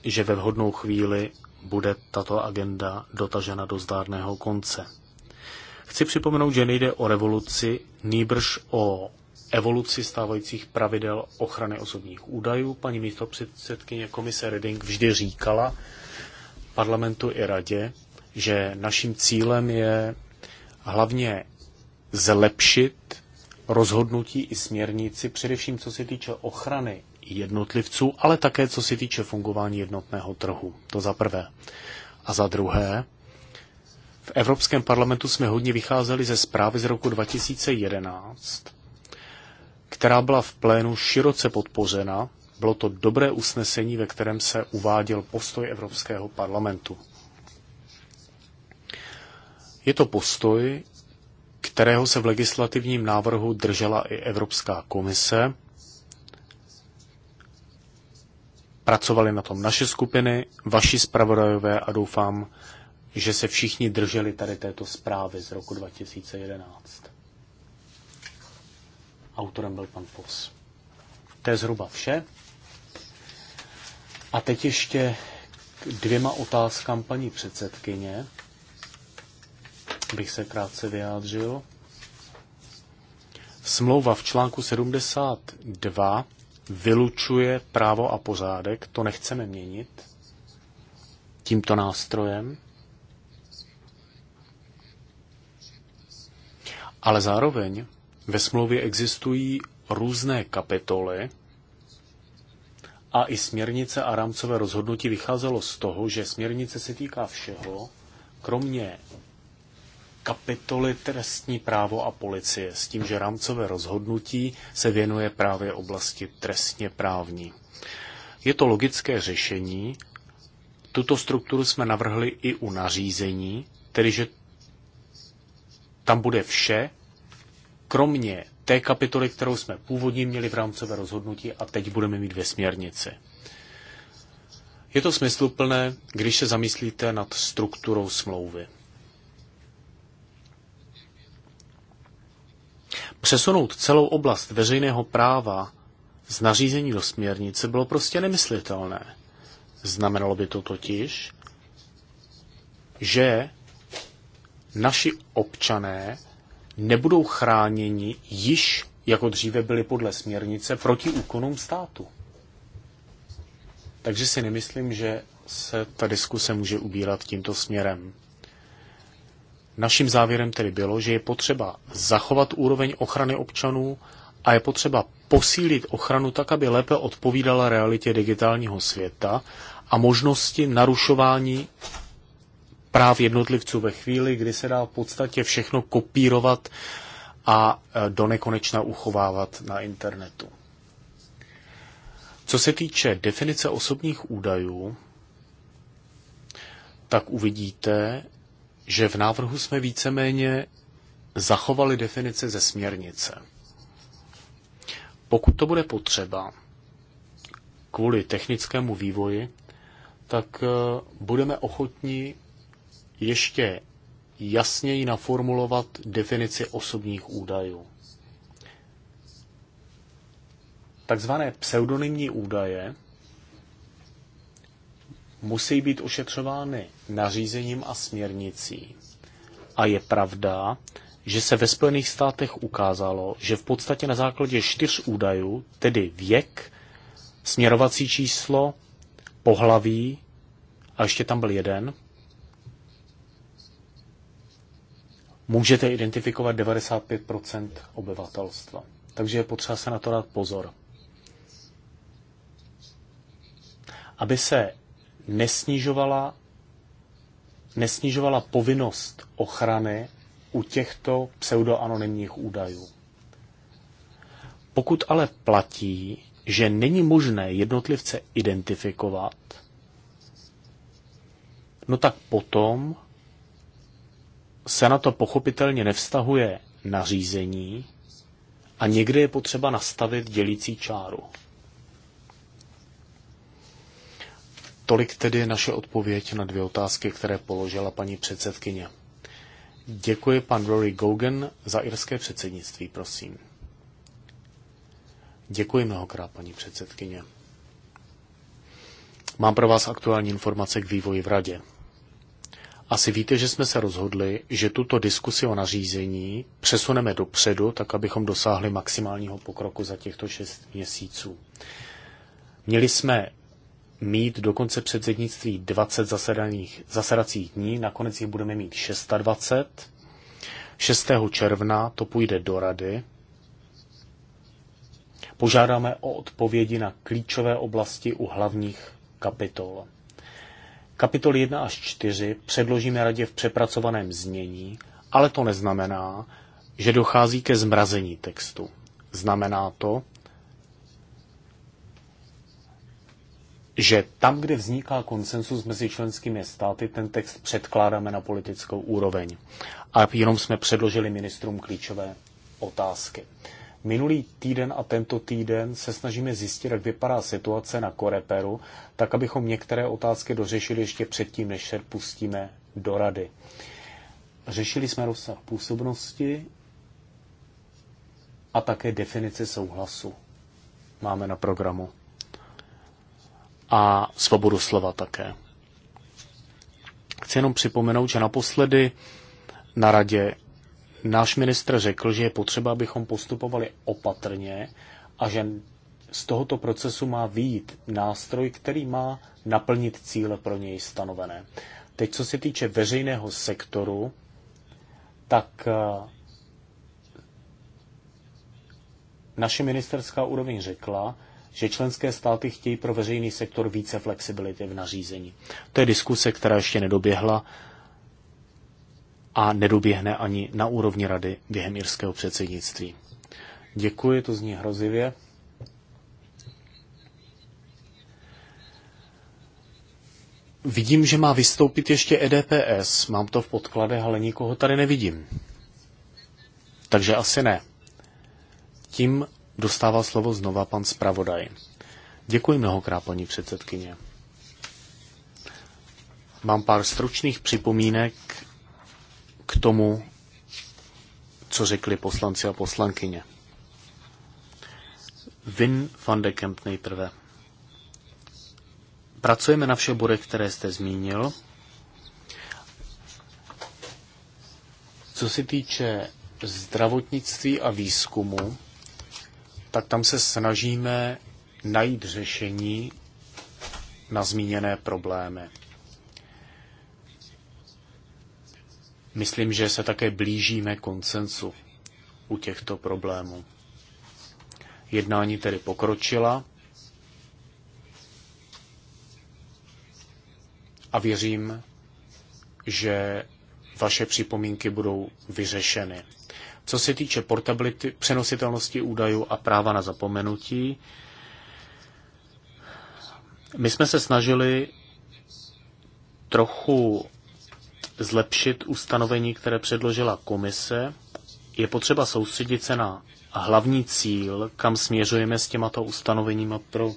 Speaker 2: že ve vhodnou chvíli bude tato agenda dotažena do zdárného konce. Chci připomenout, že nejde o revoluci, nýbrž o evoluci stávajících pravidel ochrany osobních údajů. Paní předsedkyně komise Reding vždy říkala parlamentu i radě, že naším cílem je hlavně zlepšit rozhodnutí i směrnici, především co se týče ochrany jednotlivců, ale také co se týče fungování jednotného trhu. To za prvé. A za druhé, v Evropském parlamentu jsme hodně vycházeli ze zprávy z roku 2011, která byla v plénu široce podpořena. Bylo to dobré usnesení, ve kterém se uváděl postoj Evropského parlamentu. Je to postoj, kterého se v legislativním návrhu držela i Evropská komise Pracovali na tom naše skupiny, vaši zpravodajové a doufám, že se všichni drželi tady této zprávy z roku 2011. Autorem byl pan Pos. To je zhruba vše. A teď ještě k dvěma otázkám paní předsedkyně bych se krátce vyjádřil. Smlouva v článku 72 vylučuje právo a pozádek, to nechceme měnit tímto nástrojem, ale zároveň ve smlouvě existují různé kapitoly a i směrnice a rámcové rozhodnutí vycházelo z toho, že směrnice se týká všeho, kromě kapitoly trestní právo a policie s tím, že rámcové rozhodnutí se věnuje právě oblasti trestně právní. Je to logické řešení. Tuto strukturu jsme navrhli i u nařízení, tedy že tam bude vše, kromě té kapitoly, kterou jsme původně měli v rámcové rozhodnutí a teď budeme mít ve směrnici. Je to smysluplné, když se zamyslíte nad strukturou smlouvy. Přesunout celou oblast veřejného práva z nařízení do směrnice bylo prostě nemyslitelné. Znamenalo by to totiž, že naši občané nebudou chráněni již, jako dříve byli podle směrnice, proti úkonům státu. Takže si nemyslím, že se ta diskuse může ubírat tímto směrem. Naším závěrem tedy bylo, že je potřeba zachovat úroveň ochrany občanů a je potřeba posílit ochranu tak, aby lépe odpovídala realitě digitálního světa a možnosti narušování práv jednotlivců ve chvíli, kdy se dá v podstatě všechno kopírovat a e, do nekonečna uchovávat na internetu. Co se týče definice osobních údajů, tak uvidíte, že v návrhu jsme víceméně zachovali definice ze směrnice. Pokud to bude potřeba kvůli technickému vývoji, tak eh, budeme ochotni ještě jasněji naformulovat definici osobních údajů. Takzvané pseudonymní údaje musí být ošetřovány nařízením a směrnicí. A je pravda, že se ve Spojených státech ukázalo, že v podstatě na základě čtyř údajů, tedy věk, směrovací číslo, pohlaví a ještě tam byl jeden, můžete identifikovat 95 obyvatelstva. Takže je potřeba se na to dát pozor. Aby se nesnižovala nesnižovala povinnost ochrany u těchto pseudoanonymních údajů. Pokud ale platí, že není možné jednotlivce identifikovat, no tak potom se na to pochopitelně nevztahuje nařízení a někdy je potřeba nastavit dělící čáru. Tolik tedy naše odpověď na dvě otázky, které položila paní předsedkyně. Děkuji pan Rory Gogan za irské předsednictví, prosím. Děkuji mnohokrát, paní předsedkyně. Mám pro vás aktuální informace k vývoji v Radě. Asi víte, že jsme se rozhodli, že tuto diskusi o nařízení přesuneme dopředu, tak abychom dosáhli maximálního pokroku za těchto šest měsíců. Měli jsme mít do konce předsednictví 20 zasedaných, zasedacích dní, nakonec jich budeme mít 620. 6. června to půjde do rady. Požádáme o odpovědi na klíčové oblasti u hlavních kapitol. Kapitol 1 až 4 předložíme radě v přepracovaném znění, ale to neznamená, že dochází ke zmrazení textu. Znamená to, že tam, kde vzniká konsensus mezi členskými státy, ten text předkládáme na politickou úroveň. A jenom jsme předložili ministrům klíčové otázky. Minulý týden a tento týden se snažíme zjistit, jak vypadá situace na Koreperu, tak abychom některé otázky dořešili ještě předtím, než se pustíme do rady. Řešili jsme rozsah působnosti a také definici souhlasu. Máme na programu a svobodu slova také. Chci jenom připomenout, že naposledy na radě náš ministr řekl, že je potřeba, abychom postupovali opatrně a že z tohoto procesu má výjít nástroj, který má naplnit cíle pro něj stanovené. Teď, co se týče veřejného sektoru, tak eh, naše ministerská úroveň řekla, že členské státy chtějí pro veřejný sektor více flexibility v nařízení. To je diskuse, která ještě nedoběhla a nedoběhne ani na úrovni rady během jirského předsednictví. Děkuji, to zní hrozivě. Vidím, že má vystoupit ještě EDPS. Mám to v podkladech, ale nikoho tady nevidím. Takže asi ne. Tím dostává slovo znova pan zpravodaj. Děkuji mnohokrát, paní předsedkyně. Mám pár stručných připomínek k tomu, co řekli poslanci a poslankyně. Vin van de Kemp nejprve. Pracujeme na všech bodech, které jste zmínil. Co se týče zdravotnictví a výzkumu, tak tam se snažíme najít řešení na zmíněné problémy. Myslím, že se také blížíme koncensu u těchto problémů. Jednání tedy pokročila a věřím, že vaše připomínky budou vyřešeny co se týče portability, přenositelnosti údajů a práva na zapomenutí, my jsme se snažili trochu zlepšit ustanovení, které předložila komise. Je potřeba soustředit se na hlavní cíl, kam směřujeme s těmato ustanoveníma pro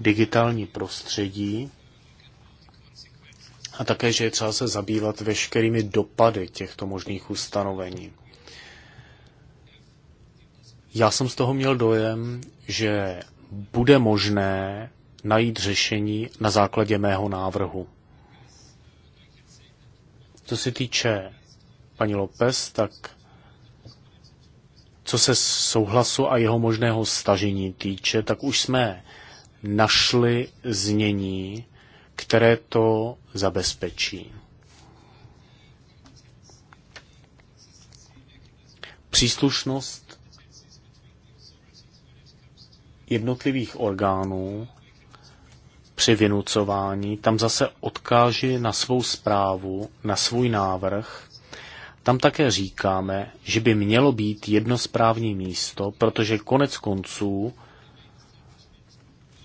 Speaker 2: digitální prostředí a také, že je třeba se zabývat veškerými dopady těchto možných ustanovení. Já jsem z toho měl dojem, že bude možné najít řešení na základě mého návrhu. Co se týče paní Lopez, tak co se souhlasu a jeho možného stažení týče, tak už jsme našli znění, které to zabezpečí. Příslušnost jednotlivých orgánů při vynucování, tam zase odkáži na svou zprávu, na svůj návrh. Tam také říkáme, že by mělo být jedno správní místo, protože konec konců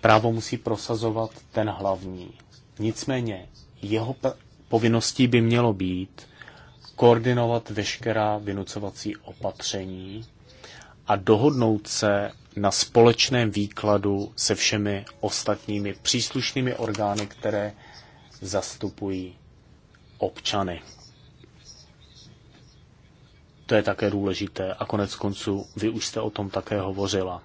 Speaker 2: právo musí prosazovat ten hlavní. Nicméně jeho povinností by mělo být koordinovat veškerá vynucovací opatření a dohodnout se na společném výkladu se všemi ostatními příslušnými orgány, které zastupují občany. To je také důležité a konec konců vy už jste o tom také hovořila.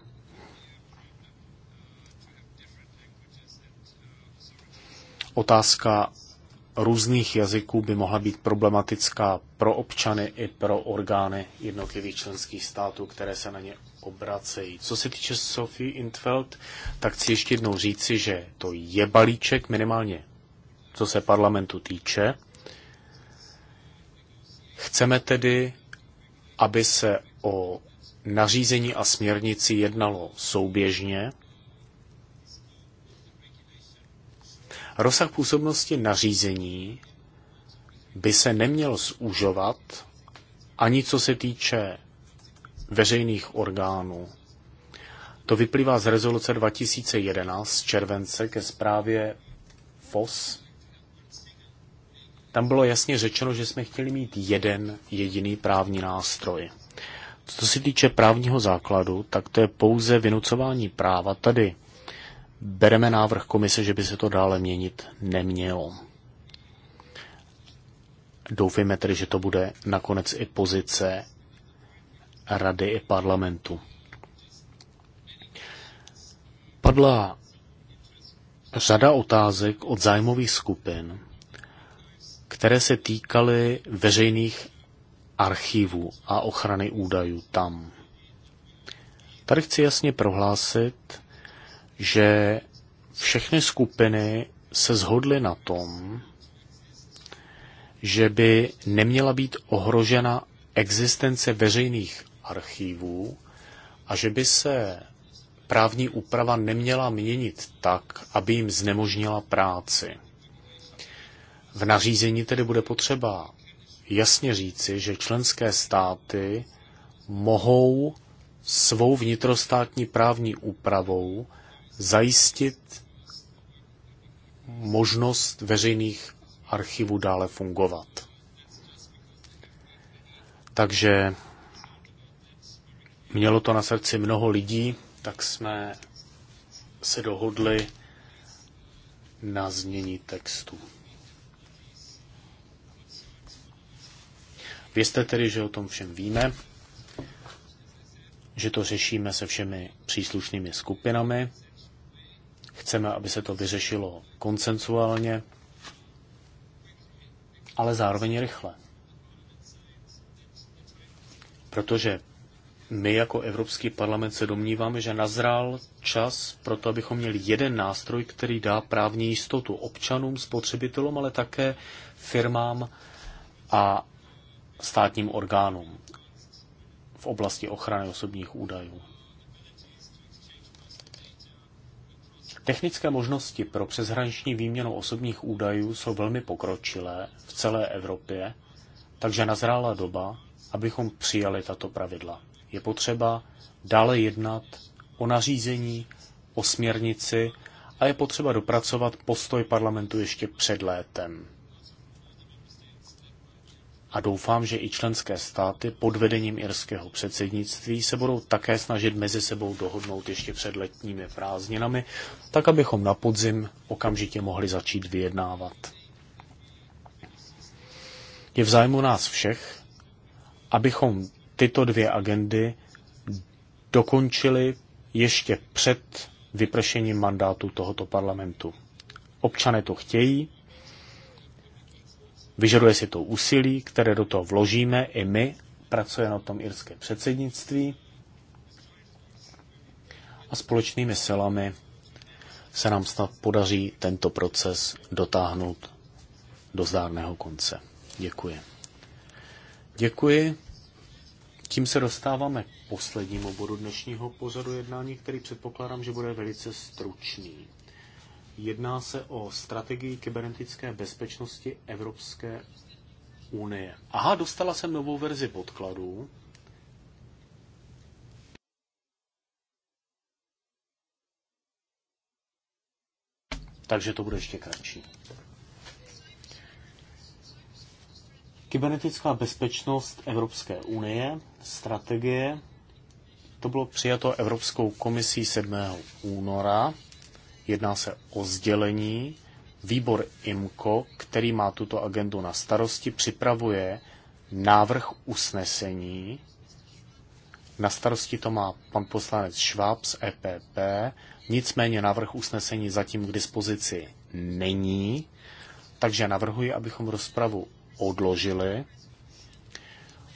Speaker 2: Otázka různých jazyků by mohla být problematická pro občany i pro orgány jednotlivých členských států, které se na ně obracejí. Co se týče Sophie Intfeld, tak chci ještě jednou říci, že to je balíček minimálně, co se parlamentu týče. Chceme tedy, aby se o nařízení a směrnici jednalo souběžně. Rozsah působnosti nařízení by se neměl zúžovat ani co se týče veřejných orgánů. To vyplývá z rezoluce 2011 z července ke zprávě FOS. Tam bylo jasně řečeno, že jsme chtěli mít jeden jediný právní nástroj. Co se týče právního základu, tak to je pouze vynucování práva. Tady bereme návrh komise, že by se to dále měnit nemělo. Doufejme tedy, že to bude nakonec i pozice rady i parlamentu. Padla řada otázek od zájmových skupin, které se týkaly veřejných archivů a ochrany údajů tam. Tady chci jasně prohlásit, že všechny skupiny se zhodly na tom, že by neměla být ohrožena existence veřejných archívů a že by se právní úprava neměla měnit tak, aby jim znemožnila práci. V nařízení tedy bude potřeba jasně říci, že členské státy mohou svou vnitrostátní právní úpravou zajistit možnost veřejných archivů dále fungovat. Takže mělo to na srdci mnoho lidí, tak jsme se dohodli na změní textu. Vězte tedy, že o tom všem víme, že to řešíme se všemi příslušnými skupinami. Chceme, aby se to vyřešilo koncensuálně, ale zároveň rychle. Protože my jako Evropský parlament se domníváme, že nazrál čas pro to, abychom měli jeden nástroj, který dá právní jistotu občanům, spotřebitelům, ale také firmám a státním orgánům v oblasti ochrany osobních údajů. Technické možnosti pro přeshraniční výměnu osobních údajů jsou velmi pokročilé v celé Evropě, takže nazrála doba, abychom přijali tato pravidla. Je potřeba dále jednat o nařízení, o směrnici a je potřeba dopracovat postoj parlamentu ještě před létem. A doufám, že i členské státy pod vedením irského předsednictví se budou také snažit mezi sebou dohodnout ještě před letními prázdninami, tak abychom na podzim okamžitě mohli začít vyjednávat. Je v zájmu nás všech, abychom tyto dvě agendy dokončili ještě před vypršením mandátu tohoto parlamentu. Občané to chtějí, vyžaduje si to úsilí, které do toho vložíme i my, pracuje na tom irské předsednictví a společnými silami se nám snad podaří tento proces dotáhnout do zdárného konce. Děkuji. Děkuji. Tím se dostáváme k poslednímu bodu dnešního pořadu jednání, který předpokládám, že bude velice stručný. Jedná se o strategii kybernetické bezpečnosti Evropské unie. Aha, dostala jsem novou verzi podkladů. Takže to bude ještě kratší. Kybernetická bezpečnost Evropské unie, strategie, to bylo přijato Evropskou komisí 7. února. Jedná se o sdělení. Výbor IMCO, který má tuto agendu na starosti, připravuje návrh usnesení. Na starosti to má pan poslanec Schwab z EPP, nicméně návrh usnesení zatím k dispozici není, takže navrhuji, abychom rozpravu odložili.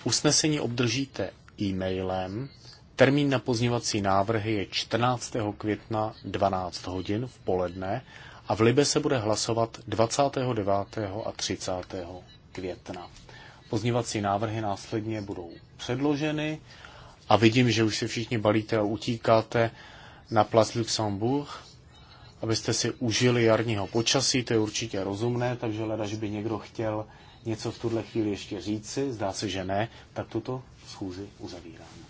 Speaker 2: Usnesení obdržíte e-mailem. Termín na pozněvací návrhy je 14. května 12 hodin v poledne a v Libe se bude hlasovat 29. a 30. května. Pozněvací návrhy následně budou předloženy a vidím, že už se všichni balíte a utíkáte na Place Luxembourg, abyste si užili jarního počasí, to je určitě rozumné, takže leda, že by někdo chtěl něco v tuhle chvíli ještě říci? Zdá se, že ne, tak tuto schůzi uzavírám.